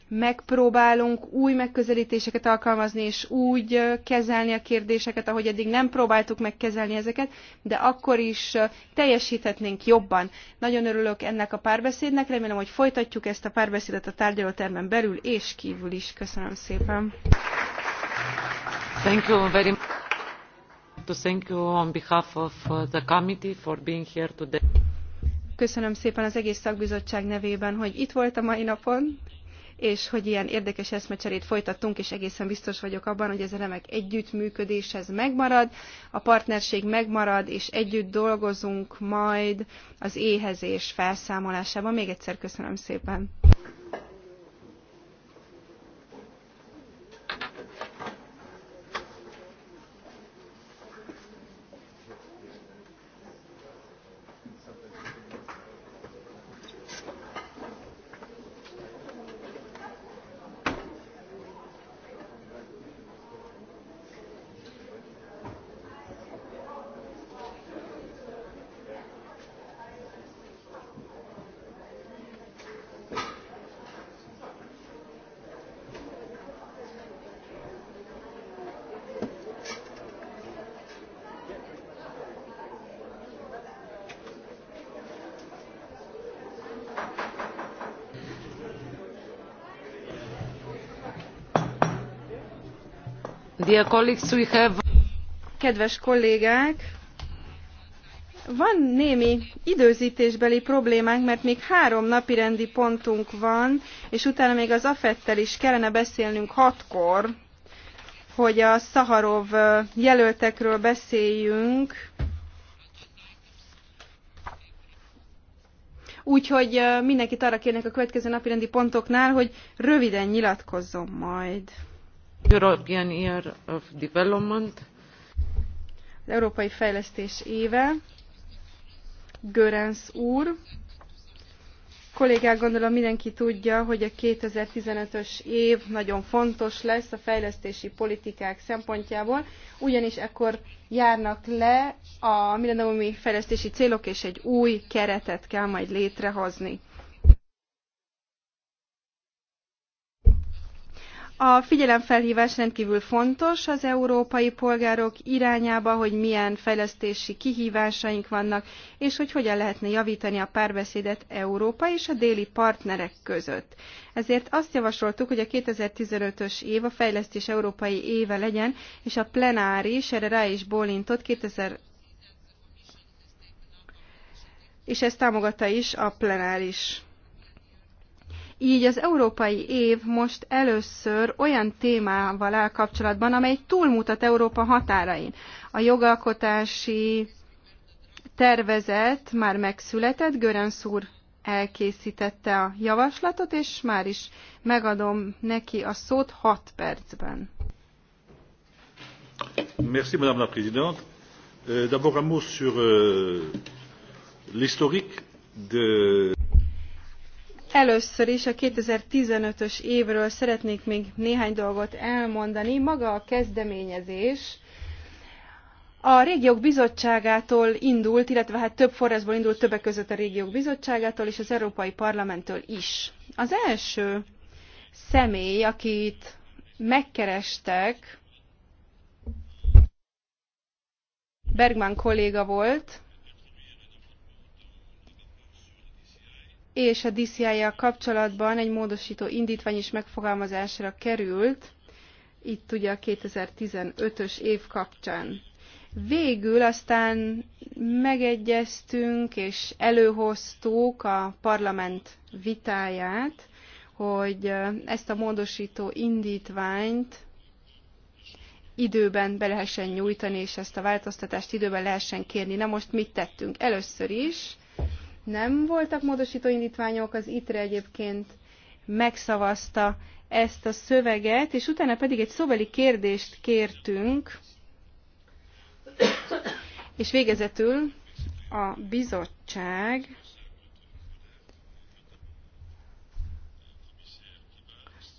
megpróbálunk új megközelítéseket alkalmazni, és úgy kezelni a kérdéseket, ahogy eddig nem próbáltuk megkezelni ezeket, de akkor is teljesíthetnénk jobban. Nagyon örülök ennek a párbeszédnek, remélem, hogy folytatjuk ezt a párbeszédet a tárgyalótermen belül és kívül is. Köszönöm szépen! Thank you very much. To thank you on behalf of uh, the committee for being here today. Köszönöm szépen az egész szakbizottság nevében, hogy itt volt a mai napon, és hogy ilyen érdekes eszmecserét folytattunk, és egészen biztos vagyok abban, hogy ez a remek együttműködéshez megmarad, a partnerség megmarad, és együtt dolgozunk majd az éhezés felszámolásában. Még egyszer köszönöm szépen! Kedves kollégák, van némi időzítésbeli problémánk, mert még három napirendi pontunk van, és utána még az afettel is kellene beszélnünk hatkor, hogy a Szaharov jelöltekről beszéljünk. Úgyhogy mindenkit arra kérnek a következő napirendi pontoknál, hogy röviden nyilatkozzon majd. Az Európai Fejlesztés éve. Görens úr. Kollégák, gondolom mindenki tudja, hogy a fifteen ös év nagyon fontos lesz a fejlesztési politikák szempontjából, ugyanis ekkor járnak le a millenniumi fejlesztési célok, és egy új keretet kell majd létrehozni. A figyelemfelhívás rendkívül fontos az európai polgárok irányába, hogy milyen fejlesztési kihívásaink vannak, és hogy hogyan lehetne javítani a párbeszédet Európa és a déli partnerek között. Ezért azt javasoltuk, hogy a 2015-ös év a fejlesztés európai éve legyen, és a plenáris, erre rá is bólintott 2000 és ezt támogatta is a plenáris. Így az európai év most először olyan témával áll kapcsolatban, amely túlmutat Európa határain. A jogalkotási tervezet már megszületett, Görönsz úr elkészítette a javaslatot, és már is megadom neki a szót 6 percben. Merci, Madame la Présidente. Euh, d'abord un mot sur euh, l'historique de Először is a 2015-ös évről szeretnék még néhány dolgot elmondani. Maga a kezdeményezés a régiók bizottságától indult, illetve hát több forrásból indult többek között a régiók bizottságától és az Európai Parlamenttől is. Az első személy, akit megkerestek, Bergman kolléga volt, és a dci kapcsolatban egy módosító indítvány is megfogalmazásra került, itt ugye a 2015-ös év kapcsán. Végül aztán megegyeztünk és előhoztuk a parlament vitáját, hogy ezt a módosító indítványt időben be lehessen nyújtani, és ezt a változtatást időben lehessen kérni. Na most mit tettünk? Először is nem voltak módosító indítványok, az ITRE egyébként megszavazta ezt a szöveget, és utána pedig egy szóbeli kérdést kértünk, és végezetül a bizottság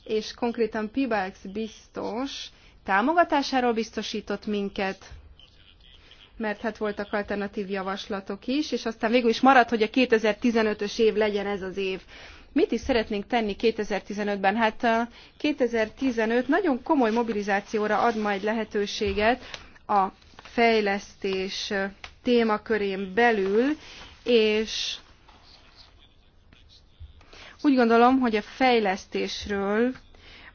és konkrétan Pibax biztos támogatásáról biztosított minket, mert hát voltak alternatív javaslatok is, és aztán végül is maradt, hogy a 2015-ös év legyen ez az év. Mit is szeretnénk tenni 2015-ben? Hát 2015 nagyon komoly mobilizációra ad majd lehetőséget a fejlesztés témakörén belül, és úgy gondolom, hogy a fejlesztésről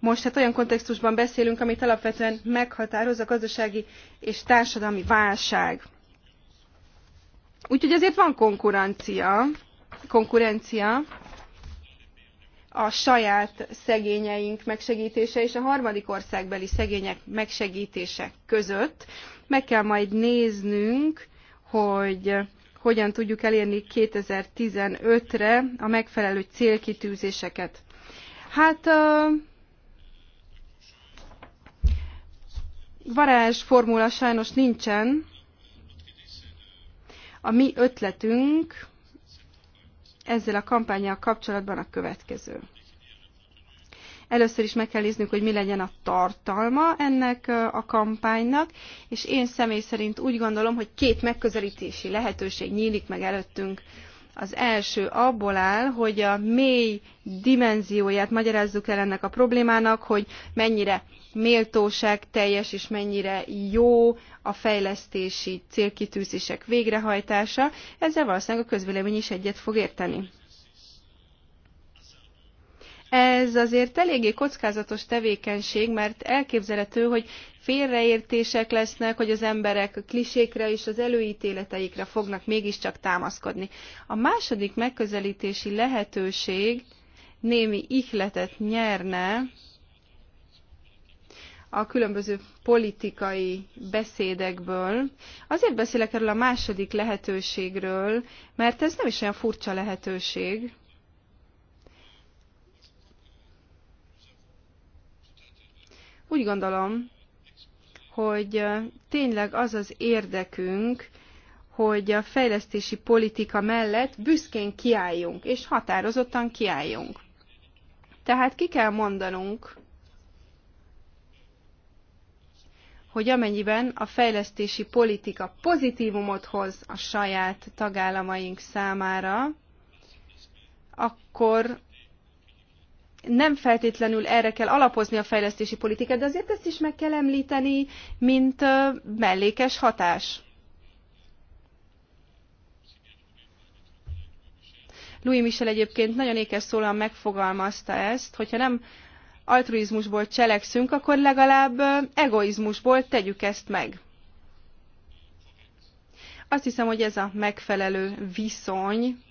most hát olyan kontextusban beszélünk, amit alapvetően meghatároz a gazdasági és társadalmi válság. Úgyhogy azért van konkurencia, konkurencia a saját szegényeink megsegítése és a harmadik országbeli szegények megsegítése között. Meg kell majd néznünk, hogy hogyan tudjuk elérni 2015-re a megfelelő célkitűzéseket. Hát varázsformula sajnos nincsen. A mi ötletünk ezzel a kampányjal kapcsolatban a következő. Először is meg kell néznünk, hogy mi legyen a tartalma ennek a kampánynak, és én személy szerint úgy gondolom, hogy két megközelítési lehetőség nyílik meg előttünk. Az első abból áll, hogy a mély dimenzióját magyarázzuk el ennek a problémának, hogy mennyire méltóság teljes és mennyire jó a fejlesztési célkitűzések végrehajtása, ezzel valószínűleg a közvélemény is egyet fog érteni. Ez azért eléggé kockázatos tevékenység, mert elképzelhető, hogy félreértések lesznek, hogy az emberek a klisékre és az előítéleteikre fognak mégiscsak támaszkodni. A második megközelítési lehetőség némi ihletet nyerne, a különböző politikai beszédekből. Azért beszélek erről a második lehetőségről, mert ez nem is olyan furcsa lehetőség. Úgy gondolom, hogy tényleg az az érdekünk, hogy a fejlesztési politika mellett büszkén kiálljunk, és határozottan kiálljunk. Tehát ki kell mondanunk, hogy amennyiben a fejlesztési politika pozitívumot hoz a saját tagállamaink számára, akkor nem feltétlenül erre kell alapozni a fejlesztési politikát, de azért ezt is meg kell említeni, mint mellékes hatás. Louis Michel egyébként nagyon ékes szólóan megfogalmazta ezt, hogyha nem altruizmusból cselekszünk, akkor legalább egoizmusból tegyük ezt meg. Azt hiszem, hogy ez a megfelelő viszony,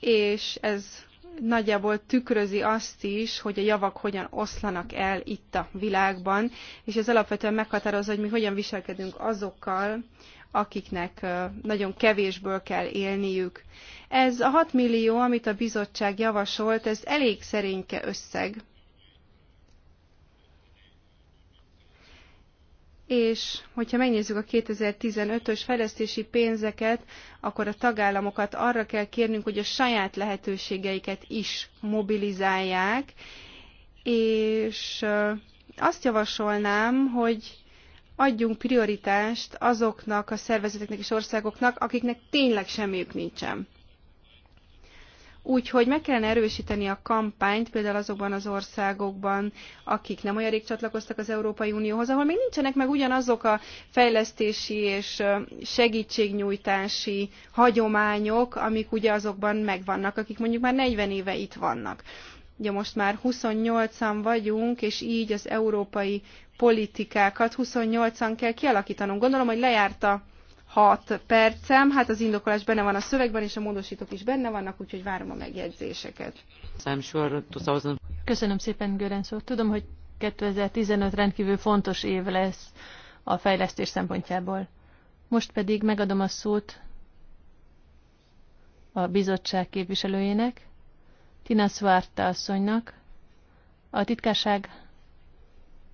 és ez nagyjából tükrözi azt is, hogy a javak hogyan oszlanak el itt a világban, és ez alapvetően meghatározza, hogy mi hogyan viselkedünk azokkal, akiknek nagyon kevésből kell élniük. Ez a 6 millió, amit a bizottság javasolt, ez elég szerényke összeg. és hogyha megnézzük a 2015-ös fejlesztési pénzeket, akkor a tagállamokat arra kell kérnünk, hogy a saját lehetőségeiket is mobilizálják, és azt javasolnám, hogy adjunk prioritást azoknak a szervezeteknek és országoknak, akiknek tényleg semmiük nincsen. Úgyhogy meg kellene erősíteni a kampányt például azokban az országokban, akik nem olyan rég csatlakoztak az Európai Unióhoz, ahol még nincsenek meg ugyanazok a fejlesztési és segítségnyújtási hagyományok, amik ugye azokban megvannak, akik mondjuk már 40 éve itt vannak. Ugye most már 28-an vagyunk, és így az Európai politikákat 28-an kell kialakítanunk. Gondolom, hogy lejárt a 6 percem, hát az indokolás benne van a szövegben, és a módosítók is benne vannak, úgyhogy várom a megjegyzéseket. Köszönöm szépen, Görenc úr. Tudom, hogy 2015 rendkívül fontos év lesz a fejlesztés szempontjából. Most pedig megadom a szót a bizottság képviselőjének, Tina Szvárta asszonynak. A titkárság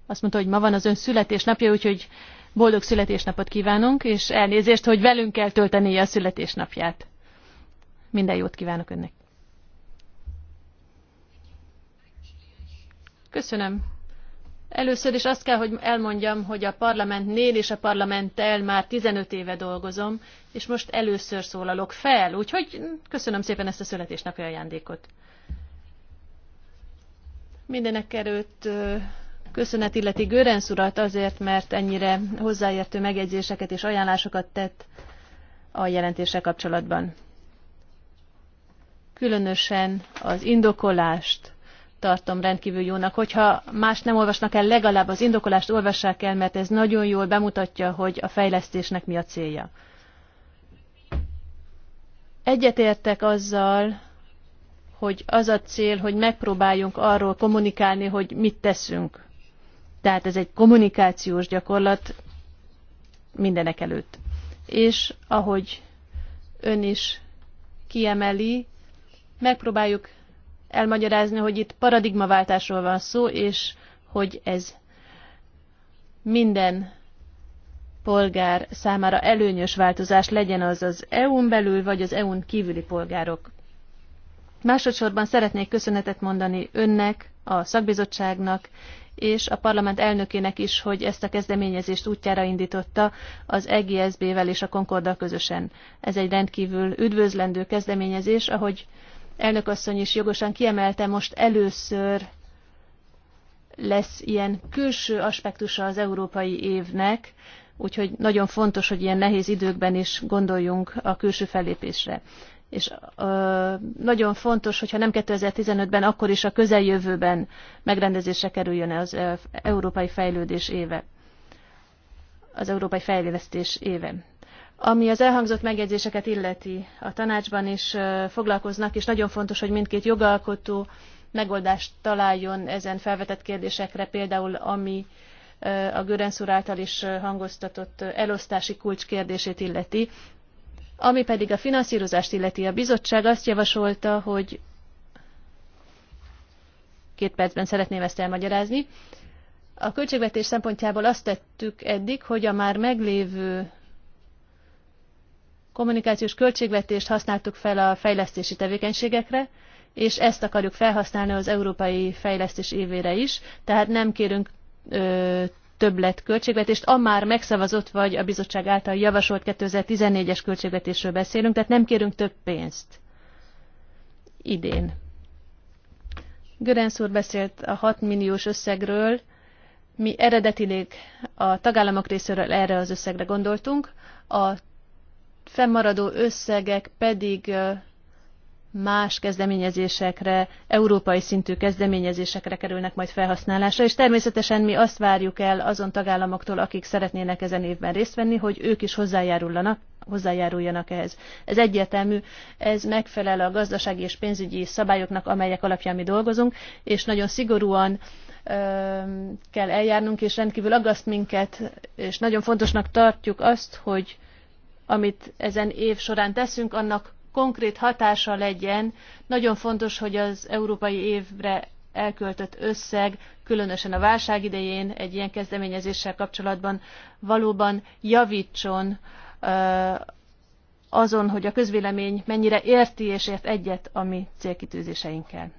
azt mondta, hogy ma van az ön születésnapja, úgyhogy boldog születésnapot kívánunk, és elnézést, hogy velünk kell töltenie a születésnapját. Minden jót kívánok önnek. Köszönöm. Először is azt kell, hogy elmondjam, hogy a parlamentnél és a parlamenttel már 15 éve dolgozom, és most először szólalok fel, úgyhogy köszönöm szépen ezt a születésnapi ajándékot. Mindenek előtt Köszönet illeti Görensz urat azért, mert ennyire hozzáértő megjegyzéseket és ajánlásokat tett a jelentése kapcsolatban. Különösen az indokolást tartom rendkívül jónak. Hogyha más nem olvasnak el, legalább az indokolást olvassák el, mert ez nagyon jól bemutatja, hogy a fejlesztésnek mi a célja. Egyetértek azzal, hogy az a cél, hogy megpróbáljunk arról kommunikálni, hogy mit teszünk. Tehát ez egy kommunikációs gyakorlat mindenek előtt. És ahogy ön is kiemeli, megpróbáljuk elmagyarázni, hogy itt paradigmaváltásról van szó, és hogy ez minden polgár számára előnyös változás legyen az az EU-n belül, vagy az EU-n kívüli polgárok. Másodszorban szeretnék köszönetet mondani önnek, a szakbizottságnak, és a parlament elnökének is, hogy ezt a kezdeményezést útjára indította az EGSB-vel és a Concorddal közösen. Ez egy rendkívül üdvözlendő kezdeményezés, ahogy elnökasszony is jogosan kiemelte, most először lesz ilyen külső aspektusa az európai évnek, úgyhogy nagyon fontos, hogy ilyen nehéz időkben is gondoljunk a külső fellépésre és ö, nagyon fontos, hogyha nem 2015-ben, akkor is a közeljövőben megrendezésre kerüljön az Európai Fejlődés éve, az Európai Fejlesztés éve. Ami az elhangzott megjegyzéseket illeti, a tanácsban is ö, foglalkoznak, és nagyon fontos, hogy mindkét jogalkotó megoldást találjon ezen felvetett kérdésekre, például ami a Görenszúr által is hangoztatott elosztási kulcs kérdését illeti, ami pedig a finanszírozást illeti a bizottság, azt javasolta, hogy két percben szeretném ezt elmagyarázni. A költségvetés szempontjából azt tettük eddig, hogy a már meglévő kommunikációs költségvetést használtuk fel a fejlesztési tevékenységekre, és ezt akarjuk felhasználni az európai fejlesztés évére is, tehát nem kérünk ö, többlet költségvetést, a már megszavazott vagy a bizottság által javasolt 2014-es költségvetésről beszélünk, tehát nem kérünk több pénzt idén. Görensz úr beszélt a 6 milliós összegről, mi eredetileg a tagállamok részéről erre az összegre gondoltunk, a fennmaradó összegek pedig más kezdeményezésekre, európai szintű kezdeményezésekre kerülnek majd felhasználásra, és természetesen mi azt várjuk el azon tagállamoktól, akik szeretnének ezen évben részt venni, hogy ők is hozzájáruljanak, hozzájáruljanak ehhez. Ez egyértelmű, ez megfelel a gazdasági és pénzügyi szabályoknak, amelyek alapján mi dolgozunk, és nagyon szigorúan kell eljárnunk, és rendkívül aggaszt minket, és nagyon fontosnak tartjuk azt, hogy amit ezen év során teszünk, annak konkrét hatása legyen. Nagyon fontos, hogy az európai évre elköltött összeg, különösen a válság idején egy ilyen kezdeményezéssel kapcsolatban valóban javítson azon, hogy a közvélemény mennyire érti és ért egyet a mi célkitűzéseinkkel.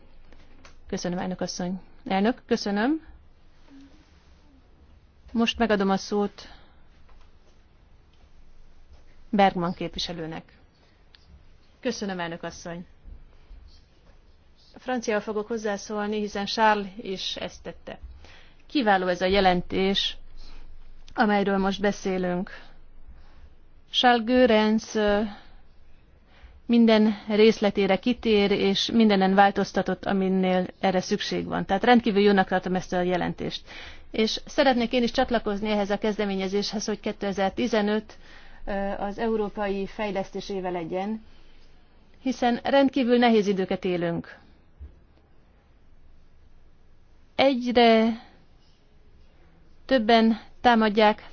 Köszönöm, elnök asszony. Elnök, köszönöm. Most megadom a szót Bergman képviselőnek. Köszönöm, elnök asszony. Francia fogok hozzászólni, hiszen Charles is ezt tette. Kiváló ez a jelentés, amelyről most beszélünk. Charles Görens minden részletére kitér, és mindenen változtatott, aminél erre szükség van. Tehát rendkívül jónak tartom ezt a jelentést. És szeretnék én is csatlakozni ehhez a kezdeményezéshez, hogy 2015 az európai fejlesztés éve legyen, hiszen rendkívül nehéz időket élünk. Egyre többen támadják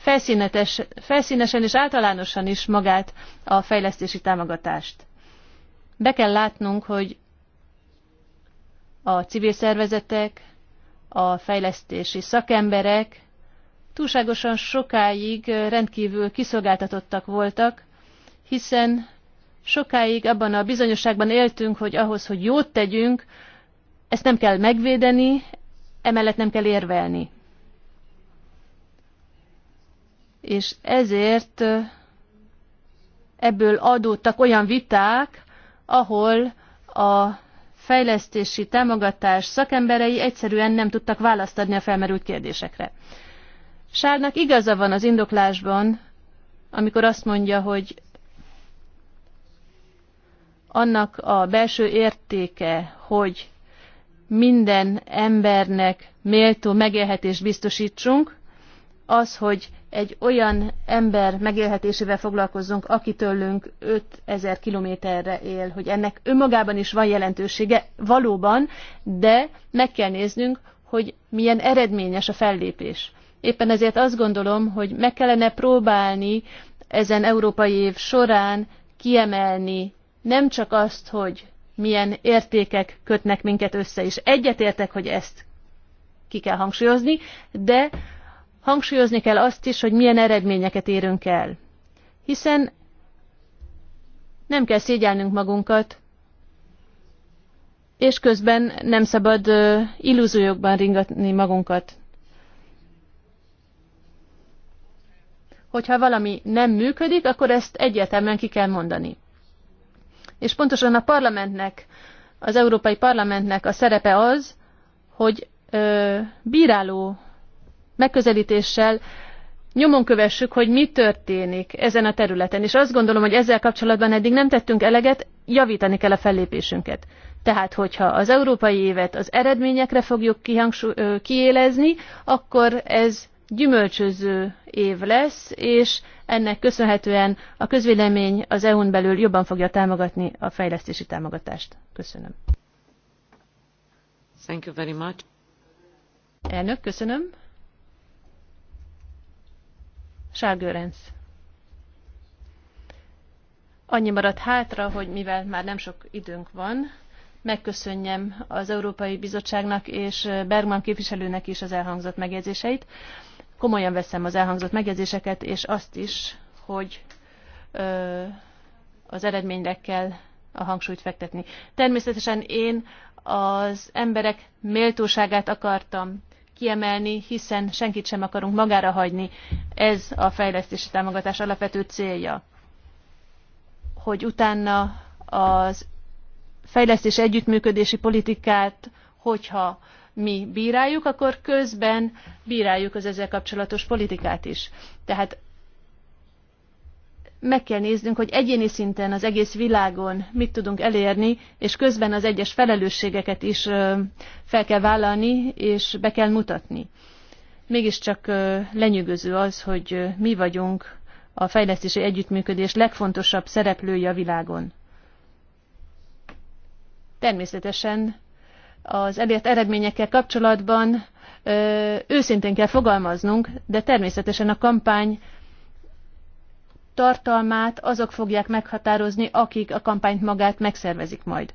felszínesen és általánosan is magát a fejlesztési támogatást. Be kell látnunk, hogy a civil szervezetek, a fejlesztési szakemberek túlságosan sokáig rendkívül kiszolgáltatottak voltak, hiszen sokáig abban a bizonyosságban éltünk, hogy ahhoz, hogy jót tegyünk, ezt nem kell megvédeni, emellett nem kell érvelni. És ezért ebből adódtak olyan viták, ahol a fejlesztési támogatás szakemberei egyszerűen nem tudtak választ adni a felmerült kérdésekre. Sárnak igaza van az indoklásban, amikor azt mondja, hogy annak a belső értéke, hogy minden embernek méltó megélhetést biztosítsunk, az, hogy egy olyan ember megélhetésével foglalkozzunk, aki tőlünk 5000 kilométerre él, hogy ennek önmagában is van jelentősége, valóban, de meg kell néznünk, hogy milyen eredményes a fellépés. Éppen ezért azt gondolom, hogy meg kellene próbálni ezen európai év során kiemelni nem csak azt, hogy milyen értékek kötnek minket össze, és egyetértek, hogy ezt ki kell hangsúlyozni, de hangsúlyozni kell azt is, hogy milyen eredményeket érünk el. Hiszen nem kell szégyelnünk magunkat, és közben nem szabad illúziókban ringatni magunkat. Hogyha valami nem működik, akkor ezt egyértelműen ki kell mondani. És pontosan a parlamentnek, az Európai Parlamentnek a szerepe az, hogy ö, bíráló megközelítéssel nyomon kövessük, hogy mi történik ezen a területen. És azt gondolom, hogy ezzel kapcsolatban eddig nem tettünk eleget, javítani kell a fellépésünket. Tehát, hogyha az európai évet az eredményekre fogjuk kihangsú, kiélezni, akkor ez gyümölcsöző év lesz, és ennek köszönhetően a közvélemény az EU-n belül jobban fogja támogatni a fejlesztési támogatást. Köszönöm. Thank you very much. Elnök, köszönöm. Sárgőrenc. Annyi maradt hátra, hogy mivel már nem sok időnk van, megköszönjem az Európai Bizottságnak és Bergman képviselőnek is az elhangzott megjegyzéseit komolyan veszem az elhangzott megjegyzéseket, és azt is, hogy ö, az eredményre kell a hangsúlyt fektetni. Természetesen én az emberek méltóságát akartam kiemelni, hiszen senkit sem akarunk magára hagyni. Ez a fejlesztési támogatás alapvető célja, hogy utána az fejlesztés együttműködési politikát, hogyha mi bíráljuk, akkor közben bíráljuk az ezzel kapcsolatos politikát is. Tehát meg kell néznünk, hogy egyéni szinten az egész világon mit tudunk elérni, és közben az egyes felelősségeket is fel kell vállalni, és be kell mutatni. Mégiscsak lenyűgöző az, hogy mi vagyunk a fejlesztési együttműködés legfontosabb szereplője a világon. Természetesen az elért eredményekkel kapcsolatban őszintén kell fogalmaznunk, de természetesen a kampány tartalmát azok fogják meghatározni, akik a kampányt magát megszervezik majd.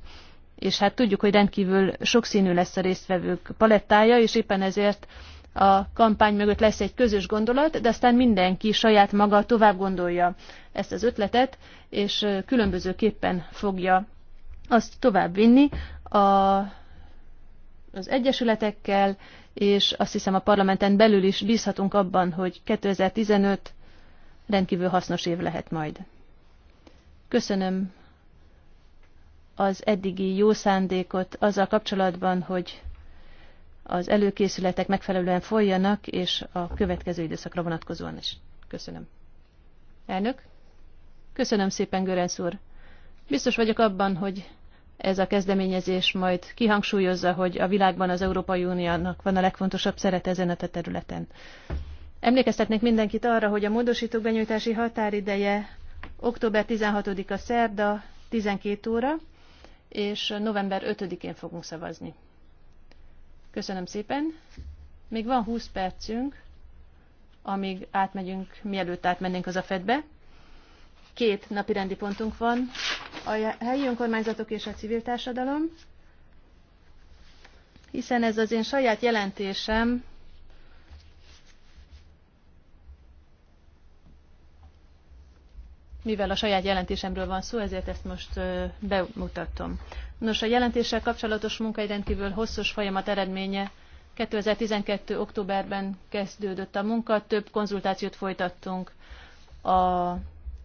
És hát tudjuk, hogy rendkívül sokszínű lesz a résztvevők palettája, és éppen ezért a kampány mögött lesz egy közös gondolat, de aztán mindenki saját maga tovább gondolja ezt az ötletet, és különbözőképpen fogja azt továbbvinni a az egyesületekkel, és azt hiszem a parlamenten belül is bízhatunk abban, hogy 2015 rendkívül hasznos év lehet majd. Köszönöm az eddigi jó szándékot azzal kapcsolatban, hogy az előkészületek megfelelően folyjanak, és a következő időszakra vonatkozóan is. Köszönöm. Elnök? Köszönöm szépen, Görensz úr. Biztos vagyok abban, hogy ez a kezdeményezés majd kihangsúlyozza, hogy a világban az Európai Uniónak van a legfontosabb szeret ezen a területen. Emlékeztetnék mindenkit arra, hogy a módosítók benyújtási határideje október 16-a szerda 12 óra, és november 5-én fogunk szavazni. Köszönöm szépen. Még van 20 percünk, amíg átmegyünk, mielőtt átmennénk az a fedbe. Két napi rendi pontunk van, a helyi önkormányzatok és a civil társadalom, hiszen ez az én saját jelentésem, mivel a saját jelentésemről van szó, ezért ezt most bemutatom. Nos, a jelentéssel kapcsolatos munka egy rendkívül hosszos folyamat eredménye. 2012. októberben kezdődött a munka, több konzultációt folytattunk a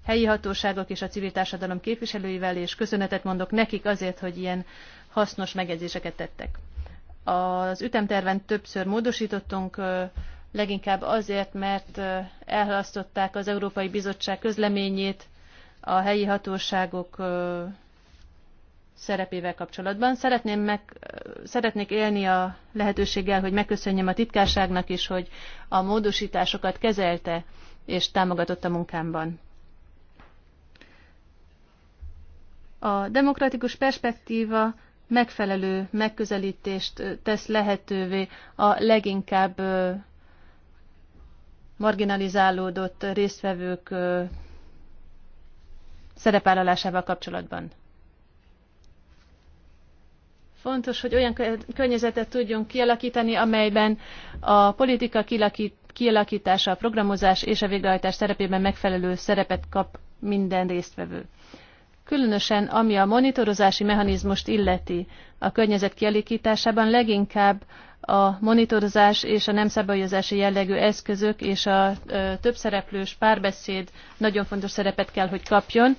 helyi hatóságok és a civil társadalom képviselőivel, és köszönetet mondok nekik azért, hogy ilyen hasznos megjegyzéseket tettek. Az ütemterven többször módosítottunk, leginkább azért, mert elhalasztották az Európai Bizottság közleményét a helyi hatóságok szerepével kapcsolatban. Szeretném meg, szeretnék élni a lehetőséggel, hogy megköszönjem a titkárságnak is, hogy a módosításokat kezelte és támogatott a munkámban. A demokratikus perspektíva megfelelő megközelítést tesz lehetővé a leginkább marginalizálódott résztvevők szerepállalásával kapcsolatban. Fontos, hogy olyan környezetet tudjunk kialakítani, amelyben a politika kialakítása, a programozás és a végrehajtás szerepében megfelelő szerepet kap minden résztvevő különösen ami a monitorozási mechanizmust illeti a környezet kialakításában leginkább a monitorozás és a nem szabályozási jellegű eszközök és a többszereplős párbeszéd nagyon fontos szerepet kell, hogy kapjon.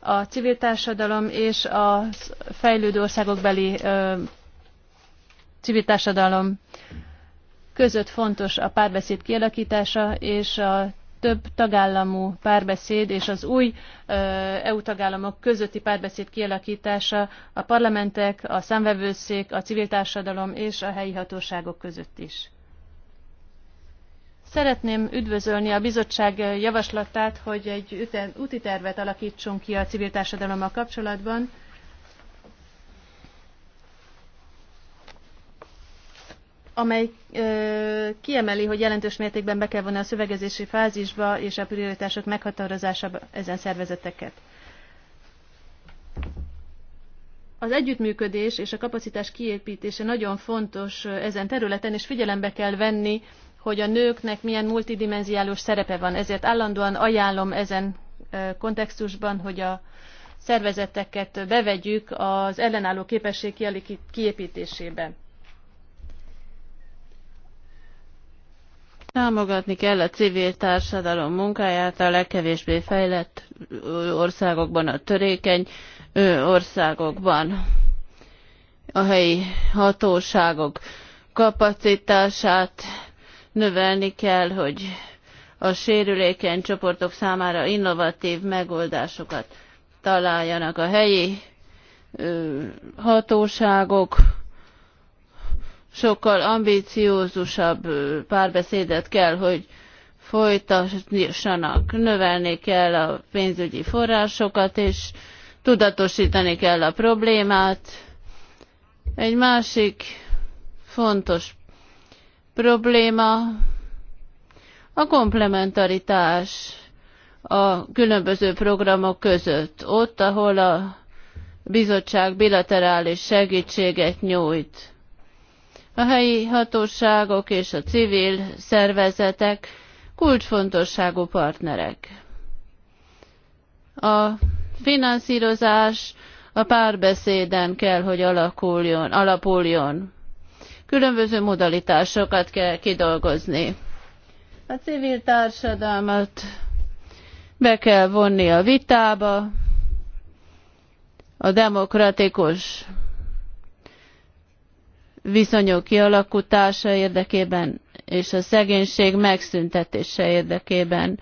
A civil társadalom és a fejlődő országokbeli civil társadalom között fontos a párbeszéd kialakítása és a több tagállamú párbeszéd és az új EU tagállamok közötti párbeszéd kialakítása a parlamentek, a számvevőszék, a civil társadalom és a helyi hatóságok között is. Szeretném üdvözölni a bizottság javaslatát, hogy egy úti tervet alakítsunk ki a civil társadalommal kapcsolatban, amely ö, kiemeli, hogy jelentős mértékben be kell vonni a szövegezési fázisba és a prioritások meghatározásába ezen szervezeteket. Az együttműködés és a kapacitás kiépítése nagyon fontos ezen területen, és figyelembe kell venni, hogy a nőknek milyen multidimenziálós szerepe van. Ezért állandóan ajánlom ezen kontextusban, hogy a szervezeteket bevegyük az ellenálló képesség kiépítésében. Támogatni kell a civil társadalom munkáját a legkevésbé fejlett országokban, a törékeny országokban. A helyi hatóságok kapacitását növelni kell, hogy a sérülékeny csoportok számára innovatív megoldásokat találjanak a helyi hatóságok, sokkal ambíciózusabb párbeszédet kell, hogy folytassanak. Növelni kell a pénzügyi forrásokat, és tudatosítani kell a problémát. Egy másik fontos probléma a komplementaritás a különböző programok között. Ott, ahol a bizottság bilaterális segítséget nyújt a helyi hatóságok és a civil szervezetek kulcsfontosságú partnerek. A finanszírozás a párbeszéden kell, hogy alakuljon, alapuljon. Különböző modalitásokat kell kidolgozni. A civil társadalmat be kell vonni a vitába, a demokratikus viszonyok kialakulása érdekében és a szegénység megszüntetése érdekében.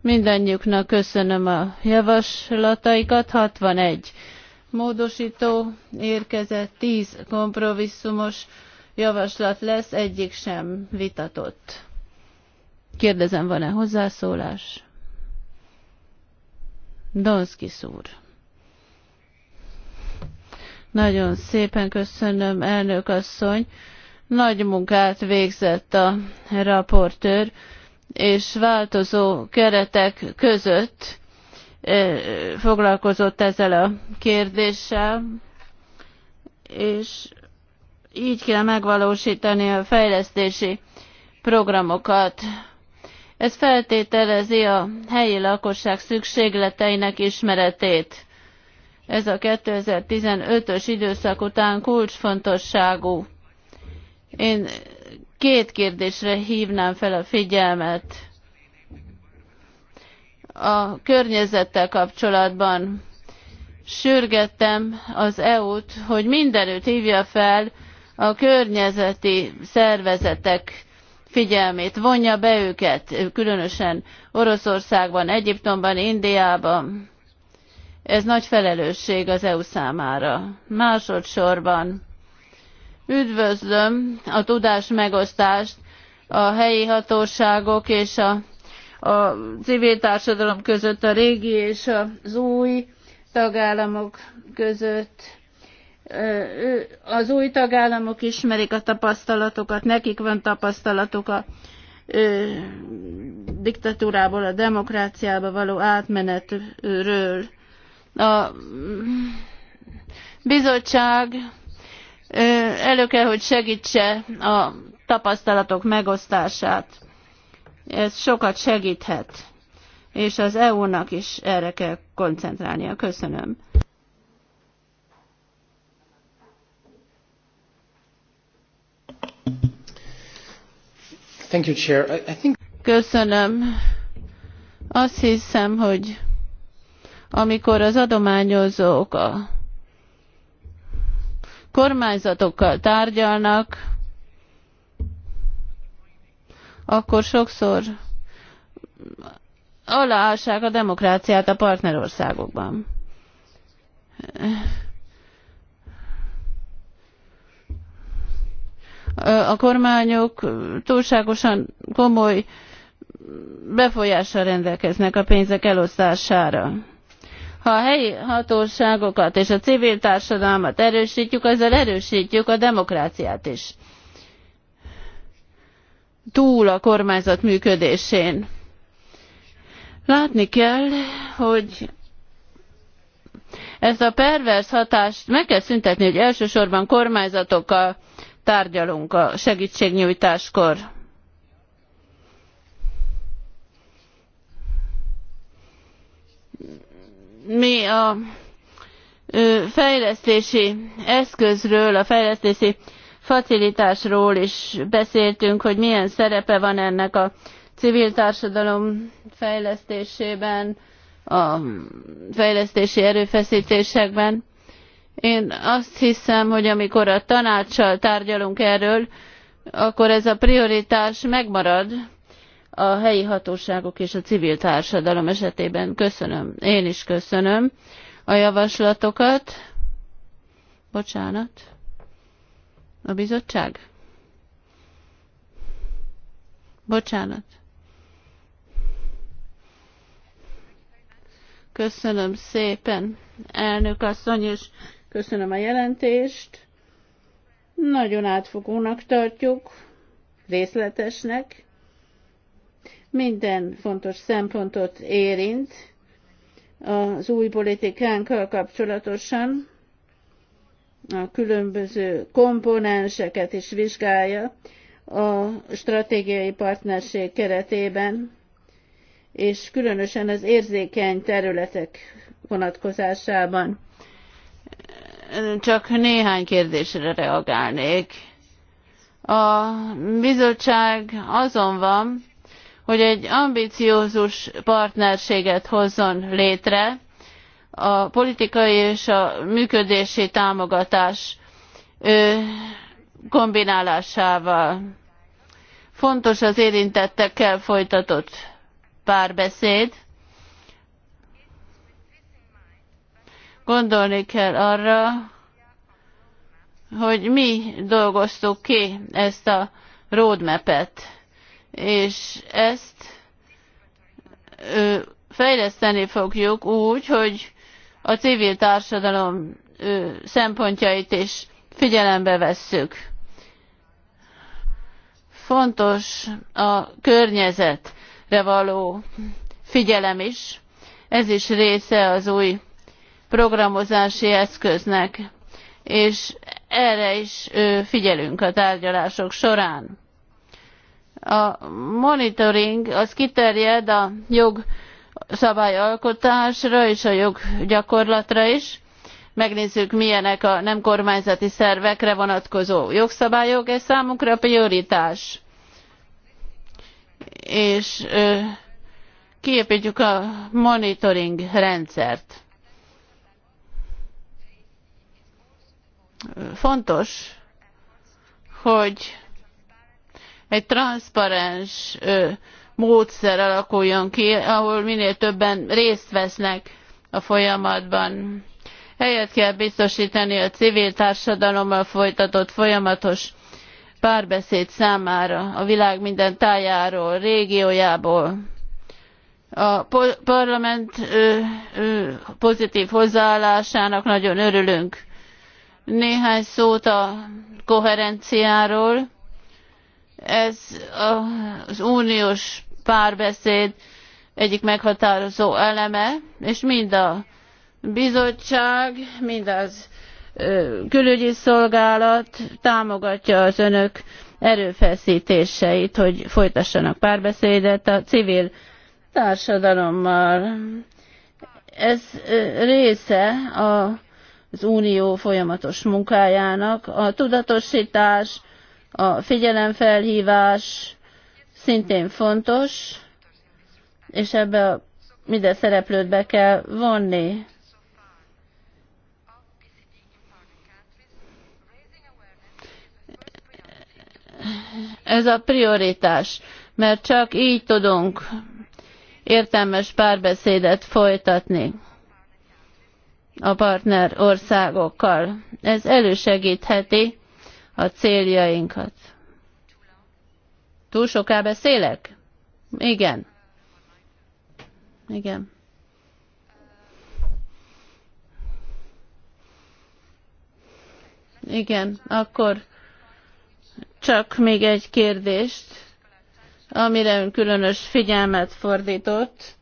Mindannyiuknak köszönöm a javaslataikat. 61 módosító érkezett, 10 kompromisszumos javaslat lesz, egyik sem vitatott. Kérdezem, van-e hozzászólás? Donszki szúr. Nagyon szépen köszönöm, elnök asszony. Nagy munkát végzett a raportőr, és változó keretek között eh, foglalkozott ezzel a kérdéssel, és így kell megvalósítani a fejlesztési programokat. Ez feltételezi a helyi lakosság szükségleteinek ismeretét ez a 2015-ös időszak után kulcsfontosságú. Én két kérdésre hívnám fel a figyelmet. A környezettel kapcsolatban sürgettem az EU-t, hogy mindenütt hívja fel a környezeti szervezetek figyelmét, vonja be őket, különösen Oroszországban, Egyiptomban, Indiában. Ez nagy felelősség az EU számára. Másodszorban üdvözlöm a tudás megosztást a helyi hatóságok és a, a civil társadalom között, a régi és az új tagállamok között. Az új tagállamok ismerik a tapasztalatokat, nekik van tapasztalatuk a ö, diktatúrából a demokráciába való átmenetről. A bizottság elő kell, hogy segítse a tapasztalatok megosztását. Ez sokat segíthet, és az EU-nak is erre kell koncentrálnia. Köszönöm. Thank you, Chair. I, I think... Köszönöm. Azt hiszem, hogy amikor az adományozók a kormányzatokkal tárgyalnak, akkor sokszor aláássák a demokráciát a partnerországokban. A kormányok túlságosan komoly befolyással rendelkeznek a pénzek elosztására. Ha a helyi hatóságokat és a civil társadalmat erősítjük, ezzel erősítjük a demokráciát is. Túl a kormányzat működésén. Látni kell, hogy ezt a pervers hatást meg kell szüntetni, hogy elsősorban kormányzatokkal tárgyalunk a segítségnyújtáskor mi a fejlesztési eszközről, a fejlesztési facilitásról is beszéltünk, hogy milyen szerepe van ennek a civil társadalom fejlesztésében, a fejlesztési erőfeszítésekben. Én azt hiszem, hogy amikor a tanácssal tárgyalunk erről, akkor ez a prioritás megmarad, a helyi hatóságok és a civil társadalom esetében. Köszönöm. Én is köszönöm a javaslatokat. Bocsánat. A bizottság? Bocsánat. Köszönöm szépen, elnök asszony, és köszönöm a jelentést. Nagyon átfogónak tartjuk, részletesnek, minden fontos szempontot érint az új politikánkkal kapcsolatosan, a különböző komponenseket is vizsgálja a stratégiai partnerség keretében, és különösen az érzékeny területek vonatkozásában. Csak néhány kérdésre reagálnék. A bizottság azon van, hogy egy ambiciózus partnerséget hozzon létre a politikai és a működési támogatás kombinálásával. Fontos az érintettekkel folytatott párbeszéd. Gondolni kell arra, hogy mi dolgoztuk ki ezt a roadmap-et és ezt fejleszteni fogjuk úgy, hogy a civil társadalom szempontjait is figyelembe vesszük. Fontos a környezetre való figyelem is. Ez is része az új programozási eszköznek, és erre is figyelünk a tárgyalások során a monitoring az kiterjed a jogszabályalkotásra és a joggyakorlatra is. Megnézzük, milyenek a nem kormányzati szervekre vonatkozó jogszabályok. Ez számunkra prioritás. És ö, kiépítjük a monitoring rendszert. Fontos, hogy egy transzparens módszer alakuljon ki, ahol minél többen részt vesznek a folyamatban. Helyet kell biztosítani a civil társadalommal folytatott folyamatos párbeszéd számára a világ minden tájáról, régiójából. A parlament ö, ö, pozitív hozzáállásának nagyon örülünk. Néhány szót a koherenciáról ez az uniós párbeszéd egyik meghatározó eleme, és mind a bizottság, mind az külügyi szolgálat támogatja az önök erőfeszítéseit, hogy folytassanak párbeszédet a civil társadalommal. Ez része az unió folyamatos munkájának, a tudatosítás, a figyelemfelhívás szintén fontos, és ebbe a minden szereplőt be kell vonni. Ez a prioritás, mert csak így tudunk értelmes párbeszédet folytatni a partner országokkal. Ez elősegítheti a céljainkat. Túl soká beszélek? Igen. Igen. Igen, akkor csak még egy kérdést, amire ön különös figyelmet fordított.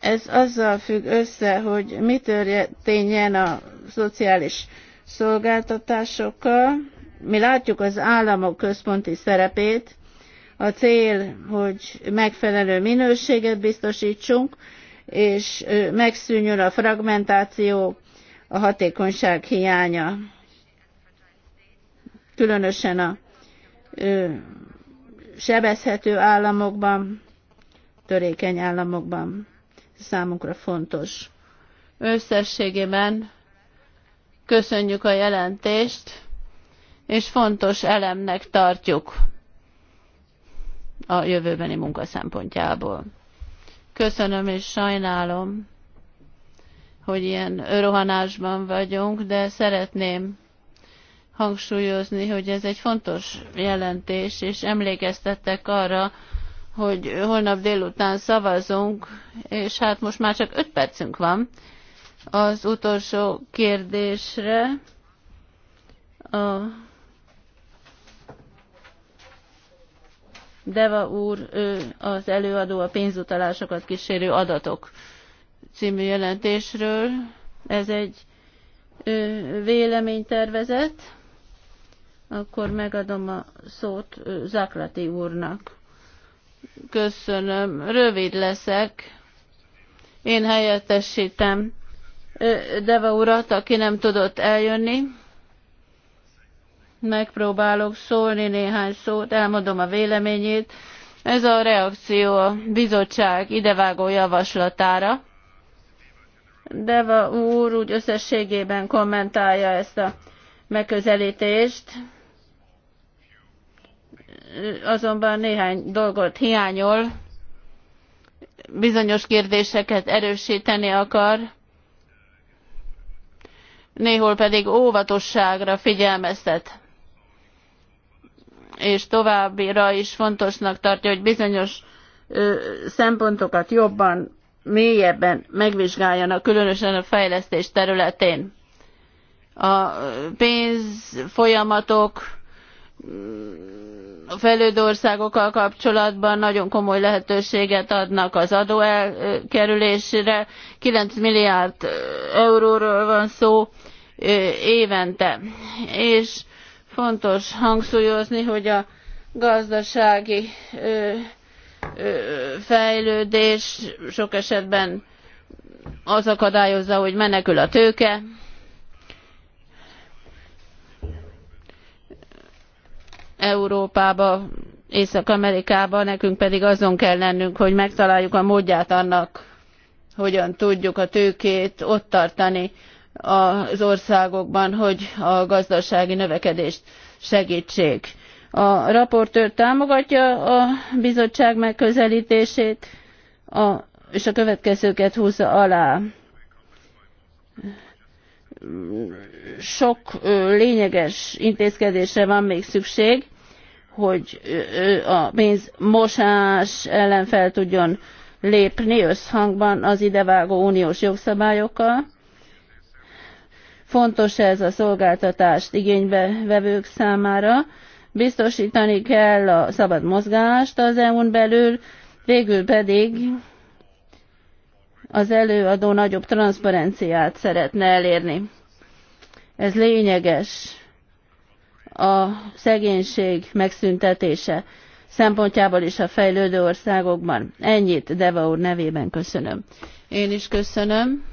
Ez azzal függ össze, hogy mi történjen a szociális szolgáltatásokkal, mi látjuk az államok központi szerepét, a cél, hogy megfelelő minőséget biztosítsunk, és megszűnjön a fragmentáció, a hatékonyság hiánya. Különösen a sebezhető államokban, törékeny államokban számunkra fontos. Összességében köszönjük a jelentést és fontos elemnek tartjuk a jövőbeni munka szempontjából. Köszönöm és sajnálom, hogy ilyen rohanásban vagyunk, de szeretném hangsúlyozni, hogy ez egy fontos jelentés, és emlékeztettek arra, hogy holnap délután szavazunk, és hát most már csak öt percünk van az utolsó kérdésre. A Deva úr, ő az előadó a pénzutalásokat kísérő adatok című jelentésről. Ez egy véleménytervezet. Akkor megadom a szót Zaklati úrnak. Köszönöm. Rövid leszek. Én helyettesítem Deva urat, aki nem tudott eljönni megpróbálok szólni néhány szót, elmondom a véleményét. Ez a reakció a bizottság idevágó javaslatára. Deva úr úgy összességében kommentálja ezt a megközelítést, azonban néhány dolgot hiányol, bizonyos kérdéseket erősíteni akar, néhol pedig óvatosságra figyelmeztet és továbbira is fontosnak tartja, hogy bizonyos szempontokat jobban, mélyebben megvizsgáljanak, különösen a fejlesztés területén. A pénzfolyamatok mm, a fejlődő országokkal kapcsolatban nagyon komoly lehetőséget adnak az adóelkerülésre. 9 milliárd euróról van szó évente. És Fontos hangsúlyozni, hogy a gazdasági ö, ö, fejlődés sok esetben az akadályozza, hogy menekül a tőke, Európába, Észak-Amerikába, nekünk pedig azon kell lennünk, hogy megtaláljuk a módját annak, hogyan tudjuk a tőkét ott tartani, az országokban, hogy a gazdasági növekedést segítsék. A raportőr támogatja a bizottság megközelítését, a, és a következőket húzza alá. Sok lényeges intézkedésre van még szükség, hogy a pénzmosás ellen fel tudjon lépni összhangban az idevágó uniós jogszabályokkal Fontos ez a szolgáltatást igénybe vevők számára. Biztosítani kell a szabad mozgást az EU-n belül, végül pedig az előadó nagyobb transzparenciát szeretne elérni. Ez lényeges a szegénység megszüntetése szempontjából is a fejlődő országokban. Ennyit Deva úr nevében köszönöm. Én is köszönöm.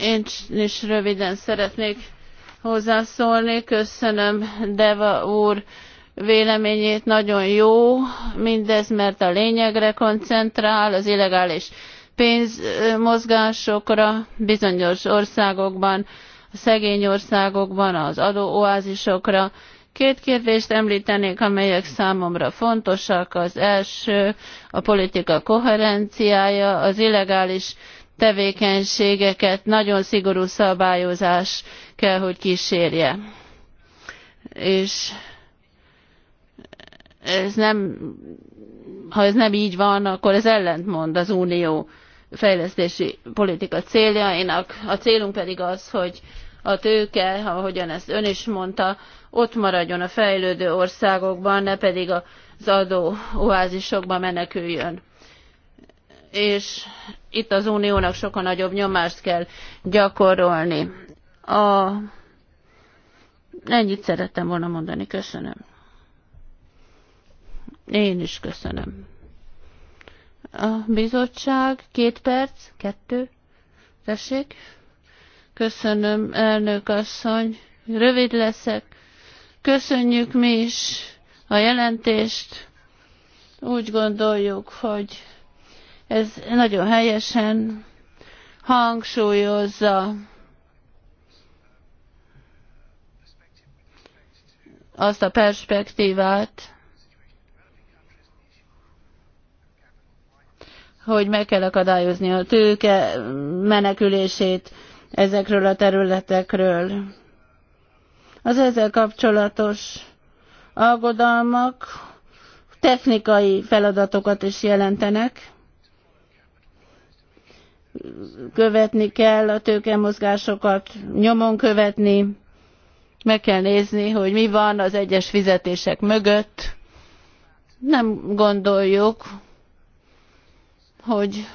Én is röviden szeretnék hozzászólni. Köszönöm Deva úr véleményét, nagyon jó mindez, mert a lényegre koncentrál, az illegális pénzmozgásokra bizonyos országokban, a szegény országokban, az adóoázisokra. Két kérdést említenék, amelyek számomra fontosak. Az első a politika koherenciája, az illegális tevékenységeket nagyon szigorú szabályozás kell, hogy kísérje. És ez nem, ha ez nem így van, akkor ez ellentmond az unió fejlesztési politika céljainak. A célunk pedig az, hogy a tőke, ahogyan ezt ön is mondta, ott maradjon a fejlődő országokban, ne pedig az adó oázisokba meneküljön és itt az uniónak sokkal nagyobb nyomást kell gyakorolni. A... Ennyit szerettem volna mondani, köszönöm. Én is köszönöm. A bizottság, két perc, kettő, tessék. Köszönöm, elnök asszony, rövid leszek. Köszönjük mi is a jelentést. Úgy gondoljuk, hogy ez nagyon helyesen hangsúlyozza azt a perspektívát, hogy meg kell akadályozni a tőke menekülését ezekről a területekről. Az ezzel kapcsolatos aggodalmak technikai feladatokat is jelentenek, követni kell a tőkemozgásokat, nyomon követni, meg kell nézni, hogy mi van az egyes fizetések mögött. Nem gondoljuk, hogy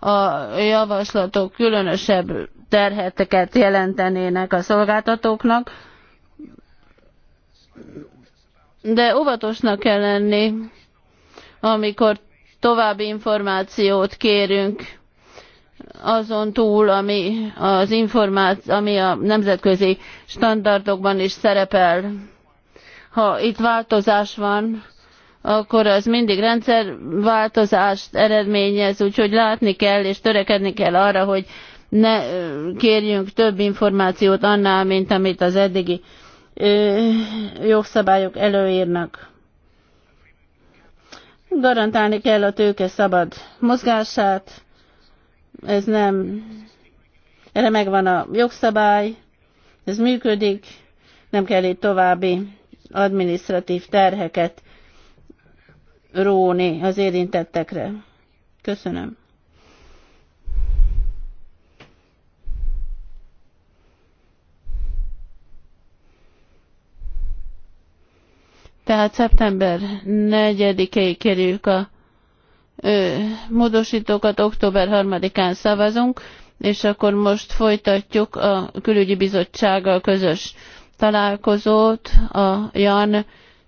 a javaslatok különösebb terheteket jelentenének a szolgáltatóknak, de óvatosnak kell lenni, amikor további információt kérünk azon túl, ami, az információ, ami a nemzetközi standardokban is szerepel. Ha itt változás van, akkor az mindig rendszerváltozást eredményez, úgyhogy látni kell és törekedni kell arra, hogy ne kérjünk több információt annál, mint amit az eddigi jogszabályok előírnak. Garantálni kell a tőke szabad mozgását, ez nem, erre megvan a jogszabály, ez működik, nem kell itt további administratív terheket róni az érintettekre. Köszönöm. Tehát szeptember 4-ig kérjük a ö, módosítókat, október 3-án szavazunk, és akkor most folytatjuk a külügyi bizottsággal közös találkozót a Jan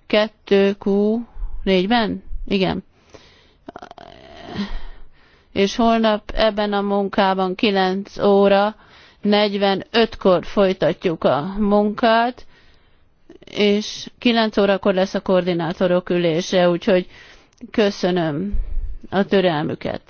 2Q4-ben? Igen. És holnap ebben a munkában 9 óra 45-kor folytatjuk a munkát és 9 órakor lesz a koordinátorok ülése, úgyhogy köszönöm a türelmüket.